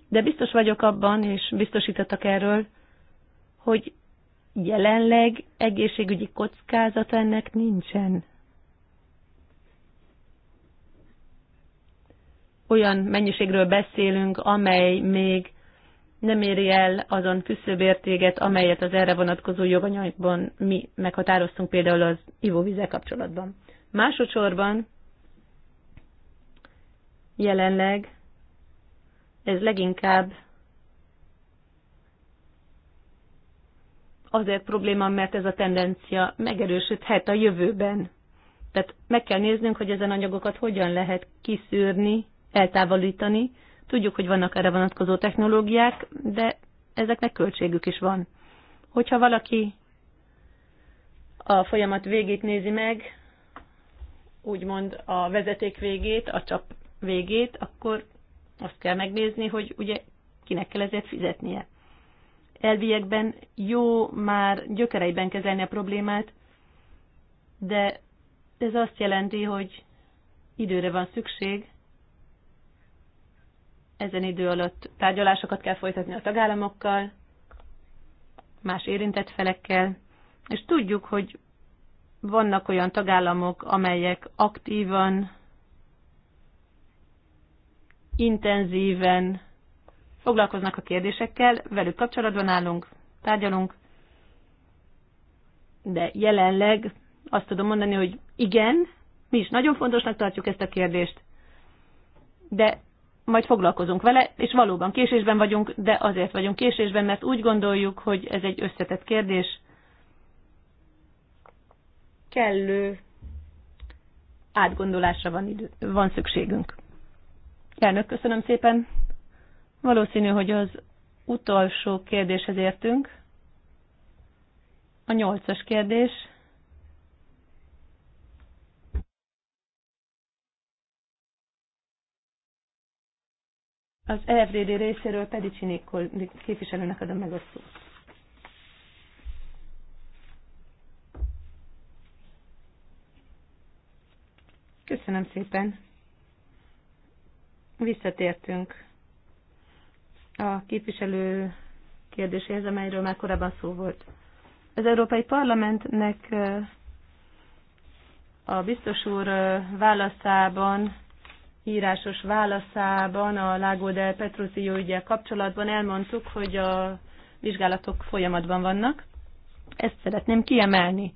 De biztos vagyok abban, és biztosítottak erről, hogy jelenleg egészségügyi kockázat ennek nincsen. Olyan mennyiségről beszélünk, amely még nem éri el azon küszöbértéget, amelyet az erre vonatkozó joganyagban mi meghatároztunk például az ivóvízzel kapcsolatban. Másodszorban Jelenleg ez leginkább azért probléma, mert ez a tendencia megerősödhet a jövőben. Tehát meg kell néznünk, hogy ezen anyagokat hogyan lehet kiszűrni, eltávolítani. Tudjuk, hogy vannak erre vonatkozó technológiák, de ezeknek költségük is van. Hogyha valaki a folyamat végét nézi meg, úgymond a vezeték végét, a csap végét, akkor azt kell megnézni, hogy ugye kinek kell ezért fizetnie. Elviekben jó már gyökereiben kezelni a problémát, de ez azt jelenti, hogy időre van szükség, ezen idő alatt tárgyalásokat kell folytatni a tagállamokkal, más érintett felekkel, és tudjuk, hogy vannak olyan tagállamok, amelyek aktívan intenzíven foglalkoznak a kérdésekkel, velük kapcsolatban állunk, tárgyalunk, de jelenleg azt tudom mondani, hogy igen, mi is nagyon fontosnak tartjuk ezt a kérdést, de majd foglalkozunk vele, és valóban késésben vagyunk, de azért vagyunk késésben, mert úgy gondoljuk, hogy ez egy összetett kérdés, kellő átgondolásra van, idő, van szükségünk. Elnök, köszönöm szépen. Valószínű, hogy az utolsó kérdéshez értünk. A nyolcas kérdés. Az EFDD részéről Pedicsini képviselőnek adom meg a szót. Köszönöm szépen visszatértünk a képviselő kérdéséhez, amelyről már korábban szó volt. Az Európai Parlamentnek a biztos úr válaszában, írásos válaszában a Lágó del Petruzio ügyel kapcsolatban elmondtuk, hogy a vizsgálatok folyamatban vannak. Ezt szeretném kiemelni.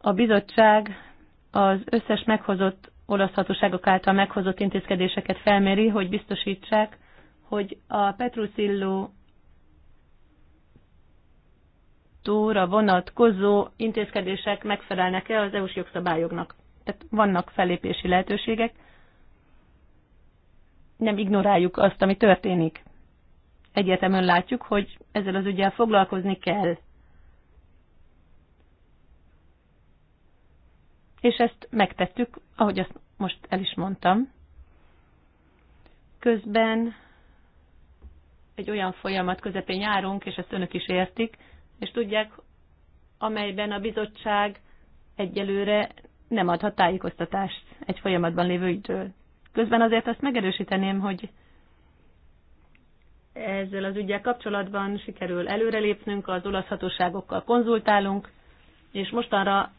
A bizottság az összes meghozott olasz hatóságok által meghozott intézkedéseket felméri, hogy biztosítsák, hogy a Petrusillo tóra vonatkozó intézkedések megfelelnek-e az EU-s jogszabályoknak. Tehát vannak fellépési lehetőségek, nem ignoráljuk azt, ami történik. Egyetemen látjuk, hogy ezzel az ügyel foglalkozni kell. és ezt megtettük, ahogy azt most el is mondtam. Közben egy olyan folyamat közepén járunk, és ezt önök is értik, és tudják, amelyben a bizottság egyelőre nem adhat tájékoztatást egy folyamatban lévő ügyről. Közben azért azt megerősíteném, hogy ezzel az ügyel kapcsolatban sikerül előrelépnünk, az olasz hatóságokkal konzultálunk, és mostanra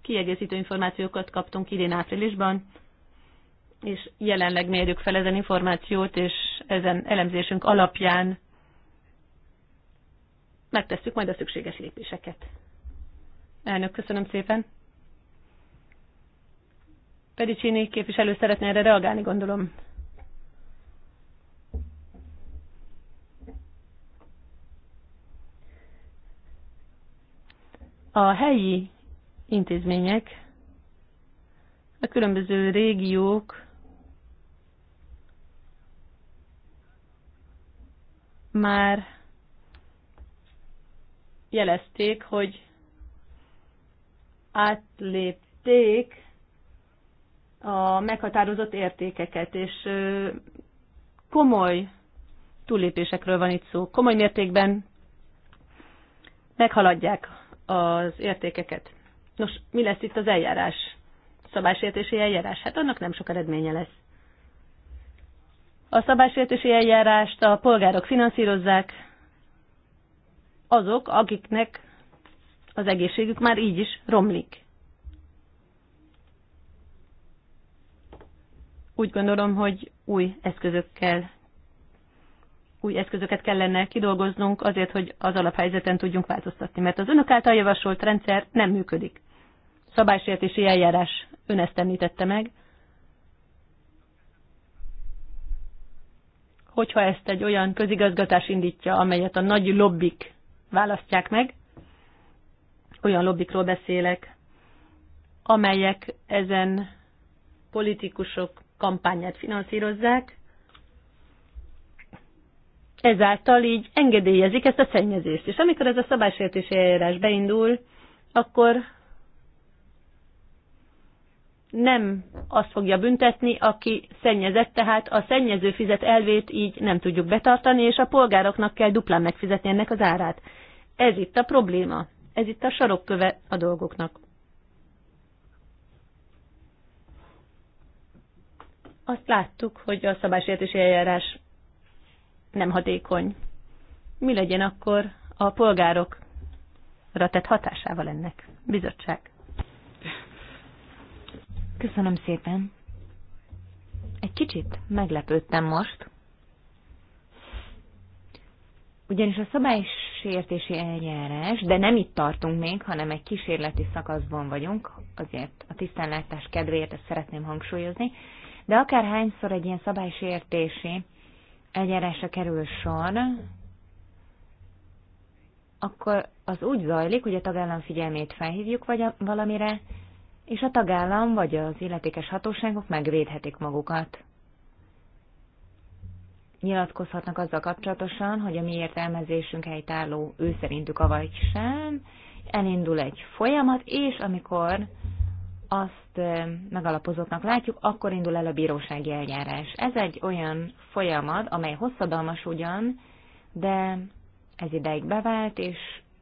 kiegészítő információkat kaptunk idén áprilisban, és jelenleg mérjük fel ezen információt, és ezen elemzésünk alapján megtesszük majd a szükséges lépéseket. Elnök, köszönöm szépen. Pedicini képviselő szeretné erre reagálni, gondolom. A helyi intézmények, a különböző régiók már jelezték, hogy átlépték a meghatározott értékeket, és komoly túllépésekről van itt szó. Komoly mértékben meghaladják az értékeket. Nos, mi lesz itt az eljárás? Szabásértési eljárás? Hát annak nem sok eredménye lesz. A szabásértési eljárást a polgárok finanszírozzák, azok, akiknek az egészségük már így is romlik. Úgy gondolom, hogy új eszközökkel, új eszközöket kellene kidolgoznunk azért, hogy az alaphelyzeten tudjunk változtatni, mert az önök által javasolt rendszer nem működik szabálysértési eljárás. Ön ezt említette meg. Hogyha ezt egy olyan közigazgatás indítja, amelyet a nagy lobbik választják meg, olyan lobbikról beszélek, amelyek ezen politikusok kampányát finanszírozzák, ezáltal így engedélyezik ezt a szennyezést. És amikor ez a szabálysértési eljárás beindul, akkor nem azt fogja büntetni, aki szennyezett, tehát a szennyező fizet elvét így nem tudjuk betartani, és a polgároknak kell duplán megfizetni ennek az árát. Ez itt a probléma. Ez itt a sarokköve a dolgoknak. Azt láttuk, hogy a szabálysértési eljárás nem hatékony. Mi legyen akkor a polgárokra tett hatásával ennek? Bizottság. Köszönöm szépen. Egy kicsit meglepődtem most, ugyanis a szabálysértési eljárás, de nem itt tartunk még, hanem egy kísérleti szakaszban vagyunk, azért a tisztánlátás kedvéért ezt szeretném hangsúlyozni, de akár hányszor egy ilyen szabálysértési eljárásra kerül sor, akkor az úgy zajlik, hogy a tagállam figyelmét felhívjuk vagy valamire, és a tagállam vagy az illetékes hatóságok megvédhetik magukat. Nyilatkozhatnak azzal kapcsolatosan, hogy a mi értelmezésünk helytálló ő szerintük vagy sem, elindul egy folyamat, és amikor azt megalapozottnak látjuk, akkor indul el a bírósági eljárás. Ez egy olyan folyamat, amely hosszadalmas ugyan, de ez ideig bevált, és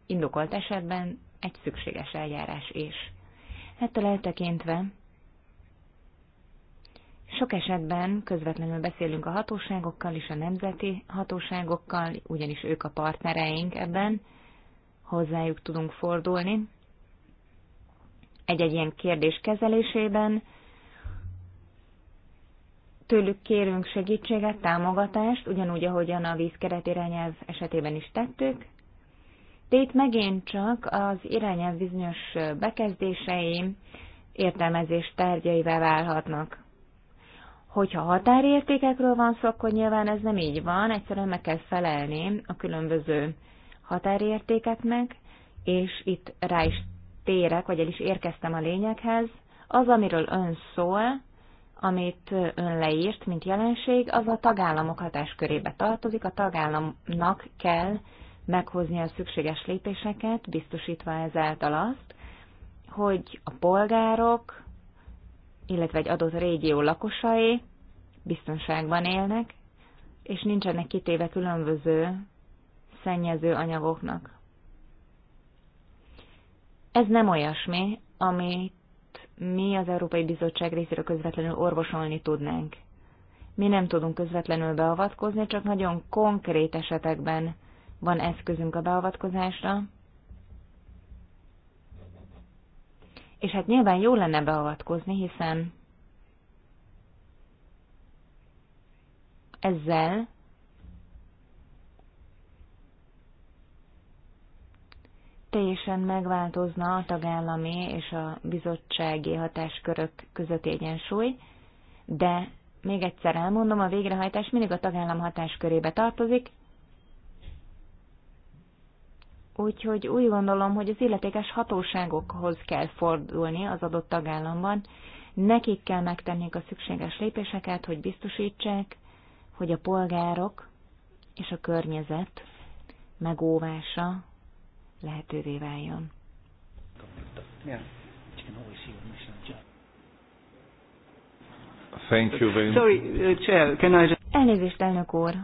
indokolt esetben egy szükséges eljárás is. Ettől eltekintve sok esetben közvetlenül beszélünk a hatóságokkal és a nemzeti hatóságokkal, ugyanis ők a partnereink ebben, hozzájuk tudunk fordulni. Egy-egy ilyen kérdés kezelésében tőlük kérünk segítséget, támogatást, ugyanúgy, ahogyan a vízkeretirányelv esetében is tettük, de itt megint csak az irányelv bizonyos bekezdései értelmezés tárgyaivel válhatnak. Hogyha határértékekről van szó, akkor nyilván ez nem így van, egyszerűen meg kell felelni a különböző határértékeknek, és itt rá is térek, vagy el is érkeztem a lényeghez. Az, amiről ön szól, amit ön leírt, mint jelenség, az a tagállamok hatáskörébe tartozik, a tagállamnak kell meghozni a szükséges lépéseket, biztosítva ezáltal azt, hogy a polgárok, illetve egy adott régió lakosai biztonságban élnek, és nincsenek kitéve különböző szennyező anyagoknak. Ez nem olyasmi, amit mi az Európai Bizottság részéről közvetlenül orvosolni tudnánk. Mi nem tudunk közvetlenül beavatkozni, csak nagyon konkrét esetekben van eszközünk a beavatkozásra, és hát nyilván jó lenne beavatkozni, hiszen ezzel teljesen megváltozna a tagállami és a bizottsági hatáskörök közötti egyensúly, de még egyszer elmondom, a végrehajtás mindig a tagállam hatáskörébe tartozik, Úgyhogy úgy gondolom, hogy az illetékes hatóságokhoz kell fordulni az adott tagállamban. Nekik kell megtenniük a szükséges lépéseket, hogy biztosítsák, hogy a polgárok és a környezet megóvása lehetővé váljon. Thank you very much. Sorry, uh, Chair, can I... Elnézést, elnök úr.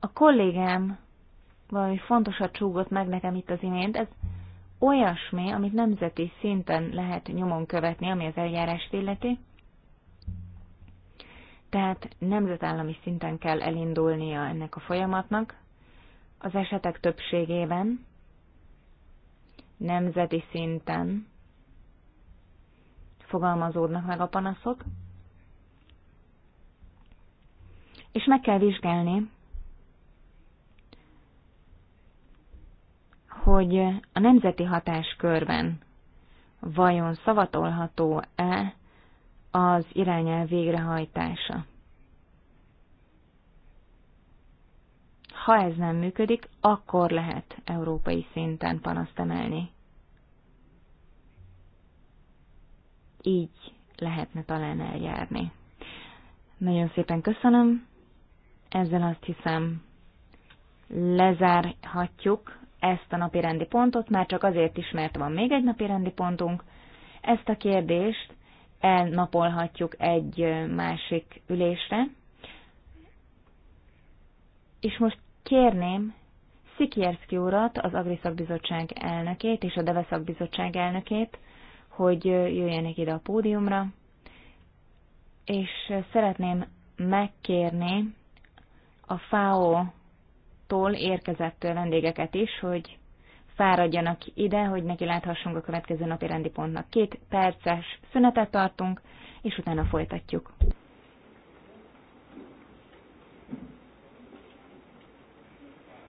A kollégám valami fontosat csúgott meg nekem itt az imént, ez olyasmi, amit nemzeti szinten lehet nyomon követni, ami az eljárás illeti. Tehát nemzetállami szinten kell elindulnia ennek a folyamatnak, az esetek többségében, nemzeti szinten fogalmazódnak meg a panaszok, és meg kell vizsgálni, hogy a nemzeti hatáskörben vajon szavatolható-e az irányelv végrehajtása. Ha ez nem működik, akkor lehet európai szinten panaszt emelni. Így lehetne talán eljárni. Nagyon szépen köszönöm. Ezzel azt hiszem lezárhatjuk ezt a napirendi pontot, már csak azért is, mert van még egy napirendi pontunk. Ezt a kérdést elnapolhatjuk egy másik ülésre. És most kérném Szikierszki urat, az Agri Szakbizottság elnökét és a Deve Szakbizottság elnökét, hogy jöjjenek ide a pódiumra, és szeretném megkérni a FAO tól érkezett vendégeket is, hogy fáradjanak ide, hogy neki láthassunk a következő napi rendi pontnak. Két perces szünetet tartunk, és utána folytatjuk.